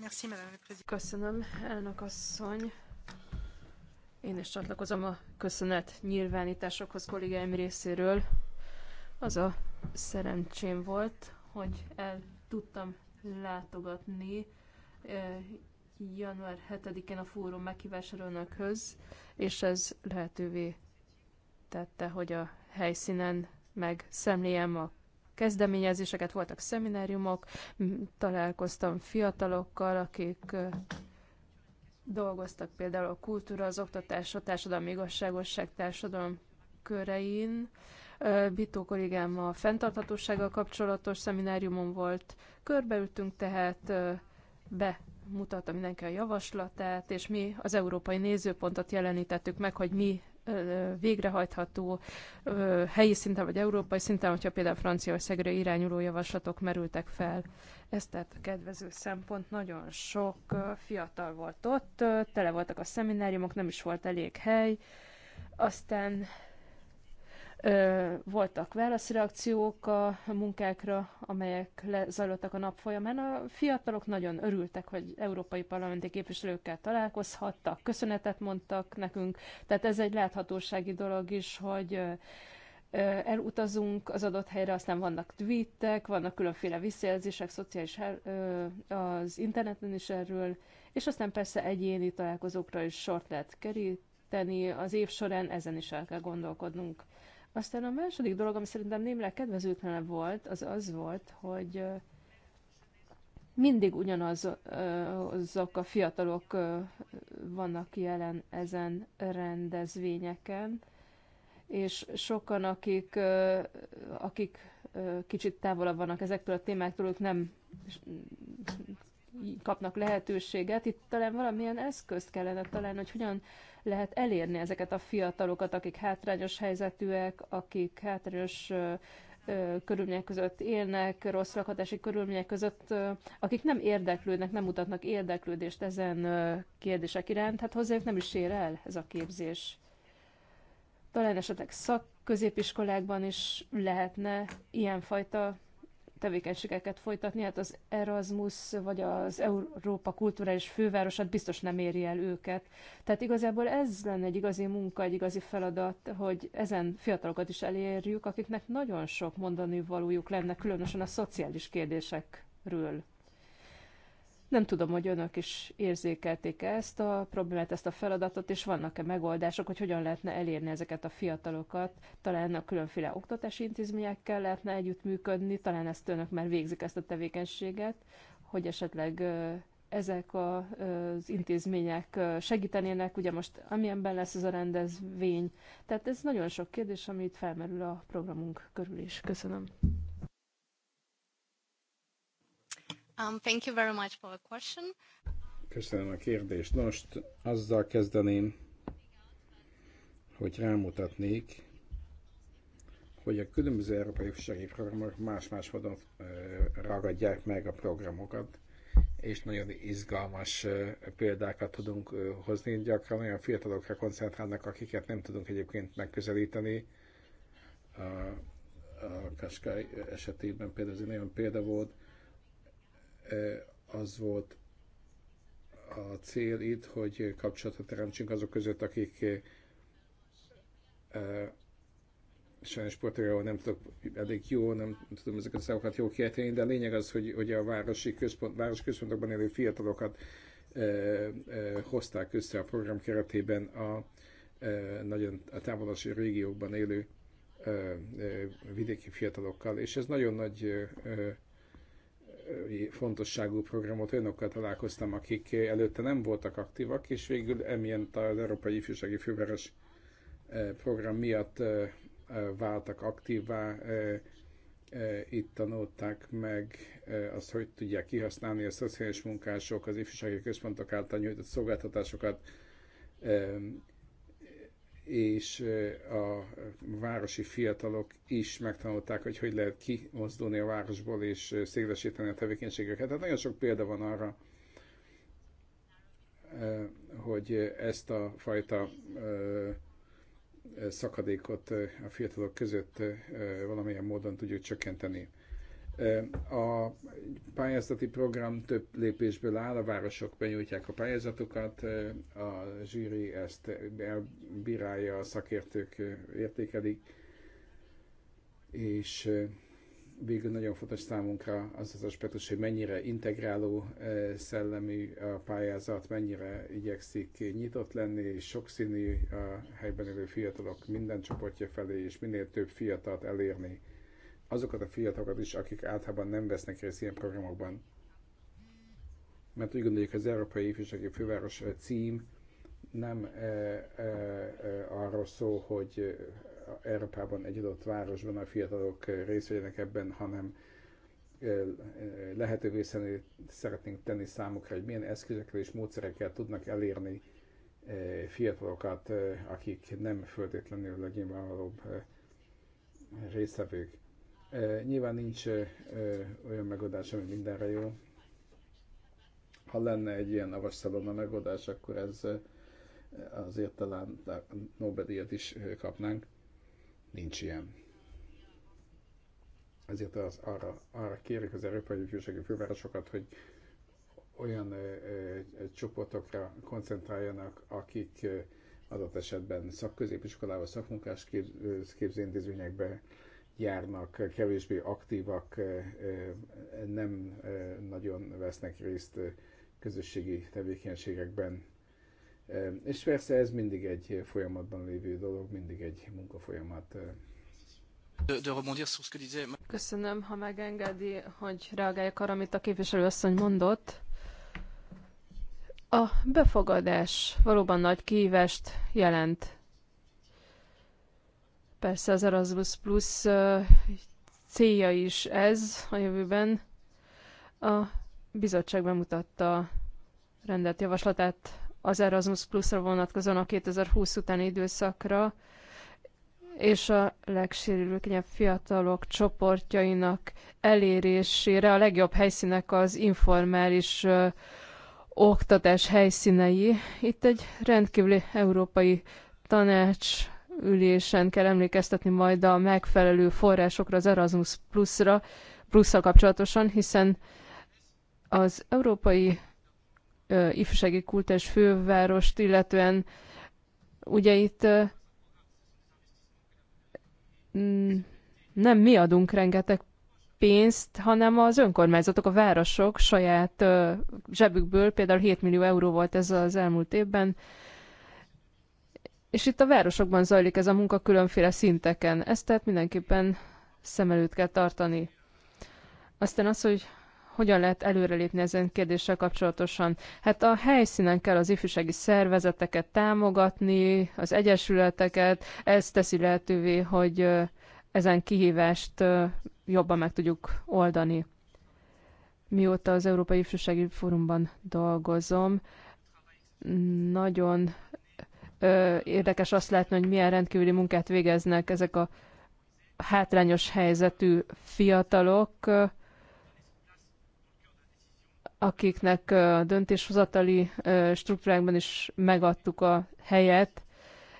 Merci, Madame Köszönöm, elnök asszony. Én is csatlakozom a köszönet nyilvánításokhoz kollégáim részéről. Az a szerencsém volt, hogy el tudtam látogatni eh, január 7-én a fórum meghívására önökhöz, és ez lehetővé tette, hogy a helyszínen megszemléljem a kezdeményezéseket, voltak szemináriumok, találkoztam fiatalokkal, akik dolgoztak például a kultúra, az oktatás, a társadalmi igazságosság, társadalom körein. Bitó kollégám a fenntarthatósággal kapcsolatos szemináriumon volt. Körbeültünk tehát, bemutatta mindenki a javaslatát, és mi az európai nézőpontot jelenítettük meg, hogy mi végrehajtható helyi szinten vagy európai szinten, hogyha például Franciaországra irányuló javaslatok merültek fel. Ez tehát a kedvező szempont. Nagyon sok fiatal volt ott, tele voltak a szemináriumok, nem is volt elég hely. Aztán voltak válaszreakciók a munkákra, amelyek lezajlottak a nap folyamán. A fiatalok nagyon örültek, hogy európai parlamenti képviselőkkel találkozhattak, köszönetet mondtak nekünk, tehát ez egy láthatósági dolog is, hogy elutazunk az adott helyre, aztán vannak tweetek, vannak különféle visszajelzések, szociális az interneten is erről, és aztán persze egyéni találkozókra is sort lehet keríteni, az év során ezen is el kell gondolkodnunk. Aztán a második dolog, ami szerintem némileg kedvezőtlen volt, az az volt, hogy mindig ugyanazok a fiatalok vannak jelen ezen rendezvényeken, és sokan, akik, akik kicsit távolabb vannak ezektől a témáktól, ők nem kapnak lehetőséget. Itt talán valamilyen eszközt kellene találni, hogy hogyan lehet elérni ezeket a fiatalokat, akik hátrányos helyzetűek, akik hátrányos körülmények között élnek, rossz lakhatási körülmények között, akik nem érdeklődnek, nem mutatnak érdeklődést ezen kérdések iránt, hát hozzájuk nem is ér el ez a képzés. Talán esetleg szakközépiskolákban is lehetne ilyenfajta tevékenységeket folytatni, hát az Erasmus vagy az Európa kulturális fővárosat biztos nem éri el őket. Tehát igazából ez lenne egy igazi munka, egy igazi feladat, hogy ezen fiatalokat is elérjük, akiknek nagyon sok mondani valójuk lenne, különösen a szociális kérdésekről. Nem tudom, hogy önök is érzékelték ezt a problémát, ezt a feladatot, és vannak-e megoldások, hogy hogyan lehetne elérni ezeket a fiatalokat. Talán a különféle oktatási intézményekkel lehetne együttműködni, talán ezt önök már végzik ezt a tevékenységet, hogy esetleg ezek az intézmények segítenének, ugye most amilyenben lesz ez a rendezvény. Tehát ez nagyon sok kérdés, amit felmerül a programunk körül is. Köszönöm.
Um, thank you very
much for the question.
Köszönöm a kérdést. Most azzal kezdeném, hogy rámutatnék, hogy a különböző európai ifjúsági programok más-más módon ragadják meg a programokat, és nagyon izgalmas példákat tudunk hozni. Gyakran olyan fiatalokra koncentrálnak, akiket nem tudunk egyébként megközelíteni. A, a Kaskai esetében például ez egy olyan példa volt, az volt a cél itt, hogy kapcsolatot teremtsünk azok között, akik sajnos Portugálról nem tudok elég jó, nem tudom ezeket a számokat jól kiejteni, de a lényeg az, hogy, hogy a városi központ, város központokban élő fiatalokat ö, ö, hozták össze a program keretében a ö, nagyon a távolos régiókban élő ö, ö, vidéki fiatalokkal, és ez nagyon nagy ö, fontosságú programot olyanokkal találkoztam, akik előtte nem voltak aktívak, és végül emiatt az Európai Ifjúsági Főváros eh, program miatt eh, eh, váltak aktívvá, itt tanulták meg azt, hogy tudják kihasználni a szociális munkások, az ifjúsági központok által nyújtott szolgáltatásokat, és a városi fiatalok is megtanulták, hogy hogy lehet kimozdulni a városból és szélesíteni a tevékenységeket. Tehát nagyon sok példa van arra, hogy ezt a fajta szakadékot a fiatalok között valamilyen módon tudjuk csökkenteni. A pályázati program több lépésből áll, a városok benyújtják a pályázatokat, a zsűri ezt elbírálja, a szakértők értékelik, és végül nagyon fontos számunkra az az aspektus, hogy mennyire integráló szellemi a pályázat, mennyire igyekszik nyitott lenni, és sokszínű a helyben élő fiatalok minden csoportja felé, és minél több fiatalt elérni azokat a fiatalokat is, akik általában nem vesznek részt ilyen programokban. Mert úgy gondoljuk, az Európai Ifjúsági Főváros cím nem e, e, e, arról szó, hogy Európában egy adott városban a fiatalok részt vegyenek ebben, hanem lehetővé szeretnénk tenni számukra, hogy milyen eszközökkel és módszerekkel tudnak elérni fiatalokat, akik nem föltétlenül a nyilvánvalóbb Nyilván nincs olyan megoldás, ami mindenre jó. Ha lenne egy ilyen avasszalonna megoldás, akkor ez azért talán Nobel-díjat is kapnánk. Nincs ilyen. Ezért az, arra, arra kérik az Európai Ifjúsági Fővárosokat, hogy olyan ö, ö, csoportokra koncentráljanak, akik ö, adott esetben szakközépiskolába, szakmunkás kép, képzőintézményekbe, járnak, kevésbé aktívak, nem nagyon vesznek részt közösségi tevékenységekben. És persze ez mindig egy folyamatban lévő dolog, mindig egy munkafolyamat.
Köszönöm, ha megengedi, hogy reagáljak arra, amit a képviselőasszony mondott. A befogadás valóban nagy kihívást jelent Persze az Erasmus Plus célja is ez a jövőben. A bizottság bemutatta rendelt javaslatát az Erasmus Plus-ra vonatkozóan a 2020 utáni időszakra, és a legsérülőkenyebb fiatalok csoportjainak elérésére a legjobb helyszínek az informális ö, oktatás helyszínei. Itt egy rendkívüli európai tanács ülésen kell emlékeztetni majd a megfelelő forrásokra, az Erasmus Plus-ra, kapcsolatosan, hiszen az Európai ö, Ifjúsági Kultás Fővárost, illetően ugye itt ö, nem mi adunk rengeteg pénzt, hanem az önkormányzatok, a városok saját ö, zsebükből, például 7 millió euró volt ez az elmúlt évben, és itt a városokban zajlik ez a munka különféle szinteken. Ezt tehát mindenképpen szem előtt kell tartani. Aztán az, hogy hogyan lehet előrelépni ezen kérdéssel kapcsolatosan? Hát a helyszínen kell az ifjúsági szervezeteket támogatni, az egyesületeket, ez teszi lehetővé, hogy ezen kihívást jobban meg tudjuk oldani. Mióta az Európai Ifjúsági Fórumban dolgozom, nagyon ö, érdekes azt látni, hogy milyen rendkívüli munkát végeznek ezek a hátrányos helyzetű fiatalok, ö, akiknek a döntéshozatali struktúrákban is megadtuk a helyet.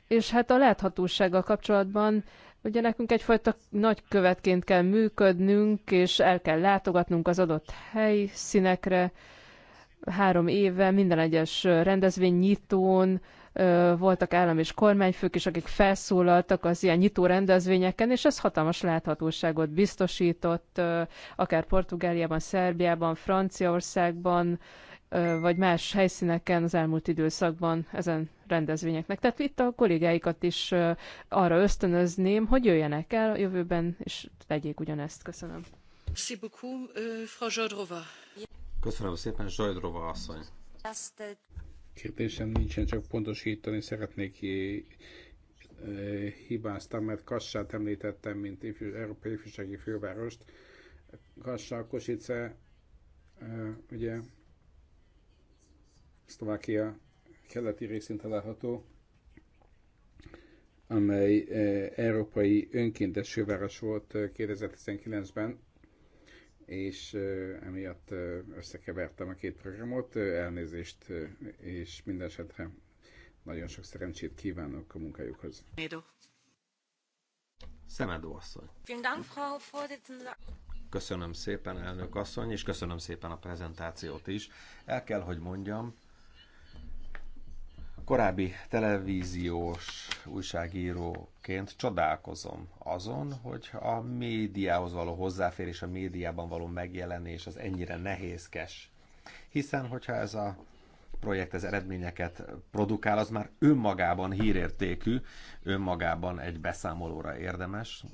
És hát a láthatósággal kapcsolatban ugye nekünk egyfajta nagy követként kell működnünk, és el kell látogatnunk az adott helyszínekre. Három éve minden egyes rendezvény nyitón voltak állam és kormányfők is, akik felszólaltak az ilyen nyitó rendezvényeken, és ez hatalmas láthatóságot biztosított, akár Portugáliában, Szerbiában, Franciaországban, vagy más helyszíneken az elmúlt időszakban ezen rendezvényeknek. Tehát itt a kollégáikat is arra ösztönözném, hogy jöjjenek el a jövőben, és tegyék ugyanezt. Köszönöm. Euh,
Köszönöm szépen, Zsajdrova asszony. Kérdésem nincsen, csak pontosítani szeretnék eh, eh, hibáztam, mert Kassát említettem, mint ifjú, Európai Ifjúsági Fővárost. Kassa, Kosice, eh, ugye Szlovákia keleti részén található, amely európai önkéntes főváros volt 2019-ben és emiatt összekevertem a két programot, elnézést, és minden esetre nagyon sok szerencsét kívánok a munkájukhoz. Szemedó asszony.
Köszönöm szépen, elnök asszony, és köszönöm szépen a prezentációt is. El kell, hogy mondjam, korábbi televíziós újságíróként csodálkozom azon, hogy a médiához való hozzáférés, a médiában való megjelenés az ennyire nehézkes. Hiszen, hogyha ez a projekt ez eredményeket produkál, az már önmagában hírértékű, önmagában egy beszámolóra érdemes,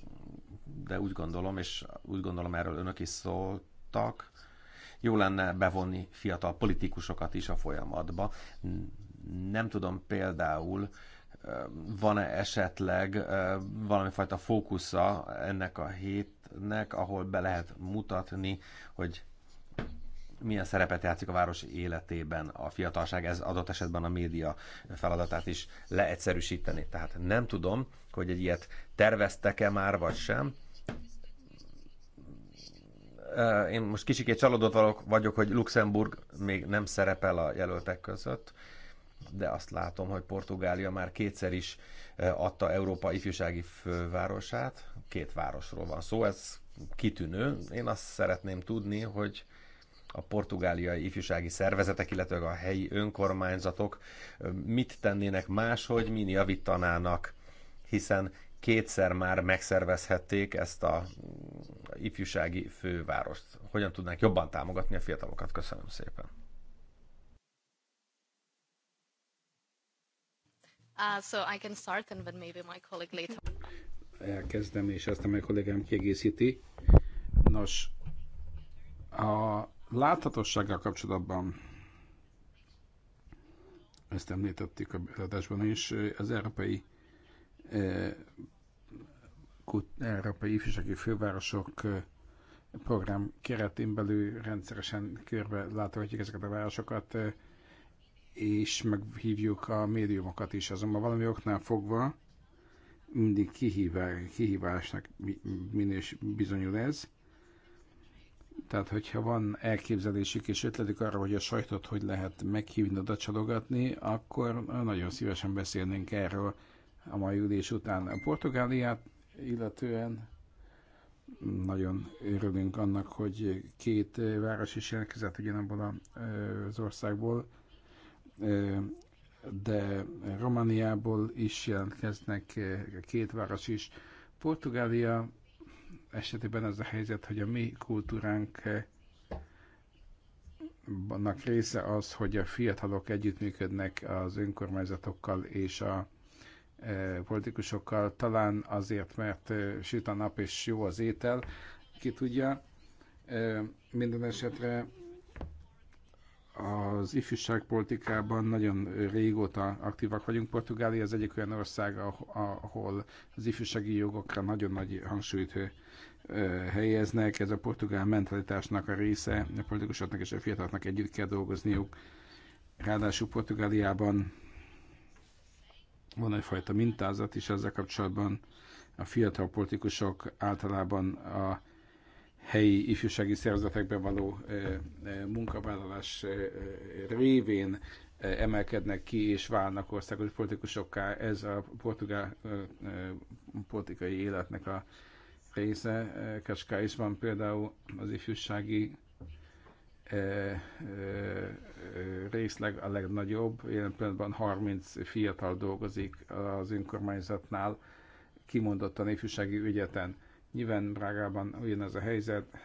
de úgy gondolom, és úgy gondolom erről önök is szóltak, jó lenne bevonni fiatal politikusokat is a folyamatba. Nem tudom például, van-e esetleg valamifajta fókusza ennek a hétnek, ahol be lehet mutatni, hogy milyen szerepet játszik a város életében a fiatalság, ez adott esetben a média feladatát is leegyszerűsíteni. Tehát nem tudom, hogy egy ilyet terveztek-e már, vagy sem. Én most kicsikét csalódott vagyok, hogy Luxemburg még nem szerepel a jelöltek között de azt látom, hogy Portugália már kétszer is eh, adta Európa ifjúsági fővárosát. Két városról van szó, ez kitűnő. Én azt szeretném tudni, hogy a portugáliai ifjúsági szervezetek, illetve a helyi önkormányzatok eh, mit tennének máshogy, min javítanának, hiszen kétszer már megszervezhették ezt a mm, ifjúsági fővárost. Hogyan tudnánk jobban támogatni a fiatalokat? Köszönöm szépen.
Uh, so I can start and then maybe my colleague later.
Elkezdem, és aztán a kollégám kiegészíti. Nos, a láthatósággal kapcsolatban ezt említettük a beadásban is, az európai eh, európai ifjúsági fővárosok eh, program keretén belül rendszeresen körbe látogatjuk ezeket a városokat. Eh, és meghívjuk a médiumokat is, azonban valami oknál fogva mindig kihívásnak minős bizonyul ez. Tehát, hogyha van elképzelésük és ötletük arra, hogy a sajtot hogy lehet meghívni, oda csalogatni, akkor nagyon szívesen beszélnénk erről a mai ülés után. A Portugáliát illetően nagyon örülünk annak, hogy két város is jelentkezett ugyanabból az országból, de Romániából is jelentkeznek két város is. Portugália esetében az a helyzet, hogy a mi kultúránk annak része az, hogy a fiatalok együttműködnek az önkormányzatokkal és a politikusokkal, talán azért, mert süt a nap és jó az étel, ki tudja. Minden esetre az ifjúságpolitikában nagyon régóta aktívak vagyunk. Portugália az egyik olyan ország, ah, ahol az ifjúsági jogokra nagyon nagy hangsúlyt helyeznek. Ez a portugál mentalitásnak a része, a politikusoknak és a fiataloknak együtt kell dolgozniuk. Ráadásul Portugáliában van egyfajta mintázat is ezzel kapcsolatban. A fiatal politikusok általában a helyi ifjúsági szervezetekben való munkavállalás révén emelkednek ki és válnak országos politikusokká. Ez a portugál politikai életnek a része. is van például az ifjúsági részleg a legnagyobb. Jelen pillanatban 30 fiatal dolgozik az önkormányzatnál kimondottan ifjúsági ügyeten Nyilván Prágában ugyanaz a helyzet,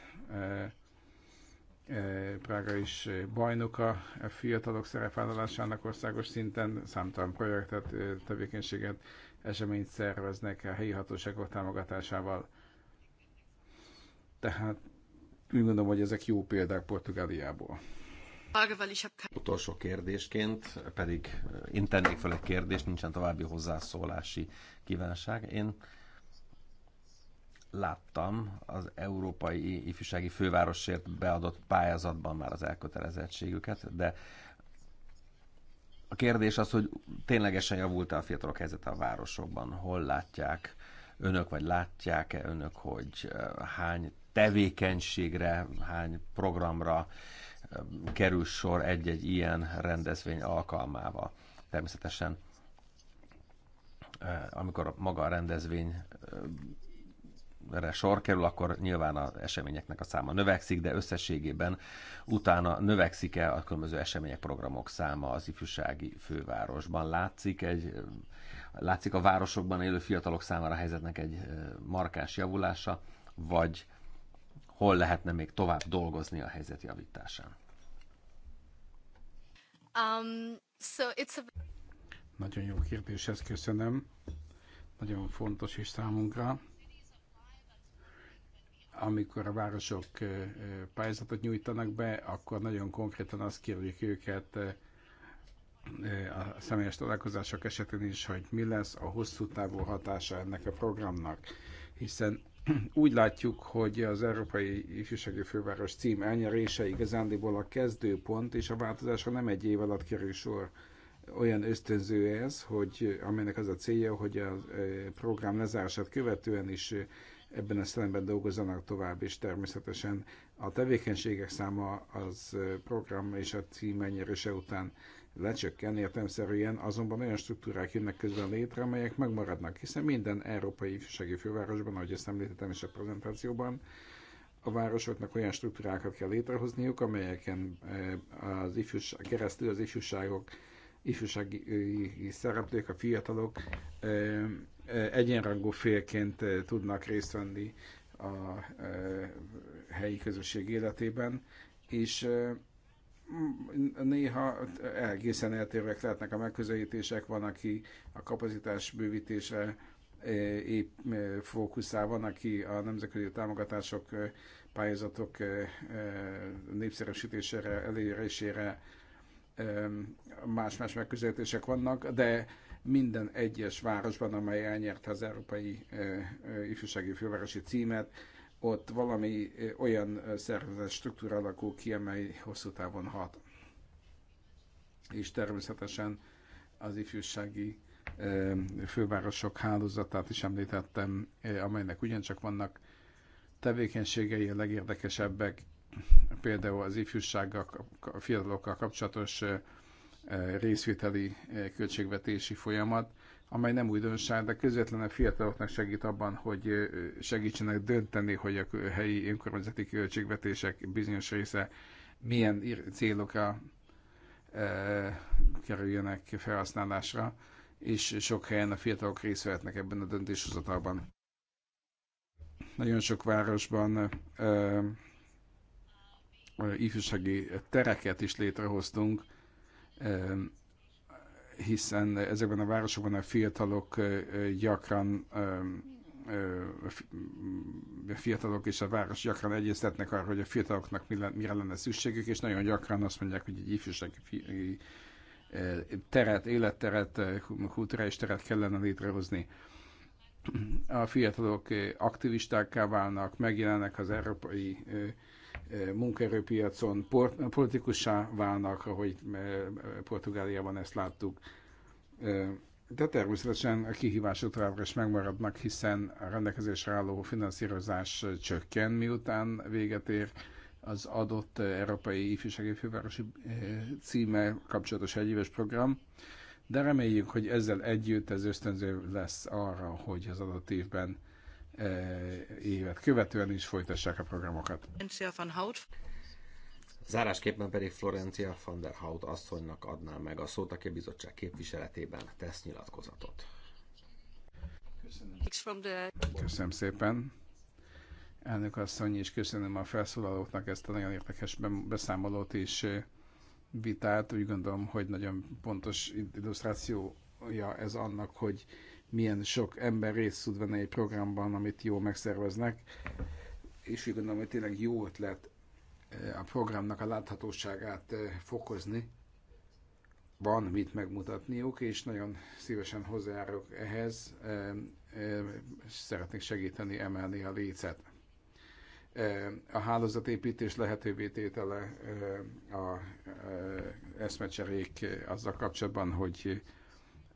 Prága is bajnoka a fiatalok szerepvállalásának országos szinten, számtalan projektet, tevékenységet, eseményt szerveznek a helyi hatóságok támogatásával. Tehát úgy gondolom, hogy ezek jó példák Portugáliából.
Utolsó kérdésként pedig én tennék fel egy kérdést, nincsen további hozzászólási kívánság. Én láttam az Európai Ifjúsági Fővárosért beadott pályázatban már az elkötelezettségüket, de a kérdés az, hogy ténylegesen javult-e a fiatalok helyzete a városokban, hol látják önök, vagy látják-e önök, hogy hány tevékenységre, hány programra kerül sor egy-egy ilyen rendezvény alkalmával. Természetesen amikor maga a rendezvény erre sor kerül, akkor nyilván az eseményeknek a száma növekszik, de összességében utána növekszik-e a különböző események, programok száma az ifjúsági fővárosban? Látszik egy látszik a városokban élő fiatalok számára a helyzetnek egy markáns javulása, vagy hol lehetne még tovább dolgozni a helyzet javításán?
Um, so it's a...
Nagyon jó kérdés, ezt köszönöm. Nagyon fontos is számunkra amikor a városok pályázatot nyújtanak be, akkor nagyon konkrétan azt kérjük őket a személyes találkozások esetén is, hogy mi lesz a hosszú távú hatása ennek a programnak. Hiszen úgy látjuk, hogy az Európai Ifjúsági Főváros cím elnyerése igazándiból a kezdőpont, és a változásra nem egy év alatt kerül sor. Olyan ösztönző ez, hogy aminek az a célja, hogy a program lezárását követően is ebben a szellemben dolgozzanak tovább, és természetesen a tevékenységek száma az program és a cím elnyerése után lecsökken értelmszerűen, azonban olyan struktúrák jönnek közben létre, amelyek megmaradnak, hiszen minden európai ifjúsági fővárosban, ahogy ezt említettem is a prezentációban, a városoknak olyan struktúrákat kell létrehozniuk, amelyeken az ifjús, keresztül az ifjúságok ifjúsági szereplők, a fiatalok egyenrangú félként tudnak részt venni a helyi közösség életében, és néha egészen eltérőek lehetnek a megközelítések, van, aki a kapacitás bővítése épp fókuszál, van, aki a nemzetközi támogatások, pályázatok népszerűsítésére, elérésére más-más megközelítések vannak, de minden egyes városban, amely elnyerte az Európai Ifjúsági Fővárosi címet, ott valami olyan szervezet struktúra alakul ki, amely hosszú távon hat. És természetesen az ifjúsági fővárosok hálózatát is említettem, amelynek ugyancsak vannak tevékenységei a legérdekesebbek, például az ifjúsággal, a fiatalokkal kapcsolatos részvételi költségvetési folyamat, amely nem újdonság, de közvetlenül a fiataloknak segít abban, hogy segítsenek dönteni, hogy a helyi önkormányzati költségvetések bizonyos része milyen célokra kerüljenek felhasználásra, és sok helyen a fiatalok részt vehetnek ebben a döntéshozatalban. Nagyon sok városban ifjúsági tereket is létrehoztunk, hiszen ezekben a városokban a fiatalok gyakran a fiatalok és a város gyakran egyeztetnek arra, hogy a fiataloknak mire lenne szükségük, és nagyon gyakran azt mondják, hogy egy ifjúsági teret, életteret, kulturális teret kellene létrehozni. A fiatalok aktivistákká válnak, megjelennek az európai munkaerőpiacon politikussá válnak, ahogy eh, Portugáliában ezt láttuk. Eh, de természetesen a kihívások továbbra is megmaradnak, hiszen a rendelkezésre álló finanszírozás csökken, miután véget ér az adott Európai Ifjúsági Fővárosi eh, címe kapcsolatos egyéves program, de reméljük, hogy ezzel együtt ez ösztönző lesz arra, hogy az adott évben Eh, évet követően is folytassák a programokat. Zárásképpen pedig Florencia
van der Hout asszonynak adná meg a szót, aki a bizottság képviseletében tesz nyilatkozatot.
Köszönöm, Köszönöm
szépen. Elnök asszony, és köszönöm a felszólalóknak ezt a nagyon érdekes beszámolót és eh, vitát. Úgy gondolom, hogy nagyon pontos illusztrációja ez annak, hogy milyen sok ember részt tud venni egy programban, amit jó megszerveznek, és úgy gondolom, hogy tényleg jó ötlet eh, a programnak a láthatóságát eh, fokozni. Van mit megmutatniuk, és nagyon szívesen hozzájárok ehhez. Eh, szeretnék segíteni emelni a lécet. A hálózatépítés lehetővé tétele a eszmecserék azzal kapcsolatban, hogy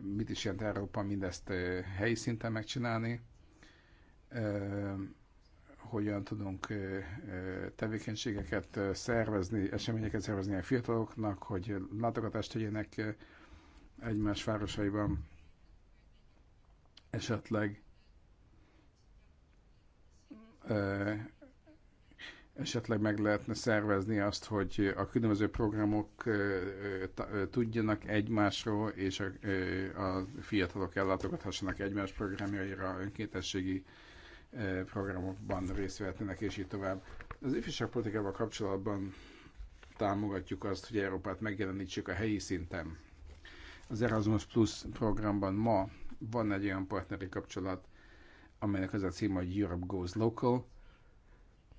mit is jelent Európa mindezt helyi szinten megcsinálni, hogyan tudunk tevékenységeket szervezni, eseményeket szervezni a fiataloknak, hogy látogatást tegyenek egymás városaiban, esetleg esetleg meg lehetne szervezni azt, hogy a különböző programok tudjanak egymásról, és a, a fiatalok ellátogathassanak egymás programjaira, önkéntességi programokban részt és így tovább. Az politikával kapcsolatban támogatjuk azt, hogy Európát megjelenítsük a helyi szinten. Az Erasmus Plus programban ma van egy olyan partneri kapcsolat, amelynek az a címe, hogy Europe Goes Local –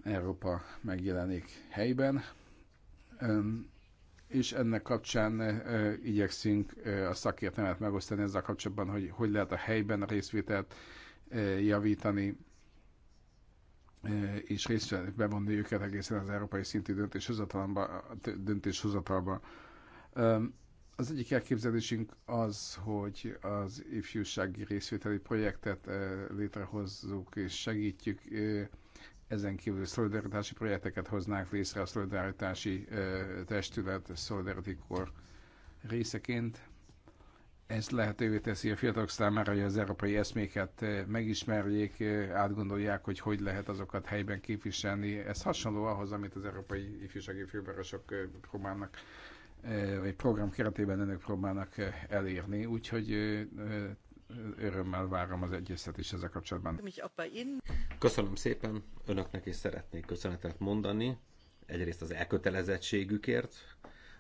Európa megjelenik helyben, és ennek kapcsán igyekszünk a szakértelmet megosztani ezzel kapcsolatban, hogy hogy lehet a helyben a részvételt javítani, és részt bevonni őket egészen az európai szintű döntéshozatalba. döntéshozatalba. Az egyik elképzelésünk az, hogy az ifjúsági részvételi projektet létrehozzuk és segítjük ezen kívül szolidaritási projekteket hoznák létre a szolidaritási testület Solidarity részeként. Ez lehetővé teszi a fiatalok számára, hogy az európai eszméket megismerjék, átgondolják, hogy hogy lehet azokat helyben képviselni. Ez hasonló ahhoz, amit az európai ifjúsági fővárosok próbálnak vagy program keretében önök próbálnak elérni, úgyhogy örömmel várom az is ezzel kapcsolatban. Köszönöm szépen, önöknek is
szeretnék köszönetet mondani. Egyrészt az elkötelezettségükért,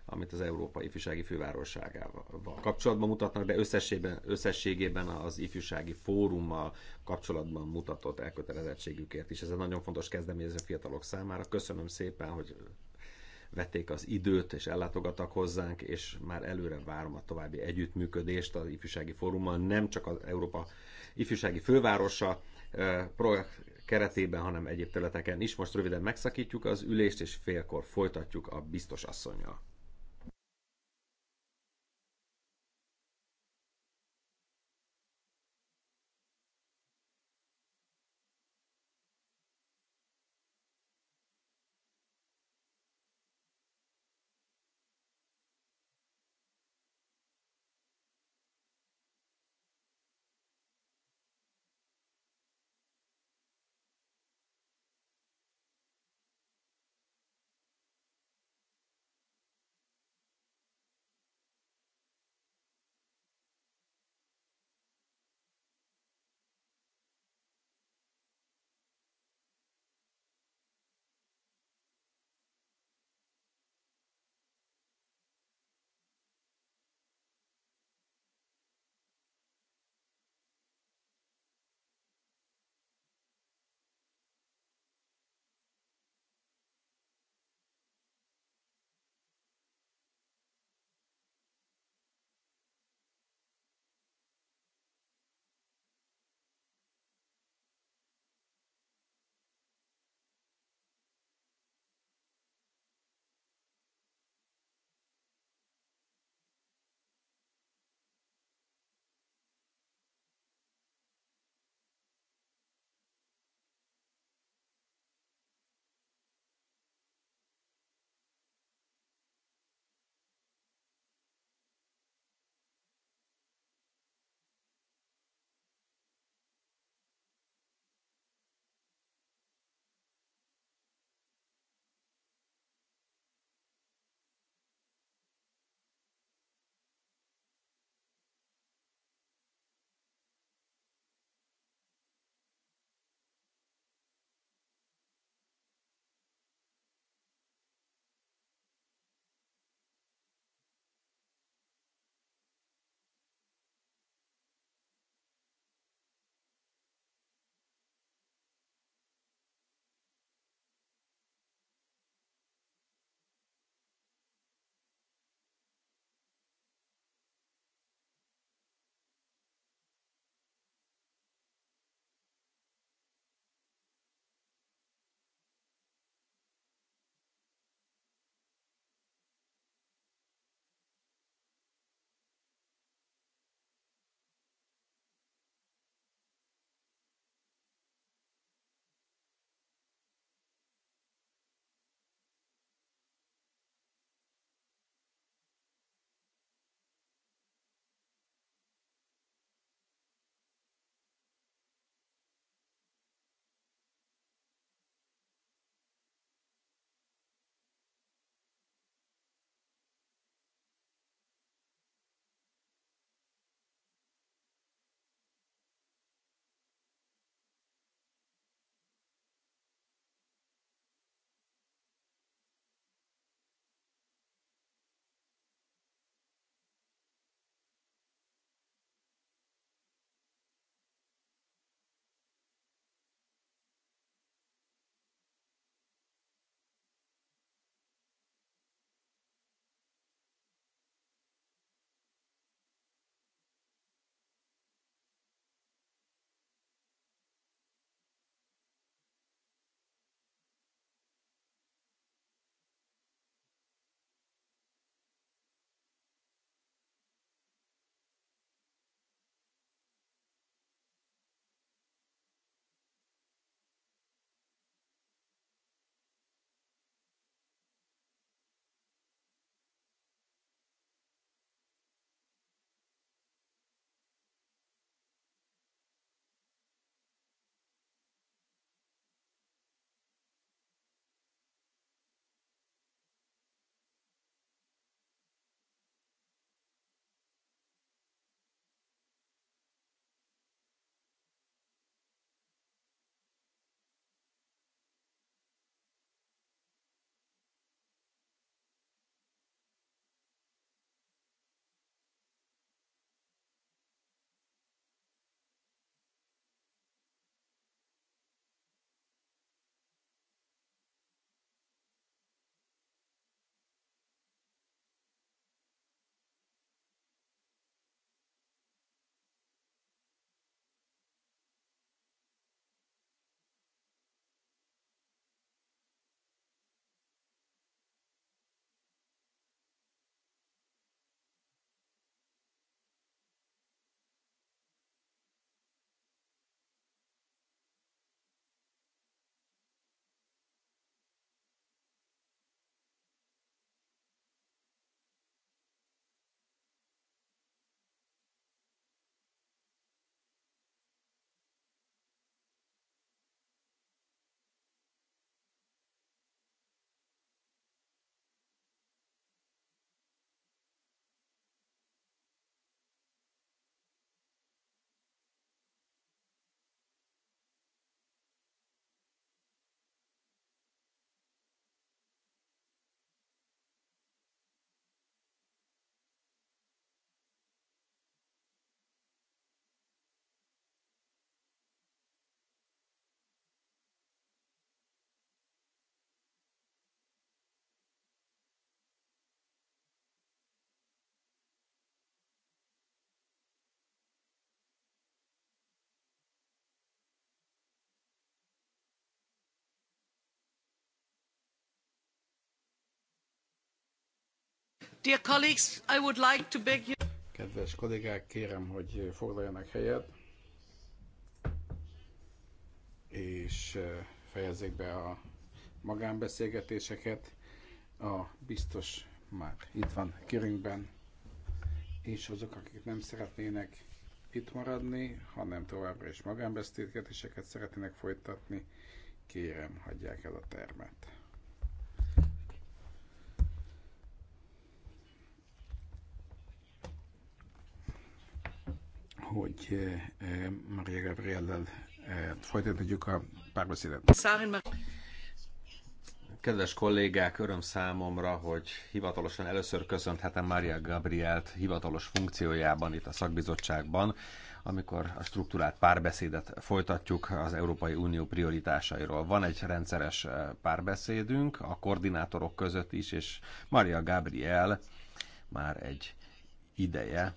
amit az Európai Ifjúsági Fővárosságával kapcsolatban mutatnak, de összességében, összességében az ifjúsági fórummal kapcsolatban mutatott elkötelezettségükért is. Ez egy nagyon fontos kezdeményezés a fiatalok számára. Köszönöm szépen, hogy vették az időt, és ellátogattak hozzánk, és már előre várom a további együttműködést az ifjúsági fórummal, nem csak az Európa ifjúsági fővárosa projekt keretében, hanem egyéb területeken is. Most röviden megszakítjuk az ülést, és félkor folytatjuk a biztos asszonyjal.
Dear colleagues, I would like to beg you...
Kedves kollégák, kérem, hogy foglaljanak helyet, és eh, fejezzék be a magánbeszélgetéseket. A biztos már itt van körünkben, és azok, akik nem szeretnének itt maradni, hanem továbbra is magánbeszélgetéseket szeretnének folytatni, kérem, hagyják el a termet. hogy eh, eh, Maria Gabriellel eh, folytatjuk a párbeszédet.
Kedves kollégák, öröm számomra, hogy hivatalosan először köszönhetem Maria Gabrielt hivatalos funkciójában itt a szakbizottságban, amikor a struktúrált párbeszédet folytatjuk az Európai Unió prioritásairól. Van egy rendszeres párbeszédünk a koordinátorok között is, és Maria Gabriel már egy ideje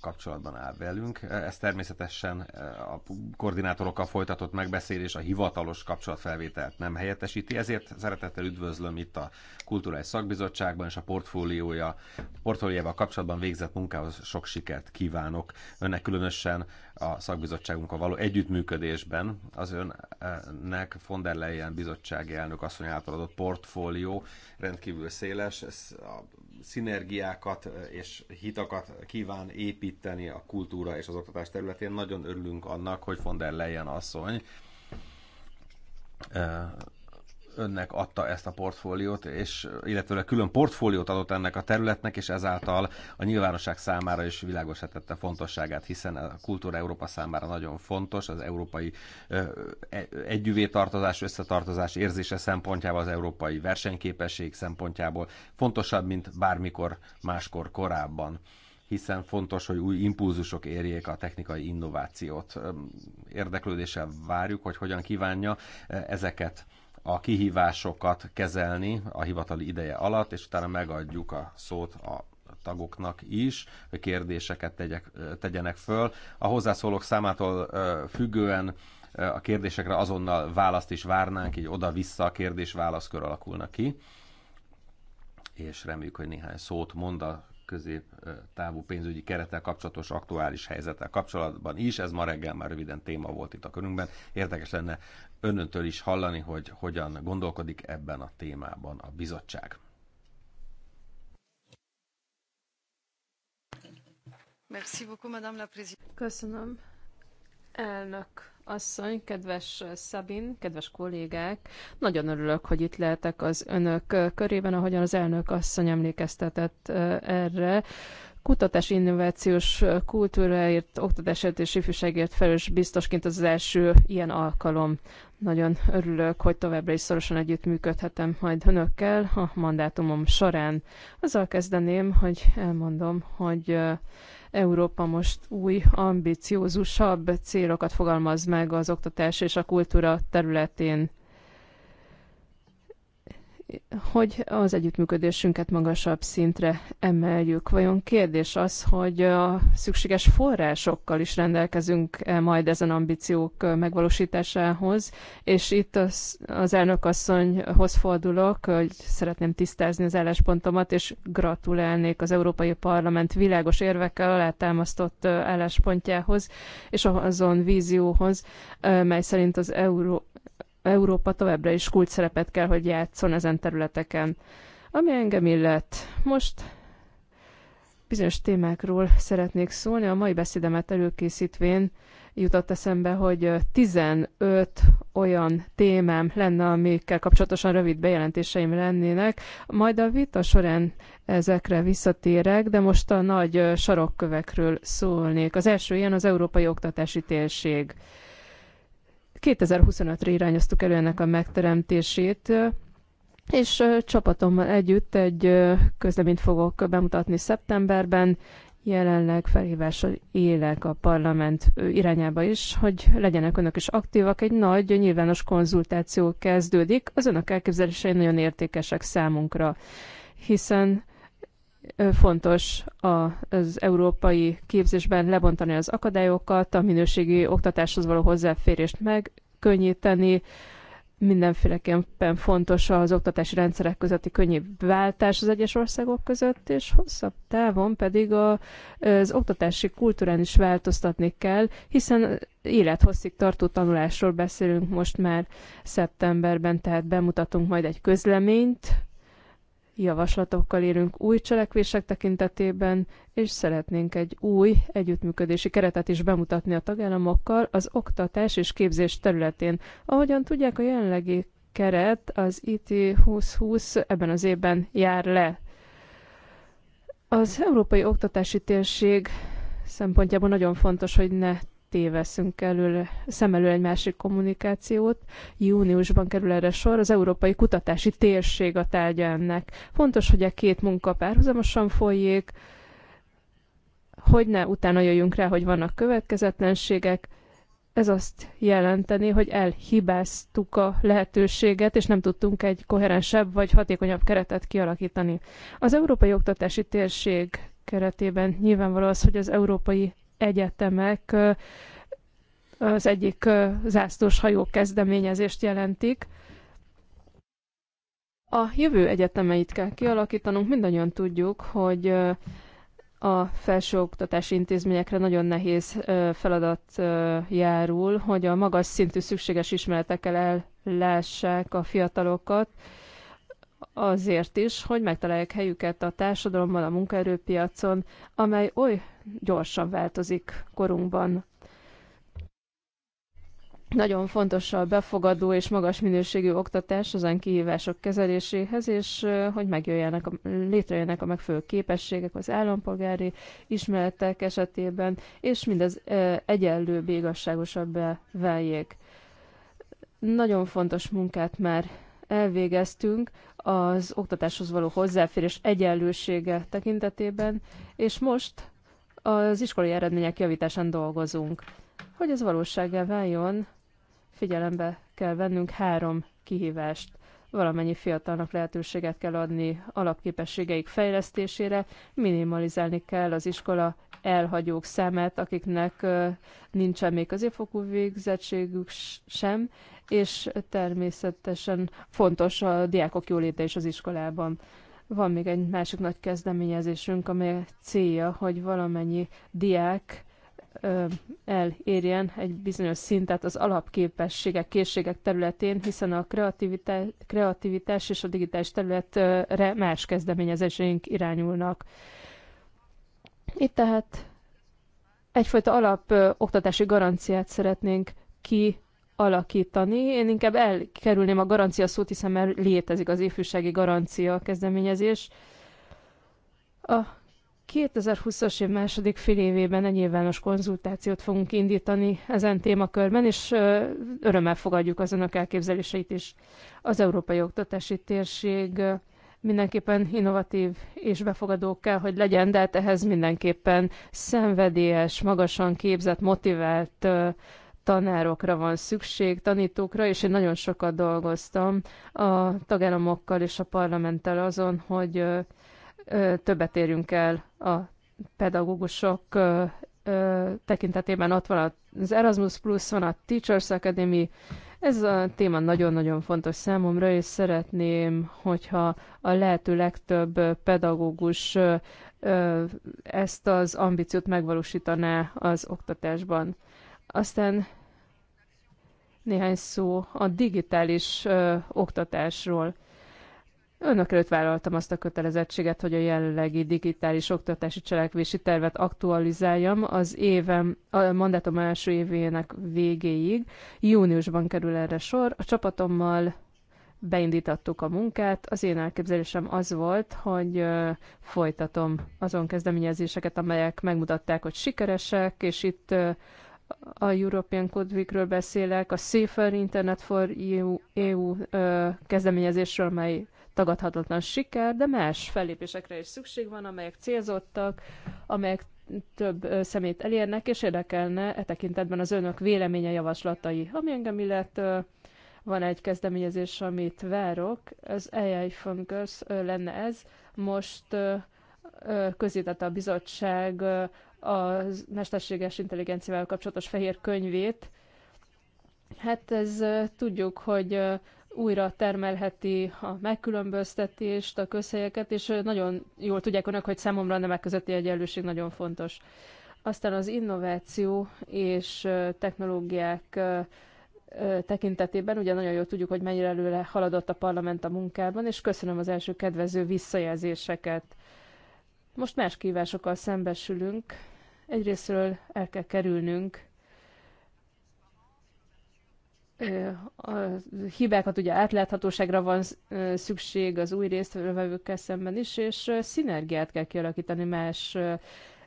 kapcsolatban áll velünk. Ez természetesen a koordinátorokkal folytatott megbeszélés a hivatalos kapcsolatfelvételt nem helyettesíti, ezért szeretettel üdvözlöm itt a Kulturális Szakbizottságban és a portfóliója, portfóliójával kapcsolatban végzett munkához sok sikert kívánok. Önnek különösen a szakbizottságunkkal való együttműködésben az önnek von der Leyen bizottsági elnök asszony által adott portfólió rendkívül széles, ez a szinergiákat eh, és hitakat kíván építeni a kultúra és az oktatás területén. Nagyon örülünk annak, hogy von der Leyen asszony eh, önnek adta ezt a portfóliót, és illetőleg külön portfóliót adott ennek a területnek, és ezáltal a nyilvánosság számára is világosítette fontosságát, hiszen a kultúra Európa számára nagyon fontos, az európai e, együvé tartozás, összetartozás érzése szempontjából, az európai versenyképesség szempontjából fontosabb, mint bármikor máskor korábban hiszen fontos, hogy új impulzusok érjék a technikai innovációt. Érdeklődéssel várjuk, hogy hogyan kívánja ezeket a kihívásokat kezelni a hivatali ideje alatt, és utána megadjuk a szót a tagoknak is, hogy kérdéseket tegyek, tegyenek föl. A hozzászólók számától függően a kérdésekre azonnal választ is várnánk, így oda-vissza a kérdés-válaszkör alakulna ki és reméljük, hogy néhány szót mond a Távú pénzügyi kerettel kapcsolatos aktuális helyzettel kapcsolatban is. Ez ma reggel már röviden téma volt itt a körünkben. Érdekes lenne önöntől is hallani, hogy hogyan gondolkodik ebben a témában a bizottság.
Köszönöm, elnök asszony, kedves Szabin, kedves kollégák! Nagyon örülök, hogy itt lehetek az önök körében, ahogyan az elnök asszony emlékeztetett erre. Kutatás, innovációs kultúráért, oktatásért és ifjúságért felelős biztosként az első ilyen alkalom. Nagyon örülök, hogy továbbra is szorosan együttműködhetem majd önökkel a mandátumom során. Azzal kezdeném, hogy elmondom, hogy Európa most új, ambiciózusabb célokat fogalmaz meg az oktatás és a kultúra területén hogy az együttműködésünket magasabb szintre emeljük. Vajon kérdés az, hogy a szükséges forrásokkal is rendelkezünk -e majd ezen ambíciók megvalósításához, és itt az, az elnökasszonyhoz fordulok, hogy szeretném tisztázni az álláspontomat, és gratulálnék az Európai Parlament világos érvekkel alátámasztott álláspontjához, és azon vízióhoz, mely szerint az Euró Európa továbbra is kult szerepet kell, hogy játszon ezen területeken. Ami engem illet, most bizonyos témákról szeretnék szólni. A mai beszédemet előkészítvén jutott eszembe, hogy 15 olyan témám lenne, amikkel kapcsolatosan rövid bejelentéseim lennének. Majd a vita során ezekre visszatérek, de most a nagy sarokkövekről szólnék. Az első ilyen az európai oktatási térség. 2025-re irányoztuk elő ennek a megteremtését, és csapatommal együtt egy közleményt fogok bemutatni szeptemberben, jelenleg felhívással élek a parlament irányába is, hogy legyenek önök is aktívak. Egy nagy nyilvános konzultáció kezdődik. Az önök elképzelései nagyon értékesek számunkra, hiszen Fontos az európai képzésben lebontani az akadályokat, a minőségi oktatáshoz való hozzáférést megkönnyíteni, mindenféleképpen fontos az oktatási rendszerek közötti könnyű váltás az egyes országok között, és hosszabb távon pedig a, az oktatási kultúrán is változtatni kell, hiszen élethosszig tartó tanulásról beszélünk most már szeptemberben, tehát bemutatunk majd egy közleményt, javaslatokkal érünk új cselekvések tekintetében, és szeretnénk egy új együttműködési keretet is bemutatni a tagállamokkal az oktatás és képzés területén. Ahogyan tudják, a jelenlegi keret az IT 2020 ebben az évben jár le. Az Európai Oktatási Térség szempontjából nagyon fontos, hogy ne téveszünk elől, szem elől egy másik kommunikációt. Júniusban kerül erre sor, az Európai Kutatási Térség a tárgya ennek. Fontos, hogy a e két munka párhuzamosan folyik. hogy ne utána jöjjünk rá, hogy vannak következetlenségek, ez azt jelenteni, hogy elhibáztuk a lehetőséget, és nem tudtunk egy koherensebb vagy hatékonyabb keretet kialakítani. Az Európai Oktatási Térség keretében nyilvánvaló az, hogy az európai egyetemek az egyik zászlós hajó kezdeményezést jelentik. A jövő egyetemeit kell kialakítanunk, mindannyian tudjuk, hogy a felsőoktatási intézményekre nagyon nehéz feladat járul, hogy a magas szintű szükséges ismeretekkel ellássák a fiatalokat, azért is, hogy megtalálják helyüket a társadalomban, a munkaerőpiacon, amely oly gyorsan változik korunkban. Nagyon fontos a befogadó és magas minőségű oktatás ezen kihívások kezeléséhez, és hogy megjöjjenek, a, a megfelelő képességek az állampolgári ismeretek esetében, és mindez egyenlő igazságosabbá váljék. Nagyon fontos munkát már elvégeztünk az oktatáshoz való hozzáférés egyenlősége tekintetében, és most az iskolai eredmények javításán dolgozunk. Hogy ez valósággá váljon, figyelembe kell vennünk három kihívást valamennyi fiatalnak lehetőséget kell adni alapképességeik fejlesztésére, minimalizálni kell az iskola elhagyók számát, akiknek nincsen még középfokú végzettségük sem, és természetesen fontos a diákok jóléte is az iskolában. Van még egy másik nagy kezdeményezésünk, amely célja, hogy valamennyi diák elérjen egy bizonyos szintet az alapképességek, készségek területén, hiszen a kreativitás, kreativitás és a digitális területre más kezdeményezéseink irányulnak. Itt tehát egyfajta alap oktatási garanciát szeretnénk ki alakítani. Én inkább elkerülném a garancia szót, hiszen már létezik az ifjúsági garancia kezdeményezés. A 2020-as év második fél évében egy nyilvános konzultációt fogunk indítani ezen témakörben, és örömmel fogadjuk az önök elképzeléseit is. Az európai oktatási térség mindenképpen innovatív és befogadó kell, hogy legyen, de hát ehhez mindenképpen szenvedélyes, magasan képzett, motivált tanárokra van szükség, tanítókra, és én nagyon sokat dolgoztam a tagállamokkal és a parlamenttel azon, hogy többet érjünk el a pedagógusok tekintetében. Ott van az Erasmus Plus, van a Teachers Academy. Ez a téma nagyon-nagyon fontos számomra, és szeretném, hogyha a lehető legtöbb pedagógus ezt az ambíciót megvalósítaná az oktatásban. Aztán néhány szó a digitális ö, oktatásról. Önök előtt vállaltam azt a kötelezettséget, hogy a jelenlegi digitális oktatási cselekvési tervet aktualizáljam az évem, a mandátum első évének végéig. Júniusban kerül erre sor. A csapatommal beindítattuk a munkát. Az én elképzelésem az volt, hogy folytatom azon kezdeményezéseket, amelyek megmutatták, hogy sikeresek, és itt a European Code Weekről beszélek, a Safer Internet for EU, EU kezdeményezésről, amely tagadhatatlan siker, de más fellépésekre is szükség van, amelyek célzottak, amelyek több szemét elérnek, és érdekelne e tekintetben az önök véleménye, javaslatai. Ami engem illet, van egy kezdeményezés, amit várok, az AI Funkers lenne ez. Most közített a bizottság a mesterséges intelligenciával kapcsolatos fehér könyvét. Hát ez tudjuk, hogy újra termelheti a megkülönböztetést, a közhelyeket, és nagyon jól tudják önök, hogy számomra a nemek közötti egyenlőség nagyon fontos. Aztán az innováció és technológiák tekintetében ugye nagyon jól tudjuk, hogy mennyire előre haladott a parlament a munkában, és köszönöm az első kedvező visszajelzéseket. Most más kívásokkal szembesülünk. Egyrésztről el kell kerülnünk a hibákat ugye átláthatóságra van szükség az új résztvevőkkel szemben is, és szinergiát kell kialakítani más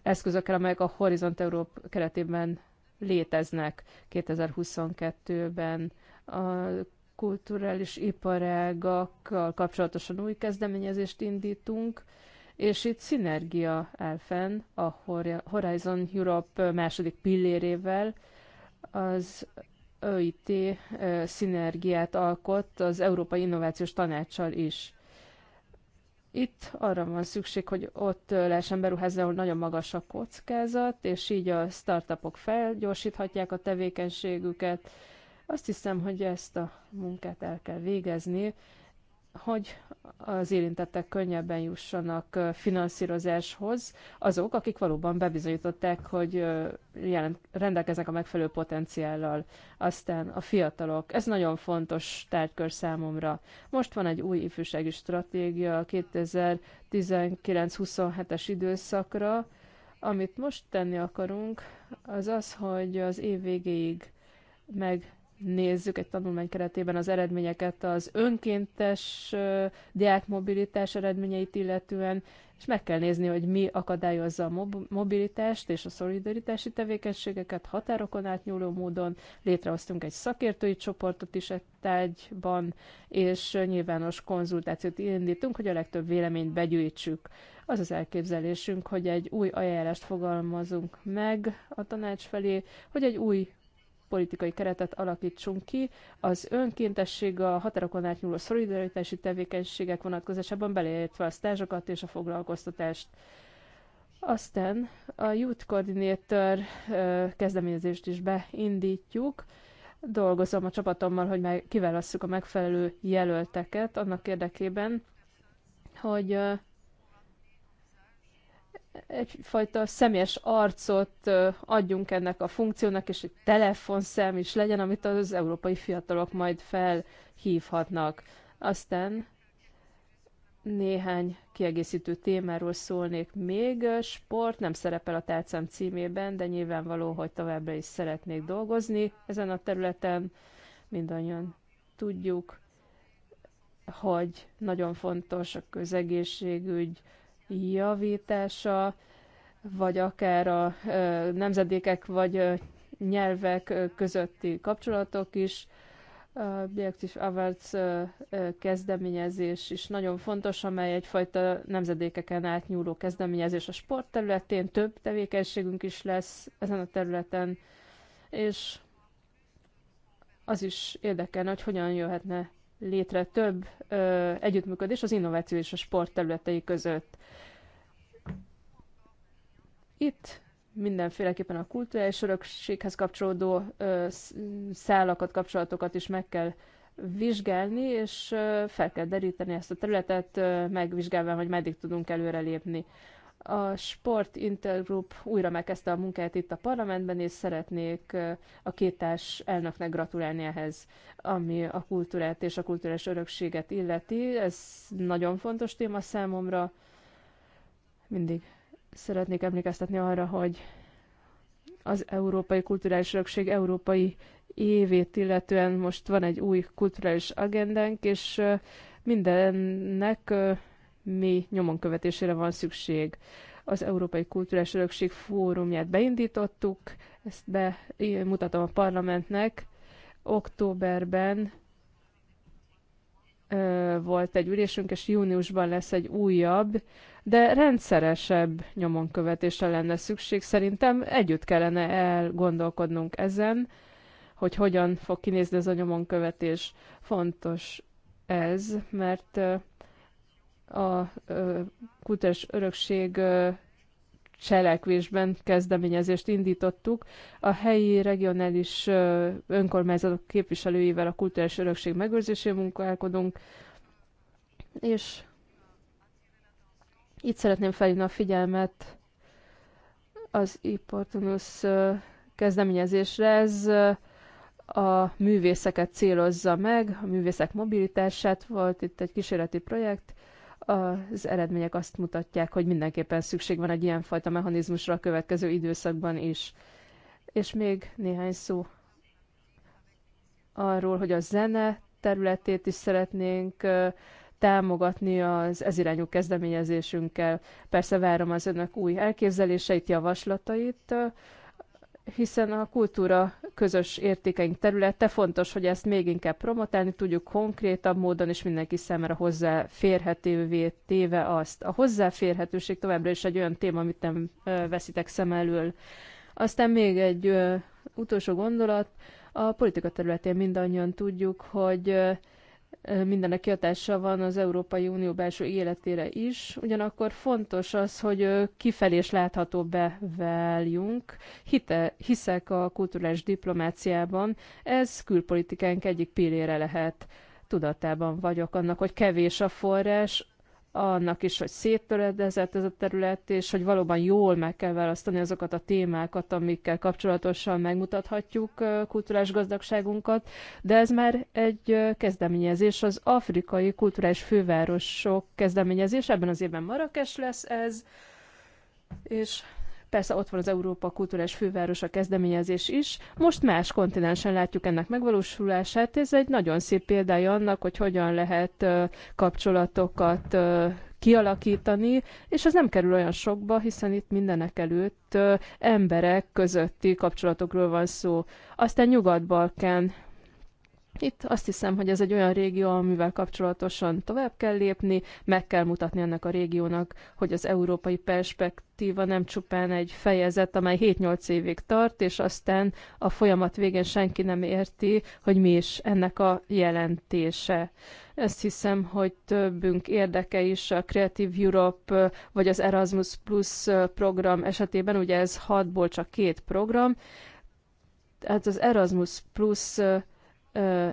eszközökkel, amelyek a Horizont Európ keretében léteznek 2022-ben. A kulturális iparágakkal kapcsolatosan új kezdeményezést indítunk, és itt szinergia áll fenn a Horizon Europe második pillérével, az EIT szinergiát alkot az Európai Innovációs Tanácssal is. Itt arra van szükség, hogy ott lehessen beruházni, ahol nagyon magas a kockázat, és így a startupok felgyorsíthatják a tevékenységüket. Azt hiszem, hogy ezt a munkát el kell végezni, hogy az érintettek könnyebben jussanak finanszírozáshoz azok, akik valóban bebizonyították, hogy jelent, rendelkeznek a megfelelő potenciállal. Aztán a fiatalok. Ez nagyon fontos tárgykör számomra. Most van egy új ifjúsági stratégia a 2019-27-es időszakra. Amit most tenni akarunk, az az, hogy az év végéig meg nézzük egy tanulmány keretében az eredményeket az önkéntes diákmobilitás eredményeit illetően, és meg kell nézni, hogy mi akadályozza a mobilitást és a szolidaritási tevékenységeket határokon átnyúló módon. Létrehoztunk egy szakértői csoportot is egy tárgyban, és nyilvános konzultációt indítunk, hogy a legtöbb véleményt begyűjtsük. Az az elképzelésünk, hogy egy új ajánlást fogalmazunk meg a tanács felé, hogy egy új politikai keretet alakítsunk ki. Az önkéntesség a határokon átnyúló szolidaritási tevékenységek vonatkozásában beleértve a stázsokat és a foglalkoztatást. Aztán a Youth Coordinator kezdeményezést is beindítjuk. Dolgozom a csapatommal, hogy meg kiválasszuk a megfelelő jelölteket annak érdekében, hogy egyfajta személyes arcot adjunk ennek a funkciónak, és egy telefonszám is legyen, amit az európai fiatalok majd felhívhatnak. Aztán néhány kiegészítő témáról szólnék még. Sport nem szerepel a tárcám címében, de nyilvánvaló, hogy továbbra is szeretnék dolgozni ezen a területen. Mindannyian tudjuk, hogy nagyon fontos a közegészségügy, javítása, vagy akár a nemzedékek vagy nyelvek közötti kapcsolatok is. Objektív Awards kezdeményezés is nagyon fontos, amely egyfajta nemzedékeken átnyúló kezdeményezés a sport területén. Több tevékenységünk is lesz ezen a területen, és az is érdekelne, hogy hogyan jöhetne létre több ö, együttműködés az innováció és a sport területei között. Itt mindenféleképpen a kulturális örökséghez kapcsolódó ö, szálakat, kapcsolatokat is meg kell vizsgálni, és fel kell deríteni ezt a területet, megvizsgálva, hogy meddig tudunk előrelépni. A Sport Intergroup újra megkezdte a munkáját itt a parlamentben, és szeretnék a két társ elnöknek gratulálni ehhez, ami a kultúrát és a kulturális örökséget illeti. Ez nagyon fontos téma számomra. Mindig szeretnék emlékeztetni arra, hogy az Európai Kulturális Örökség Európai évét illetően most van egy új kulturális agendánk, és mindennek mi nyomon követésére van szükség. Az Európai Kulturális Örökség Fórumját beindítottuk, ezt bemutatom a parlamentnek. Októberben volt egy ülésünk, és júniusban lesz egy újabb, de rendszeresebb nyomon követésre lenne szükség. Szerintem együtt kellene elgondolkodnunk ezen, hogy hogyan fog kinézni ez a nyomonkövetés. Fontos ez, mert a kultúrás örökség cselekvésben kezdeményezést indítottuk. A helyi regionális önkormányzatok képviselőivel a kultúrás örökség megőrzésé munkálkodunk, és itt szeretném felhívni a figyelmet az Iportunus kezdeményezésre. Ez a művészeket célozza meg, a művészek mobilitását volt itt egy kísérleti projekt, az eredmények azt mutatják, hogy mindenképpen szükség van egy ilyenfajta mechanizmusra a következő időszakban is. És még néhány szó arról, hogy a zene területét is szeretnénk támogatni az ezirányú kezdeményezésünkkel. Persze várom az önök új elképzeléseit, javaslatait hiszen a kultúra közös értékeink területe, fontos, hogy ezt még inkább promotálni tudjuk konkrétabb módon, és mindenki számára hozzáférhetővé téve azt. A hozzáférhetőség továbbra is egy olyan téma, amit nem veszitek szem elől. Aztán még egy utolsó gondolat, a politika területén mindannyian tudjuk, hogy mindennek kihatása van az Európai Unió belső életére is, ugyanakkor fontos az, hogy kifelé is látható váljunk. Hite, hiszek a kulturális diplomáciában, ez külpolitikánk egyik pillére lehet. Tudatában vagyok annak, hogy kevés a forrás, annak is, hogy széttöredezett ez a terület, és hogy valóban jól meg kell választani azokat a témákat, amikkel kapcsolatosan megmutathatjuk kulturális gazdagságunkat, de ez már egy kezdeményezés, az afrikai kulturális fővárosok kezdeményezés, ebben az évben Marrakes lesz ez, és Persze ott van az Európa Kulturális Fővárosa kezdeményezés is. Most más kontinensen látjuk ennek megvalósulását. Ez egy nagyon szép példája annak, hogy hogyan lehet kapcsolatokat kialakítani, és ez nem kerül olyan sokba, hiszen itt mindenek előtt emberek közötti kapcsolatokról van szó. Aztán Nyugat-Balkán itt azt hiszem, hogy ez egy olyan régió, amivel kapcsolatosan tovább kell lépni, meg kell mutatni ennek a régiónak, hogy az európai perspektíva nem csupán egy fejezet, amely 7-8 évig tart, és aztán a folyamat végén senki nem érti, hogy mi is ennek a jelentése. Ezt hiszem, hogy többünk érdeke is a Creative Europe vagy az Erasmus Plus program esetében, ugye ez hatból csak két program, tehát az Erasmus Plus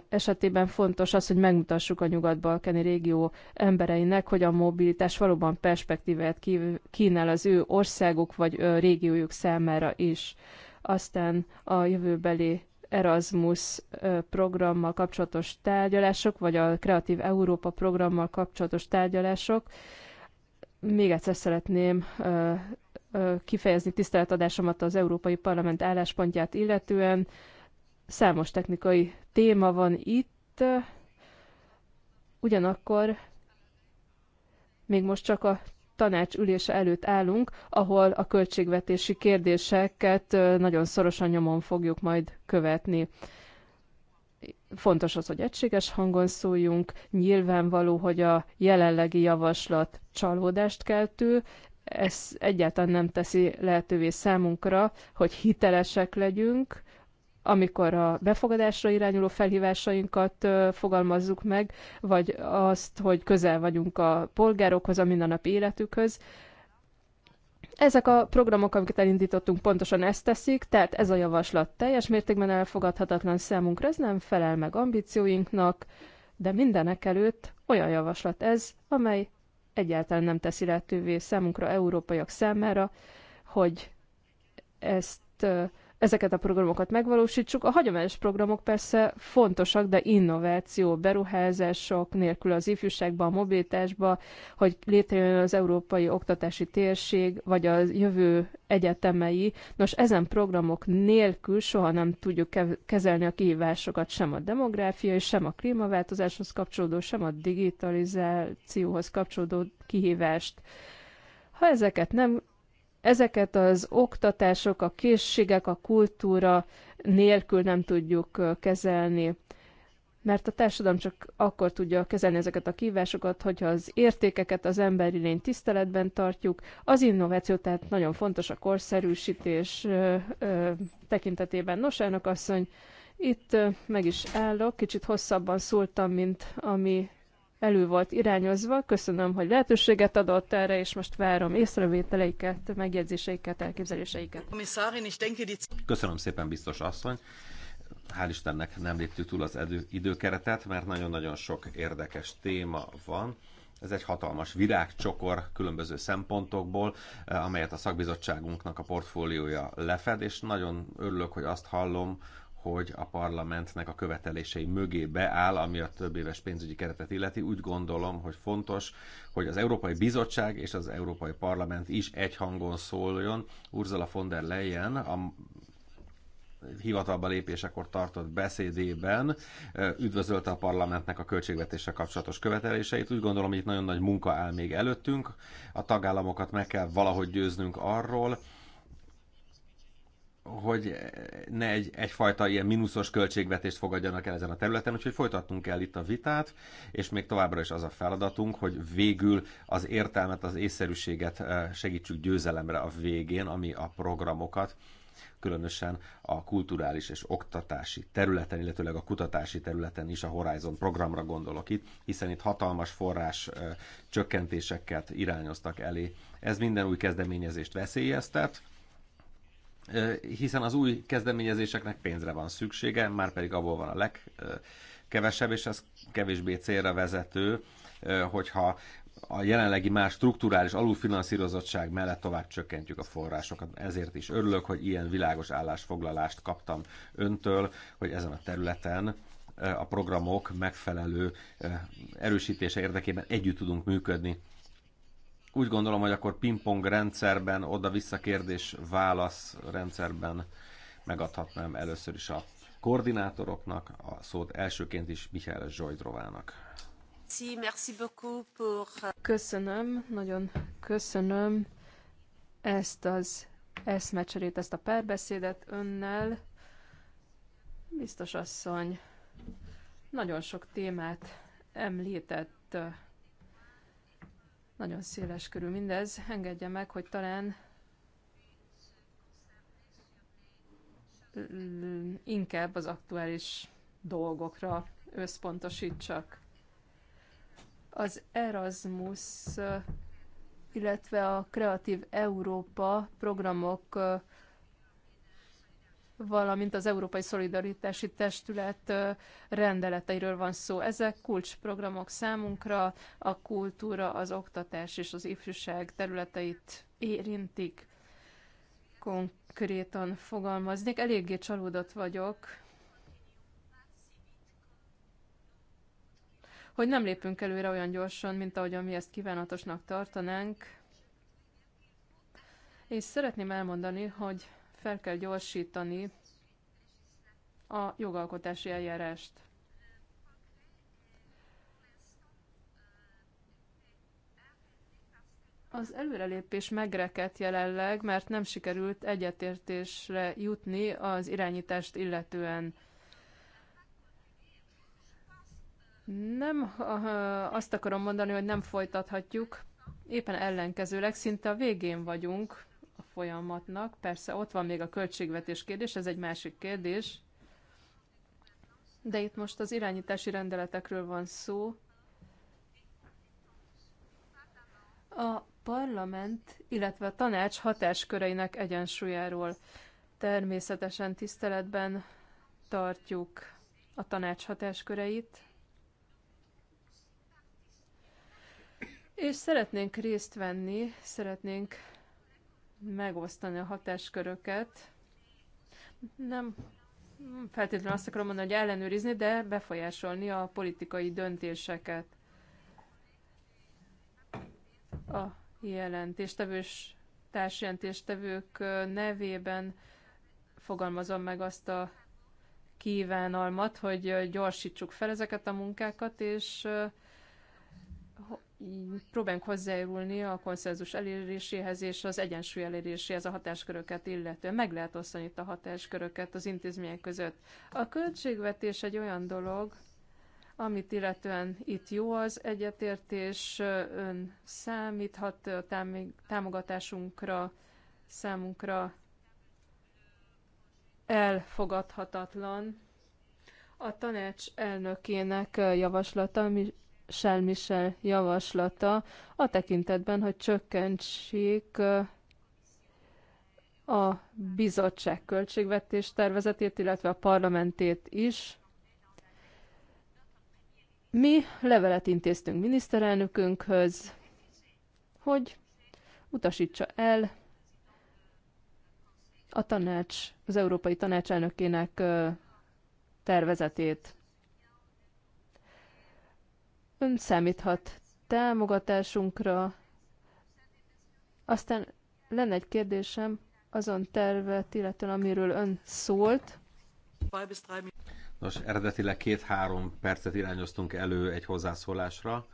esetében fontos az, hogy megmutassuk a nyugat-balkáni régió embereinek, hogy a mobilitás valóban perspektívát kínál az ő országuk vagy régiójuk számára is. Aztán a jövőbeli Erasmus programmal kapcsolatos tárgyalások, vagy a Kreatív Európa programmal kapcsolatos tárgyalások. Még egyszer szeretném kifejezni tiszteletadásomat az Európai Parlament álláspontját illetően, Számos technikai téma van itt, ugyanakkor még most csak a tanács ülése előtt állunk, ahol a költségvetési kérdéseket nagyon szorosan nyomon fogjuk majd követni. Fontos az, hogy egységes hangon szóljunk, nyilvánvaló, hogy a jelenlegi javaslat csalódást keltő, ez egyáltalán nem teszi lehetővé számunkra, hogy hitelesek legyünk, amikor a befogadásra irányuló felhívásainkat fogalmazzuk meg, vagy azt, hogy közel vagyunk a polgárokhoz, a mindennapi életükhöz. Ezek a programok, amiket elindítottunk, pontosan ezt teszik, tehát ez a javaslat teljes mértékben elfogadhatatlan számunkra, ez nem felel meg ambícióinknak, de mindenek előtt olyan javaslat ez, amely egyáltalán nem teszi lehetővé számunkra, európaiak számára, hogy ezt ezeket a programokat megvalósítsuk. A hagyományos programok persze fontosak, de innováció, beruházások nélkül az ifjúságban, a mobilitásba, hogy létrejön az európai oktatási térség, vagy a jövő egyetemei. Nos, ezen programok nélkül soha nem tudjuk kezelni a kihívásokat, sem a demográfiai, sem a klímaváltozáshoz kapcsolódó, sem a digitalizációhoz kapcsolódó kihívást. Ha ezeket nem Ezeket az oktatások, a készségek, a kultúra nélkül nem tudjuk kezelni mert a társadalom csak akkor tudja kezelni ezeket a kívásokat, hogyha az értékeket, az emberi lény tiszteletben tartjuk. Az innováció tehát nagyon fontos a korszerűsítés ö, ö, tekintetében. Nos, elnök asszony, itt ö, meg is állok, kicsit hosszabban szóltam, mint ami elő volt irányozva. Köszönöm, hogy lehetőséget adott erre, és most várom észrevételeiket, megjegyzéseiket, elképzeléseiket.
Köszönöm szépen, biztos asszony. Hál' Istennek nem léptük túl az edő, időkeretet, mert nagyon-nagyon sok érdekes téma van. Ez egy hatalmas virágcsokor különböző szempontokból, amelyet a szakbizottságunknak a portfóliója lefed, és nagyon örülök, hogy azt hallom, hogy a parlamentnek a követelései mögé beáll, ami a több éves pénzügyi keretet illeti. Úgy gondolom, hogy fontos, hogy az Európai Bizottság és az Európai Parlament is egy hangon szóljon. Ursula von der Leyen a hivatalba lépésekor tartott beszédében üdvözölte a parlamentnek a költségvetéssel kapcsolatos követeléseit. Úgy gondolom, hogy itt nagyon nagy munka áll még előttünk. A tagállamokat meg kell valahogy győznünk arról, hogy ne egy, egyfajta ilyen mínuszos költségvetést fogadjanak el ezen a területen, úgyhogy folytattunk el itt a vitát, és még továbbra is az a feladatunk, hogy végül az értelmet, az észszerűséget eh, segítsük győzelemre a végén, ami a programokat, különösen a kulturális és oktatási területen, illetőleg a kutatási területen is a Horizon programra gondolok itt, hiszen itt hatalmas forrás eh, csökkentéseket irányoztak elé. Ez minden új kezdeményezést veszélyeztet, hiszen az új kezdeményezéseknek pénzre van szüksége, már pedig abból van a legkevesebb, és ez kevésbé célra vezető, hogyha a jelenlegi más strukturális alulfinanszírozottság mellett tovább csökkentjük a forrásokat. Ezért is örülök, hogy ilyen világos állásfoglalást kaptam öntől, hogy ezen a területen a programok megfelelő erősítése érdekében együtt tudunk működni. Úgy gondolom, hogy akkor pingpong rendszerben, oda-vissza kérdés-válasz rendszerben megadhatnám először is a koordinátoroknak, a szót elsőként is Mihály Zsojdrovának.
Euh, köszönöm, nagyon köszönöm ezt az eszmecserét, ezt a párbeszédet önnel. Biztos asszony, nagyon sok témát említett nagyon széles körül mindez. Engedje meg, hogy talán inkább az aktuális dolgokra összpontosítsak. Az Erasmus, illetve a Kreatív Európa programok valamint az Európai Szolidaritási Testület rendeleteiről van szó. Ezek kulcsprogramok számunkra, a kultúra, az oktatás és az ifjúság területeit érintik. Konkrétan fogalmaznék, eléggé csalódott vagyok, hogy nem lépünk előre olyan gyorsan, mint ahogyan mi ezt kívánatosnak tartanánk. És szeretném elmondani, hogy fel kell gyorsítani a jogalkotási eljárást. Az előrelépés megrekedt jelenleg, mert nem sikerült egyetértésre jutni az irányítást illetően. Nem ah, azt akarom mondani, hogy nem folytathatjuk, éppen ellenkezőleg szinte a végén vagyunk folyamatnak. Persze ott van még a költségvetés kérdés, ez egy másik kérdés. De itt most az irányítási rendeletekről van szó. A parlament, illetve a tanács hatásköreinek egyensúlyáról természetesen tiszteletben tartjuk a tanács hatásköreit, és szeretnénk részt venni, szeretnénk megosztani a hatásköröket. Nem feltétlenül azt akarom mondani, hogy ellenőrizni, de befolyásolni a politikai döntéseket. A jelentéstevős társjelentéstevők nevében fogalmazom meg azt a kívánalmat, hogy gyorsítsuk fel ezeket a munkákat, és próbálunk hozzájárulni a konszenzus eléréséhez és az egyensúly eléréséhez a hatásköröket illetően. Meg lehet osztani itt a hatásköröket az intézmények között. A költségvetés egy olyan dolog, amit illetően itt jó az egyetértés, ön számíthat a támogatásunkra, számunkra elfogadhatatlan. A tanács elnökének javaslata, Charles Michel javaslata a tekintetben, hogy csökkentsék a bizottság költségvetés tervezetét, illetve a parlamentét is. Mi levelet intéztünk miniszterelnökünkhöz, hogy utasítsa el a tanács, az Európai Tanács elnökének tervezetét. Ön számíthat támogatásunkra. Aztán lenne egy kérdésem azon tervet, illetően amiről ön szólt.
Nos, eredetileg két-három percet irányoztunk elő egy hozzászólásra.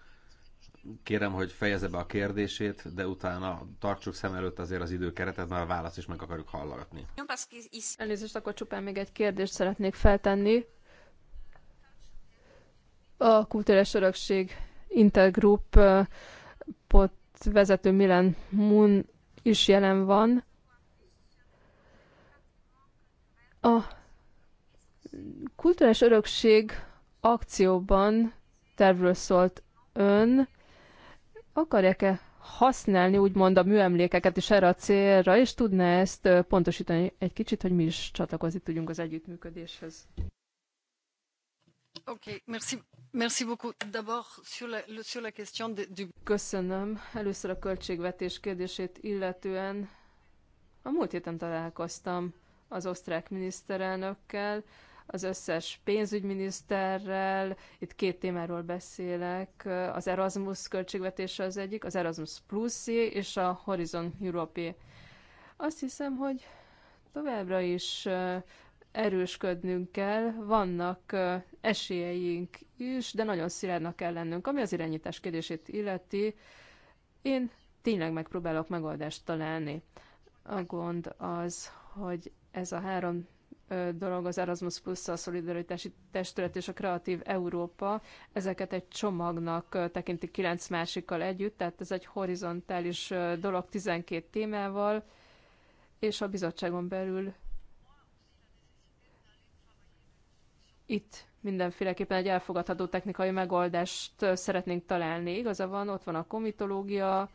Kérem, hogy fejezze be a kérdését, de utána tartsuk szem előtt azért az időkeretet, mert a választ is meg akarjuk hallgatni.
Elnézést, akkor csupán még egy kérdést szeretnék feltenni. A kultúrás örökség Intergroup pot vezető Milan Moon is jelen van. A kultúrás örökség akcióban tervről szólt ön, akarják-e használni úgymond a műemlékeket is erre a célra, és tudná ezt pontosítani egy kicsit, hogy mi is csatlakozni tudjunk az együttműködéshez? Köszönöm. Először a költségvetés kérdését illetően a múlt héten találkoztam az osztrák miniszterelnökkel, az összes pénzügyminiszterrel, itt két témáról beszélek, az Erasmus költségvetése az egyik, az Erasmus plus és a Horizon Europe. Azt hiszem, hogy továbbra is erősködnünk kell, vannak esélyeink is, de nagyon szilárdnak kell lennünk. Ami az irányítás kérdését illeti, én tényleg megpróbálok megoldást találni. A gond az, hogy ez a három dolog, az Erasmus Plus, a Szolidaritási Testület és a Kreatív Európa, ezeket egy csomagnak tekintik kilenc másikkal együtt, tehát ez egy horizontális dolog 12 témával, és a bizottságon belül Itt mindenféleképpen egy elfogadható technikai megoldást szeretnénk találni. Igaza van, ott van a komitológia,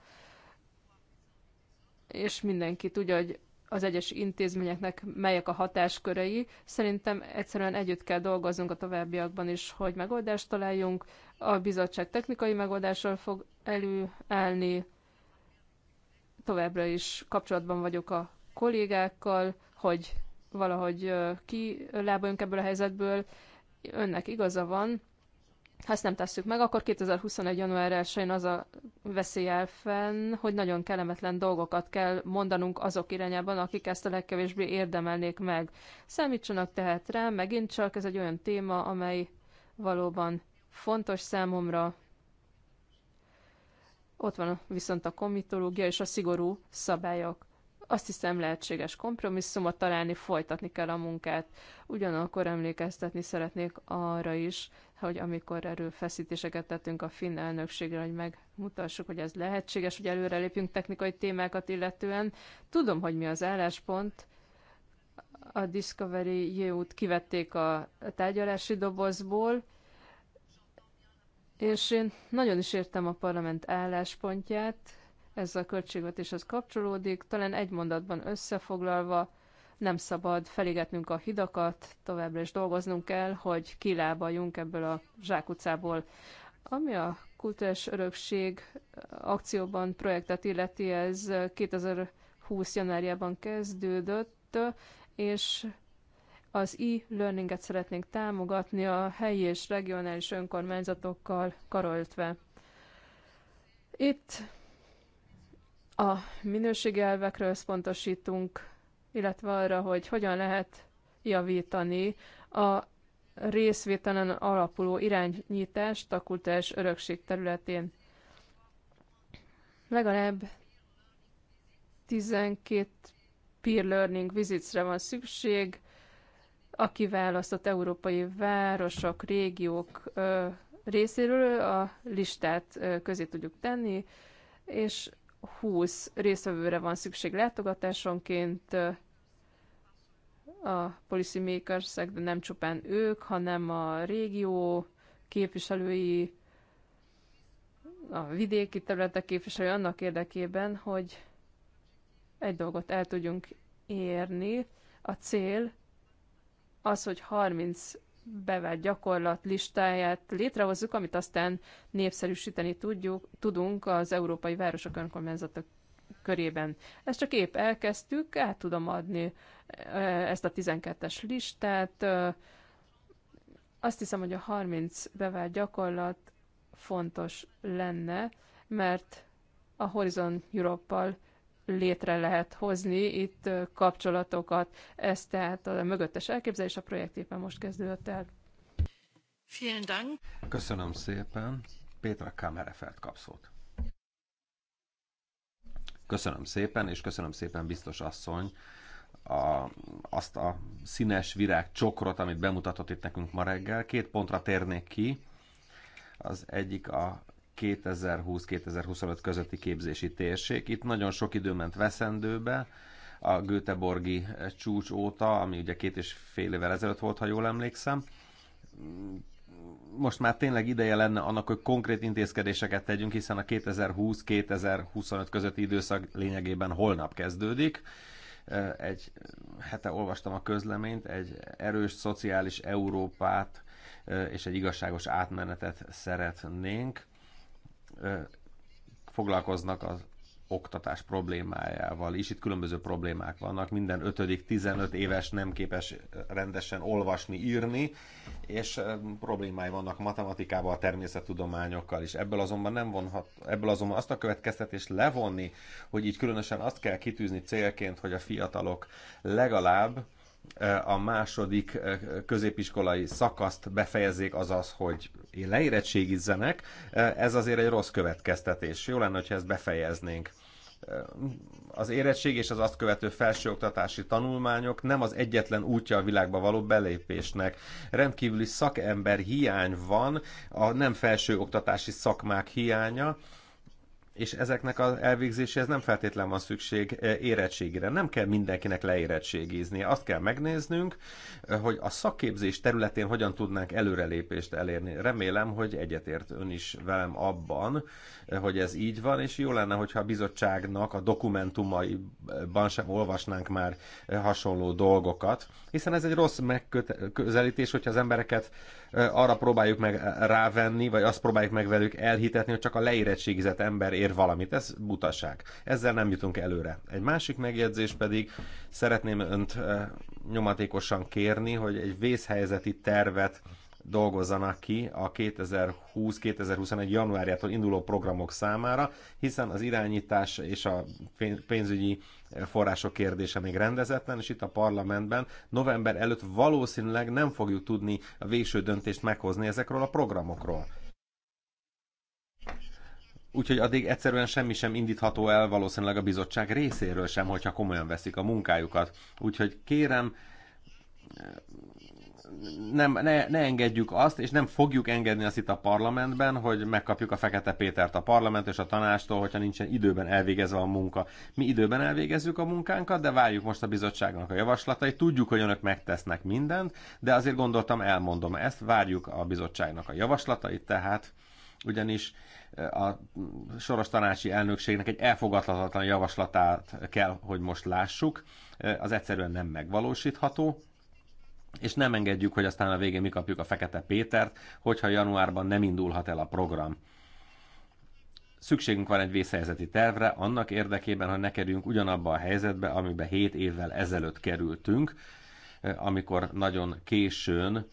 és mindenki tudja, hogy az egyes intézményeknek melyek a hatáskörei. Szerintem egyszerűen együtt kell dolgoznunk a továbbiakban is, hogy megoldást találjunk. A bizottság technikai megoldással fog előállni. Továbbra is kapcsolatban vagyok a kollégákkal, hogy valahogy kilábaljunk ebből a helyzetből. Önnek igaza van, ha ezt nem tesszük meg, akkor 2021. január 1 az a veszély el fenn, hogy nagyon kellemetlen dolgokat kell mondanunk azok irányában, akik ezt a legkevésbé érdemelnék meg. Számítsanak tehát rá, megint csak ez egy olyan téma, amely valóban fontos számomra. Ott van viszont a komitológia és a szigorú szabályok. Azt hiszem lehetséges kompromisszumot találni, folytatni kell a munkát. Ugyanakkor emlékeztetni szeretnék arra is, hogy amikor erőfeszítéseket tettünk a finn elnökségre, hogy megmutassuk, hogy ez lehetséges, hogy előrelépjünk technikai témákat illetően. Tudom, hogy mi az álláspont, a Discovery J-út kivették a tárgyalási dobozból, és én nagyon is értem a parlament álláspontját, ez a költségvetéshez kapcsolódik. Talán egy mondatban összefoglalva, nem szabad felégetnünk a hidakat, továbbra is dolgoznunk kell, hogy kilábaljunk ebből a zsákutcából. Ami a kultúrás örökség akcióban projektet illeti, ez 2020. januárjában kezdődött, és az e-learninget szeretnénk támogatni a helyi és regionális önkormányzatokkal karoltve. Itt a minőségi elvekre összpontosítunk, illetve arra, hogy hogyan lehet javítani a részvételen alapuló irányítást a kultúrás örökség területén. Legalább 12 peer learning vizitre van szükség, aki választott európai városok, régiók részéről a listát közé tudjuk tenni, és 20 részvevőre van szükség látogatásonként a policy makers de nem csupán ők, hanem a régió képviselői, a vidéki területek képviselői annak érdekében, hogy egy dolgot el tudjunk érni. A cél az, hogy 30 bevett gyakorlat listáját létrehozzuk, amit aztán népszerűsíteni tudjuk, tudunk az európai városok önkormányzatok körében. Ezt csak épp elkezdtük, át tudom adni e, ezt a 12-es listát. Azt hiszem, hogy a 30 bevált gyakorlat fontos lenne, mert a Horizon Europe-pal létre lehet hozni itt kapcsolatokat. Ez tehát a mögöttes elképzelés, a projekt éppen most kezdődött el.
Köszönöm szépen. Pétra Kamerefelt kapszót. Köszönöm szépen, és köszönöm szépen biztos asszony a, azt a színes virág csokrot, amit bemutatott itt nekünk ma reggel. Két pontra térnék ki. Az egyik a 2020-2025 közötti képzési térség. Itt nagyon sok idő ment veszendőbe, a Göteborgi csúcs óta, ami ugye két és fél évvel ezelőtt volt, ha jól emlékszem. Most már tényleg ideje lenne annak, hogy konkrét intézkedéseket tegyünk, hiszen a 2020-2025 közötti időszak lényegében holnap kezdődik. Egy hete olvastam a közleményt, egy erős szociális Európát és egy igazságos átmenetet szeretnénk foglalkoznak az oktatás problémájával is. Itt különböző problémák vannak. Minden ötödik, 15 éves nem képes rendesen olvasni, írni, és problémái vannak matematikával, természettudományokkal is. Ebből azonban nem vonhat, ebből azonban azt a következtetést levonni, hogy így különösen azt kell kitűzni célként, hogy a fiatalok legalább E, a második e, középiskolai szakaszt befejezzék, azaz, hogy leérettségizzenek, e, ez azért egy rossz következtetés. Jó lenne, hogyha ezt befejeznénk az érettség és az azt követő felsőoktatási tanulmányok nem az egyetlen útja a világba való belépésnek. Rendkívüli szakember hiány van, a nem felsőoktatási szakmák hiánya, és ezeknek az elvégzéséhez nem feltétlen van szükség eh, érettségére. Nem kell mindenkinek leérettségizni. Azt kell megnéznünk, eh, hogy a szakképzés területén hogyan tudnánk előrelépést elérni. Remélem, hogy egyetért ön is velem abban, eh, hogy ez így van, és jó lenne, hogyha a bizottságnak a dokumentumaiban sem olvasnánk már hasonló dolgokat, hiszen ez egy rossz megközelítés, hogyha az embereket arra próbáljuk meg rávenni, vagy azt próbáljuk meg velük elhitetni, hogy csak a leérettségizett ember ér valamit. Ez butaság. Ezzel nem jutunk előre. Egy másik megjegyzés pedig szeretném önt nyomatékosan kérni, hogy egy vészhelyzeti tervet dolgozzanak ki a 2020-2021 januárjától induló programok számára, hiszen az irányítás és a pénzügyi források kérdése még rendezetlen, és itt a parlamentben november előtt valószínűleg nem fogjuk tudni a végső döntést meghozni ezekről a programokról. Úgyhogy addig egyszerűen semmi sem indítható el valószínűleg a bizottság részéről sem, hogyha komolyan veszik a munkájukat. Úgyhogy kérem, nem, ne, ne engedjük azt, és nem fogjuk engedni azt itt a parlamentben, hogy megkapjuk a Fekete Pétert a parlament és a tanástól, hogyha nincsen időben elvégezve a munka. Mi időben elvégezzük a munkánkat, de várjuk most a bizottságnak a javaslatait, tudjuk, hogy önök megtesznek mindent, de azért gondoltam, elmondom ezt, várjuk a bizottságnak a javaslatait, tehát ugyanis eh, a soros tanácsi elnökségnek egy elfogadhatatlan javaslatát kell, hogy most lássuk. Eh, az egyszerűen nem megvalósítható, és nem engedjük, hogy aztán a végén mi kapjuk a Fekete Pétert, hogyha januárban nem indulhat el a program. Szükségünk van egy vészhelyzeti tervre, annak érdekében, ha ne kerüljünk ugyanabba a helyzetbe, amiben 7 évvel ezelőtt kerültünk, amikor nagyon későn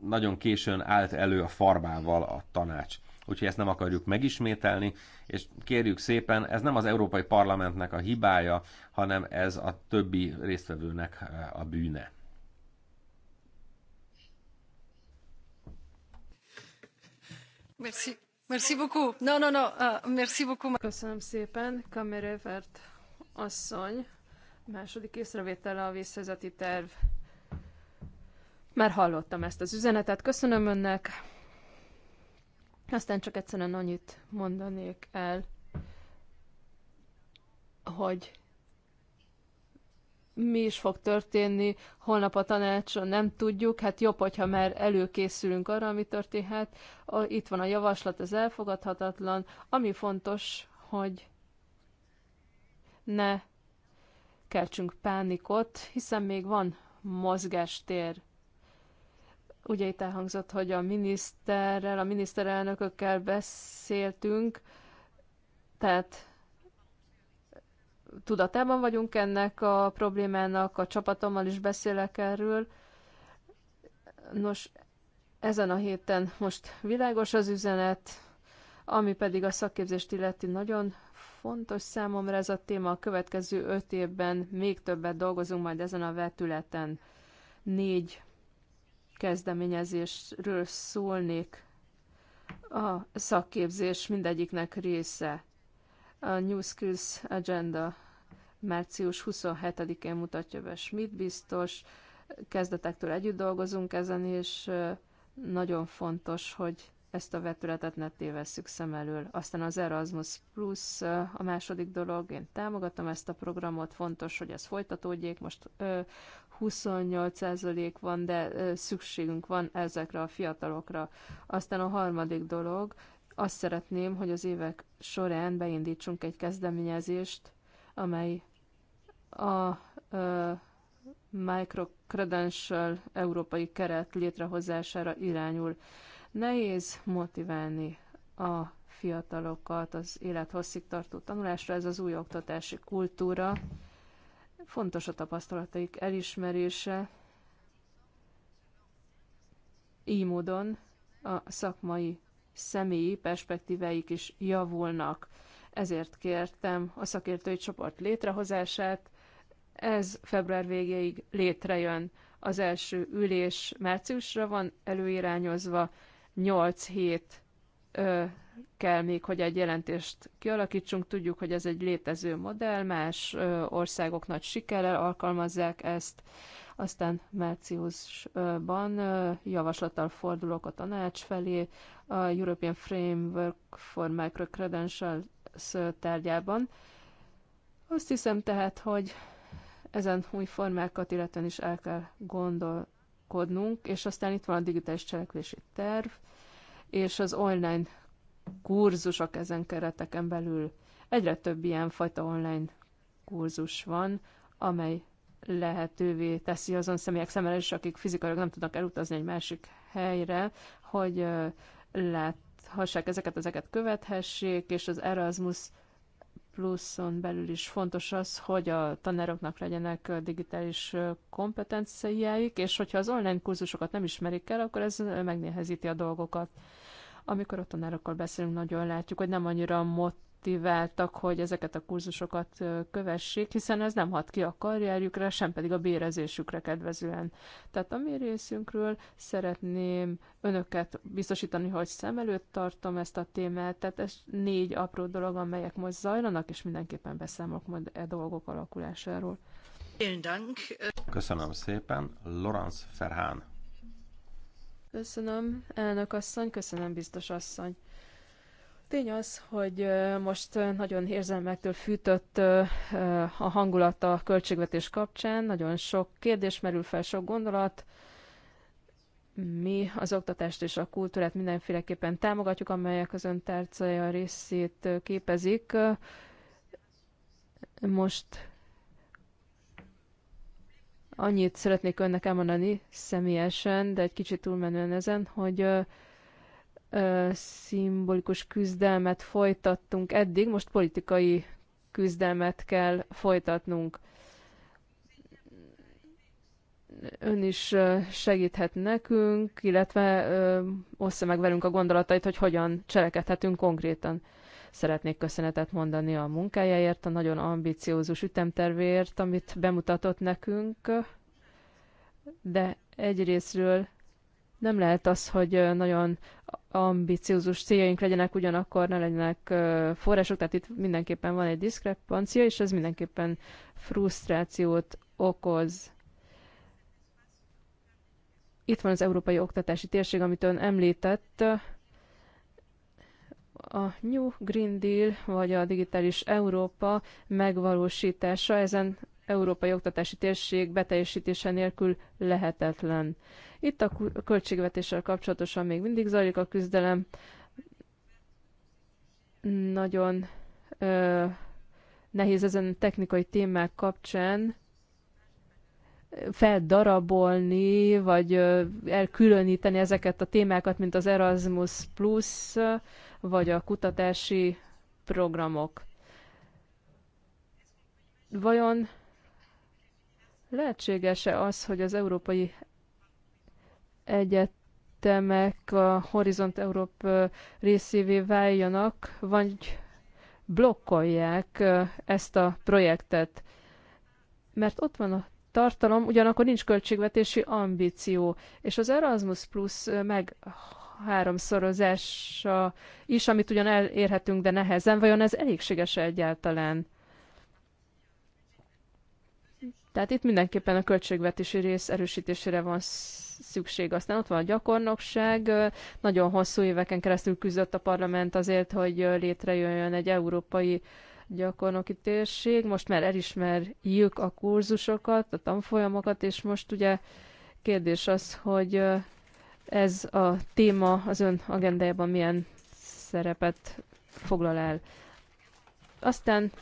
nagyon későn állt elő a farmával a tanács úgyhogy ezt nem akarjuk megismételni, és kérjük szépen, ez nem az Európai Parlamentnek a hibája, hanem ez a többi résztvevőnek eh, a bűne.
Merci.
Merci beaucoup. No, no, no. Uh, merci beaucoup. Köszönöm szépen, Kamerevert asszony. Második észrevétele a vészhelyzeti terv. Már hallottam ezt az üzenetet. Köszönöm önnek. Aztán csak egyszerűen annyit mondanék el, hogy mi is fog történni, holnap a tanácson nem tudjuk, hát jobb, hogyha már előkészülünk arra, ami történhet. Itt van a javaslat, ez elfogadhatatlan. Ami fontos, hogy ne keltsünk pánikot, hiszen még van mozgástér. Ugye itt elhangzott, hogy a miniszterrel, a miniszterelnökökkel beszéltünk, tehát tudatában vagyunk ennek a problémának, a csapatommal is beszélek erről. Nos, ezen a héten most világos az üzenet, ami pedig a szakképzést illeti nagyon fontos számomra ez a téma. A következő öt évben még többet dolgozunk majd ezen a vetületen. Négy kezdeményezésről szólnék. A szakképzés mindegyiknek része. A New Skills Agenda március 27-én mutatja be Schmidt biztos, kezdetektől együtt dolgozunk ezen, és nagyon fontos, hogy ezt a vetületet ne tévesszük szem elől. Aztán az Erasmus Plus a második dolog, én támogatom ezt a programot, fontos, hogy ez folytatódjék. Most ö, 28% van, de szükségünk van ezekre a fiatalokra. Aztán a harmadik dolog, azt szeretném, hogy az évek során beindítsunk egy kezdeményezést, amely a ö, microcredential európai keret létrehozására irányul. Nehéz motiválni a fiatalokat az élethosszig tartó tanulásra, ez az új oktatási kultúra, Fontos a tapasztalataik elismerése, így módon a szakmai személyi perspektíveik is javulnak. Ezért kértem a szakértői csoport létrehozását. Ez február végéig létrejön. Az első ülés márciusra van előirányozva, 8 hét kell még, hogy egy jelentést kialakítsunk. Tudjuk, hogy ez egy létező modell, más országok nagy sikerrel alkalmazzák ezt. Aztán márciusban javaslattal fordulok a tanács felé a European Framework for Microcredentials tárgyában. Azt hiszem tehát, hogy ezen új formákat illetően is el kell gondolkodnunk, és aztán itt van a digitális cselekvési terv, és az online kurzusok ezen kereteken belül. Egyre több ilyen fajta online kurzus van, amely lehetővé teszi azon személyek számára is, akik fizikailag nem tudnak elutazni egy másik helyre, hogy láthassák ezeket, ezeket követhessék, és az Erasmus pluszon belül is fontos az, hogy a tanároknak legyenek digitális kompetenciáik, és hogyha az online kurzusokat nem ismerik el, akkor ez megnehezíti a dolgokat. Amikor a tanárokkal beszélünk, nagyon látjuk, hogy nem annyira motiváltak, hogy ezeket a kurzusokat kövessék, hiszen ez nem hat ki a karrierjükre, sem pedig a bérezésükre kedvezően. Tehát a mi részünkről szeretném önöket biztosítani, hogy szem előtt tartom ezt a témát, tehát ez négy apró dolog, amelyek most zajlanak, és mindenképpen beszámolok majd e dolgok alakulásáról.
Köszönöm szépen. Lorenz Ferhán.
Köszönöm, elnök asszony, köszönöm, biztos asszony. Tény az, hogy most nagyon érzelmektől fűtött a hangulat a költségvetés kapcsán, nagyon sok kérdés merül fel, sok gondolat. Mi az oktatást és a kultúrát mindenféleképpen támogatjuk, amelyek az öntárcaja részét képezik. Most Annyit szeretnék önnek elmondani személyesen, de egy kicsit túlmenően ezen, hogy ö, ö, szimbolikus küzdelmet folytattunk eddig, most politikai küzdelmet kell folytatnunk. Ön is segíthet nekünk, illetve ö, ossza meg velünk a gondolatait, hogy hogyan cselekedhetünk konkrétan. Szeretnék köszönetet mondani a munkájáért, a nagyon ambiciózus ütemtervéért, amit bemutatott nekünk, de egyrésztről nem lehet az, hogy nagyon ambiciózus céljaink legyenek, ugyanakkor ne legyenek források, tehát itt mindenképpen van egy diszkrepancia, és ez mindenképpen frusztrációt okoz. Itt van az európai oktatási térség, amit ön említett, a New Green Deal, vagy a digitális Európa megvalósítása ezen európai oktatási térség beteljesítése nélkül lehetetlen. Itt a költségvetéssel kapcsolatosan még mindig zajlik a küzdelem. Nagyon ö, nehéz ezen technikai témák kapcsán feldarabolni, vagy elkülöníteni ezeket a témákat, mint az Erasmus Plus, vagy a kutatási programok. Vajon lehetséges-e az, hogy az európai egyetemek a Horizont Európ részévé váljanak, vagy blokkolják ezt a projektet? Mert ott van a tartalom, ugyanakkor nincs költségvetési ambíció, és az Erasmus Plus meg háromszorozása is, amit ugyan elérhetünk, de nehezen. Vajon ez elégséges -e egyáltalán? Tehát itt mindenképpen a költségvetési rész erősítésére van szükség. Aztán ott van a gyakornokság. Nagyon hosszú éveken keresztül küzdött a parlament azért, hogy létrejöjjön egy európai gyakornoki térség. Most már elismerjük a kurzusokat, a tanfolyamokat, és most ugye kérdés az, hogy ez a téma az ön agendájában milyen szerepet foglal el. Aztán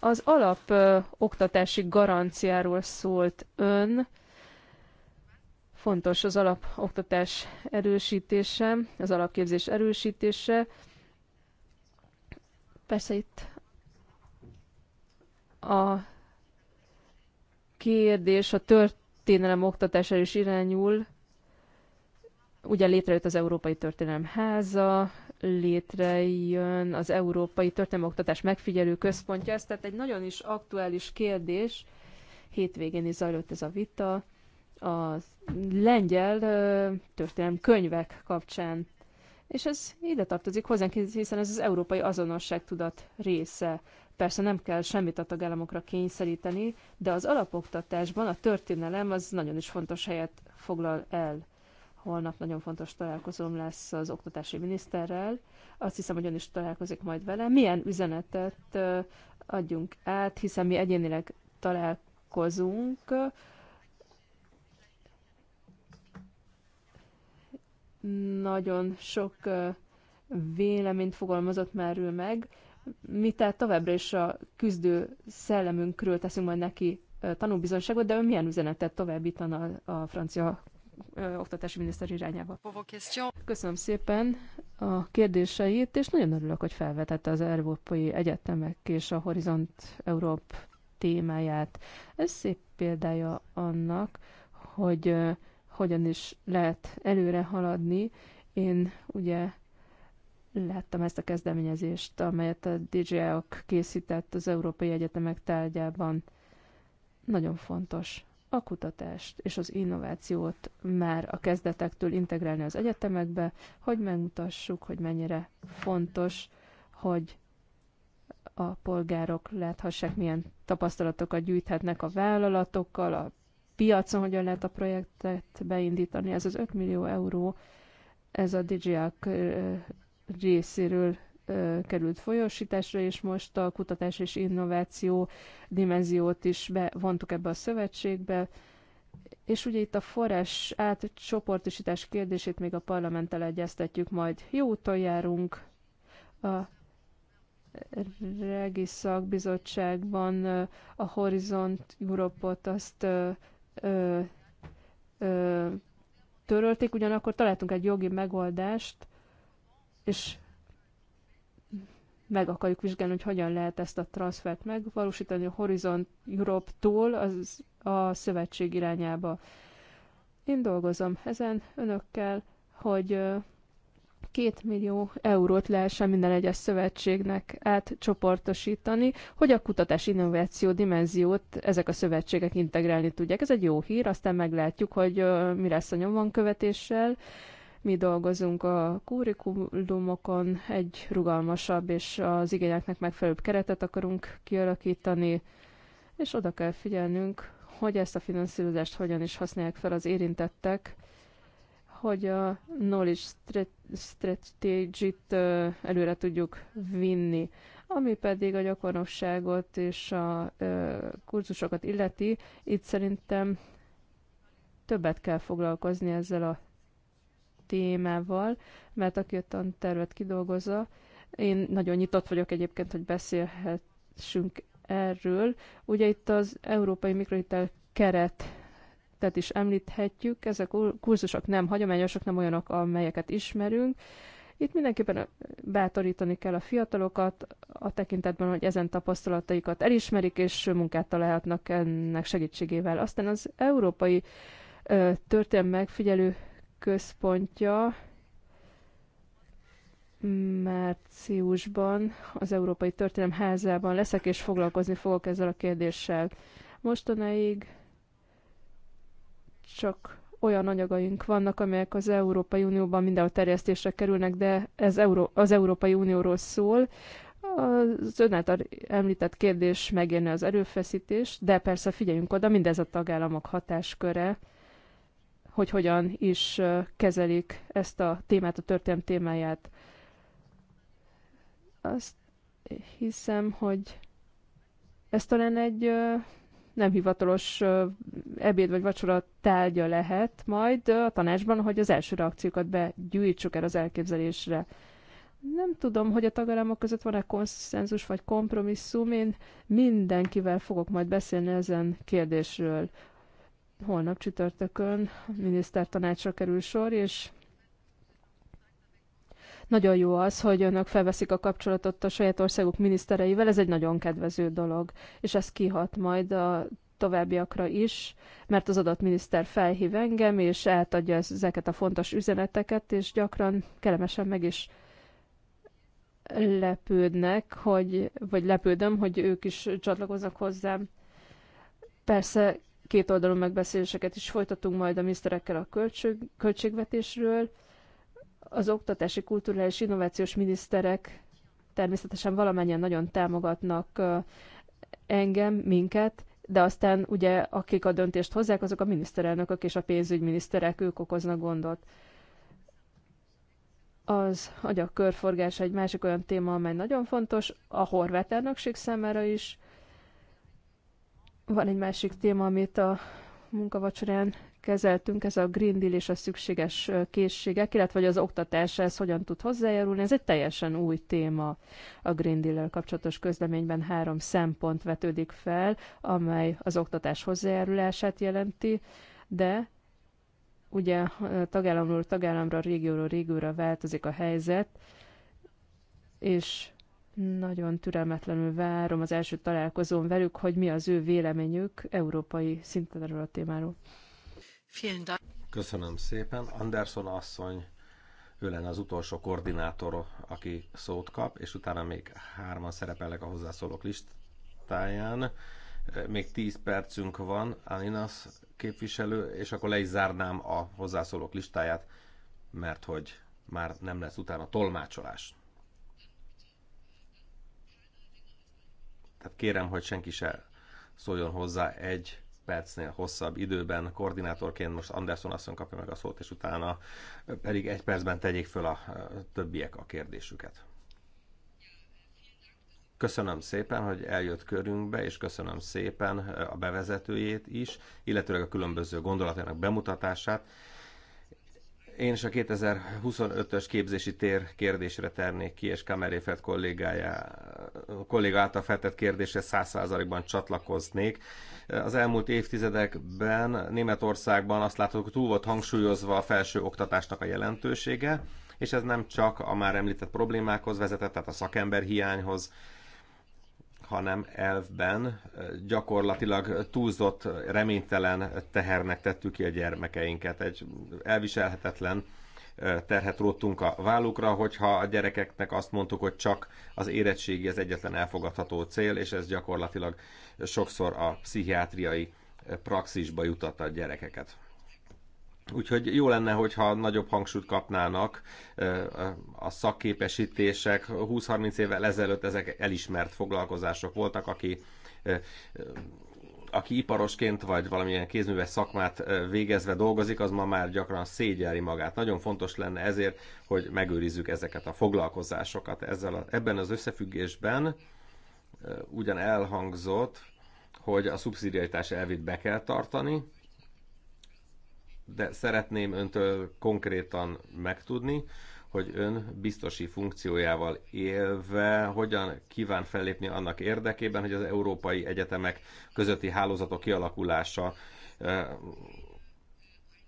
az alap ö, oktatási garanciáról szólt ön. Fontos az alapoktatás erősítése, az alapképzés erősítése. Persze itt a kérdés a történelem oktatására is irányul, ugye létrejött az Európai Történelem Háza, létrejön az Európai Történelmi Oktatás Megfigyelő Központja, ez tehát egy nagyon is aktuális kérdés. Hétvégén is zajlott ez a vita a lengyel történelmi könyvek kapcsán. És ez ide tartozik hozzánk, hiszen ez az európai azonosság tudat része. Persze nem kell semmit a tagállamokra kényszeríteni, de az alapoktatásban a történelem az nagyon is fontos helyet foglal el. Holnap nagyon fontos találkozóm lesz az oktatási miniszterrel. Azt hiszem, hogy ön is találkozik majd vele. Milyen üzenetet adjunk át, hiszen mi egyénileg találkozunk. Nagyon sok véleményt fogalmazott már ő meg. Mi tehát továbbra is a küzdő szellemünkről teszünk majd neki tanúbizonyságot, de ő milyen üzenetet továbbítana a francia oktatási miniszter irányába. Köszönöm szépen a kérdéseit, és nagyon örülök, hogy felvetette az Európai Egyetemek és a Horizont Európ témáját. Ez szép példája annak, hogy hogyan is lehet előre haladni. Én ugye láttam ezt a kezdeményezést, amelyet a dj -ok készített az Európai Egyetemek tárgyában. Nagyon fontos a kutatást és az innovációt már a kezdetektől integrálni az egyetemekbe, hogy megmutassuk, hogy mennyire fontos, hogy a polgárok láthassák, milyen tapasztalatokat gyűjthetnek a vállalatokkal, a piacon, hogyan lehet a projektet beindítani. Ez az 5 millió euró, ez a DigiAC részéről került folyósításra, és most a kutatás és innováció dimenziót is bevontuk ebbe a szövetségbe. És ugye itt a forrás átcsoportosítás kérdését még a parlamenttel egyeztetjük majd. Jó úton járunk a Regi Szakbizottságban a Horizont Europot azt ö, ö, ö, törölték, ugyanakkor találtunk egy jogi megoldást, és meg akarjuk vizsgálni, hogy hogyan lehet ezt a transfert megvalósítani a Horizon Europe-tól az, a szövetség irányába. Én dolgozom ezen önökkel, hogy két millió eurót lehessen minden egyes szövetségnek átcsoportosítani, hogy a kutatás innováció dimenziót ezek a szövetségek integrálni tudják. Ez egy jó hír, aztán meglátjuk, hogy mi lesz a nyomonkövetéssel. követéssel mi dolgozunk a kurikulumokon, egy rugalmasabb és az igényeknek megfelelőbb keretet akarunk kialakítani, és oda kell figyelnünk, hogy ezt a finanszírozást hogyan is használják fel az érintettek, hogy a knowledge strategy-t előre tudjuk vinni. Ami pedig a gyakornokságot és a kurzusokat illeti, itt szerintem többet kell foglalkozni ezzel a témával, mert aki a tantervet kidolgozza, én nagyon nyitott vagyok egyébként, hogy beszélhessünk erről. Ugye itt az Európai Mikrohitel keret tehát is említhetjük, ezek a kurzusok nem hagyományosak, nem olyanok, amelyeket ismerünk. Itt mindenképpen bátorítani kell a fiatalokat a tekintetben, hogy ezen tapasztalataikat elismerik, és munkát találhatnak ennek segítségével. Aztán az európai történelmi megfigyelő központja márciusban az Európai Történelem házában leszek, és foglalkozni fogok ezzel a kérdéssel. Mostanáig csak olyan anyagaink vannak, amelyek az Európai Unióban mindenhol terjesztésre kerülnek, de ez Euró- az Európai Unióról szól. Az ön által említett kérdés megérne az erőfeszítés, de persze figyeljünk oda, mindez a tagállamok hatásköre, hogy hogyan is kezelik ezt a témát, a történet témáját. Azt hiszem, hogy ez talán egy nem hivatalos ebéd vagy vacsora tárgya lehet majd a tanácsban, hogy az első reakciókat begyűjtsük el az elképzelésre. Nem tudom, hogy a tagállamok között van-e konszenzus vagy kompromisszum. Én mindenkivel fogok majd beszélni ezen kérdésről holnap csütörtökön minisztertanácsra kerül sor, és nagyon jó az, hogy önök felveszik a kapcsolatot a saját országuk minisztereivel, ez egy nagyon kedvező dolog, és ez kihat majd a továbbiakra is, mert az adott miniszter felhív engem, és átadja ezeket a fontos üzeneteket, és gyakran kellemesen meg is lepődnek, hogy, vagy lepődöm, hogy ők is csatlakoznak hozzám. Persze két oldalon megbeszéléseket is folytatunk majd a miniszterekkel a költség, költségvetésről. Az oktatási, kulturális, innovációs miniszterek természetesen valamennyien nagyon támogatnak engem, minket, de aztán ugye akik a döntést hozzák, azok a miniszterelnökök és a pénzügyminiszterek, ők okoznak gondot. Az agyakörforgás egy másik olyan téma, amely nagyon fontos, a horvát elnökség számára is, van egy másik téma, amit a munkavacsorán kezeltünk, ez a Green Deal és a szükséges készségek, illetve hogy az oktatás ez hogyan tud hozzájárulni. Ez egy teljesen új téma a Green Deal-el kapcsolatos közleményben három szempont vetődik fel, amely az oktatás hozzájárulását jelenti, de ugye tagállamról tagállamra, régióról régióra változik a helyzet, és nagyon türelmetlenül várom az első találkozón velük, hogy mi az ő véleményük európai szinten erről a témáról.
Köszönöm szépen. Anderson asszony, ő lenne az utolsó koordinátor, aki szót kap, és utána még hárman szerepelnek a hozzászólók listáján. Még 10 percünk van, Aninas képviselő, és akkor le is zárnám a hozzászólók listáját, mert hogy már nem lesz utána tolmácsolás. Tehát kérem, hogy senki se szóljon hozzá egy percnél hosszabb időben. Koordinátorként most Anderson Asszon kapja meg a szót, és utána pedig egy percben tegyék föl a többiek a kérdésüket. Köszönöm szépen, hogy eljött körünkbe, és köszönöm szépen a bevezetőjét is, illetőleg a különböző gondolatainak bemutatását. Én is a 2025-ös képzési tér kérdésre ternék ki, és Kameréfert kollégája, kolléga által feltett kérdésre 100%-ban csatlakoznék. Az elmúlt évtizedekben Németországban azt látod, hogy túl volt hangsúlyozva a felső oktatásnak a jelentősége, és ez nem csak a már említett problémákhoz vezetett, tehát a szakember hiányhoz, hanem elvben gyakorlatilag túlzott, reménytelen tehernek tettük ki a gyermekeinket. Egy elviselhetetlen terhet róttunk a vállukra, hogyha a gyerekeknek azt mondtuk, hogy csak az érettségi az egyetlen elfogadható cél, és ez gyakorlatilag sokszor a pszichiátriai praxisba jutatta a gyerekeket. Úgyhogy jó lenne, hogyha nagyobb hangsúlyt kapnának a szakképesítések. 20-30 évvel ezelőtt ezek elismert foglalkozások voltak, aki aki iparosként vagy valamilyen kézműves szakmát végezve dolgozik, az ma már gyakran szégyeli magát. Nagyon fontos lenne ezért, hogy megőrizzük ezeket a foglalkozásokat. Ezzel a, ebben az összefüggésben ugyan elhangzott, hogy a szubszidiaritás elvét be kell tartani, de szeretném öntől konkrétan megtudni, hogy ön biztosi funkciójával élve hogyan kíván fellépni annak érdekében, hogy az európai egyetemek közötti hálózatok kialakulása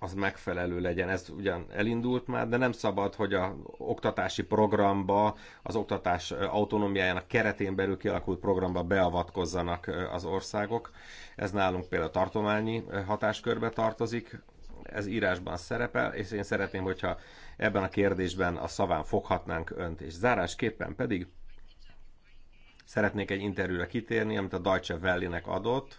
az megfelelő legyen. Ez ugyan elindult már, de nem szabad, hogy a oktatási programba, az oktatás autonómiájának keretén belül kialakult programba beavatkozzanak az országok. Ez nálunk például tartományi hatáskörbe tartozik, ez írásban szerepel, és én szeretném, hogyha ebben a kérdésben a szaván foghatnánk önt. És zárásképpen pedig szeretnék egy interjúra kitérni, amit a Deutsche Welle-nek adott,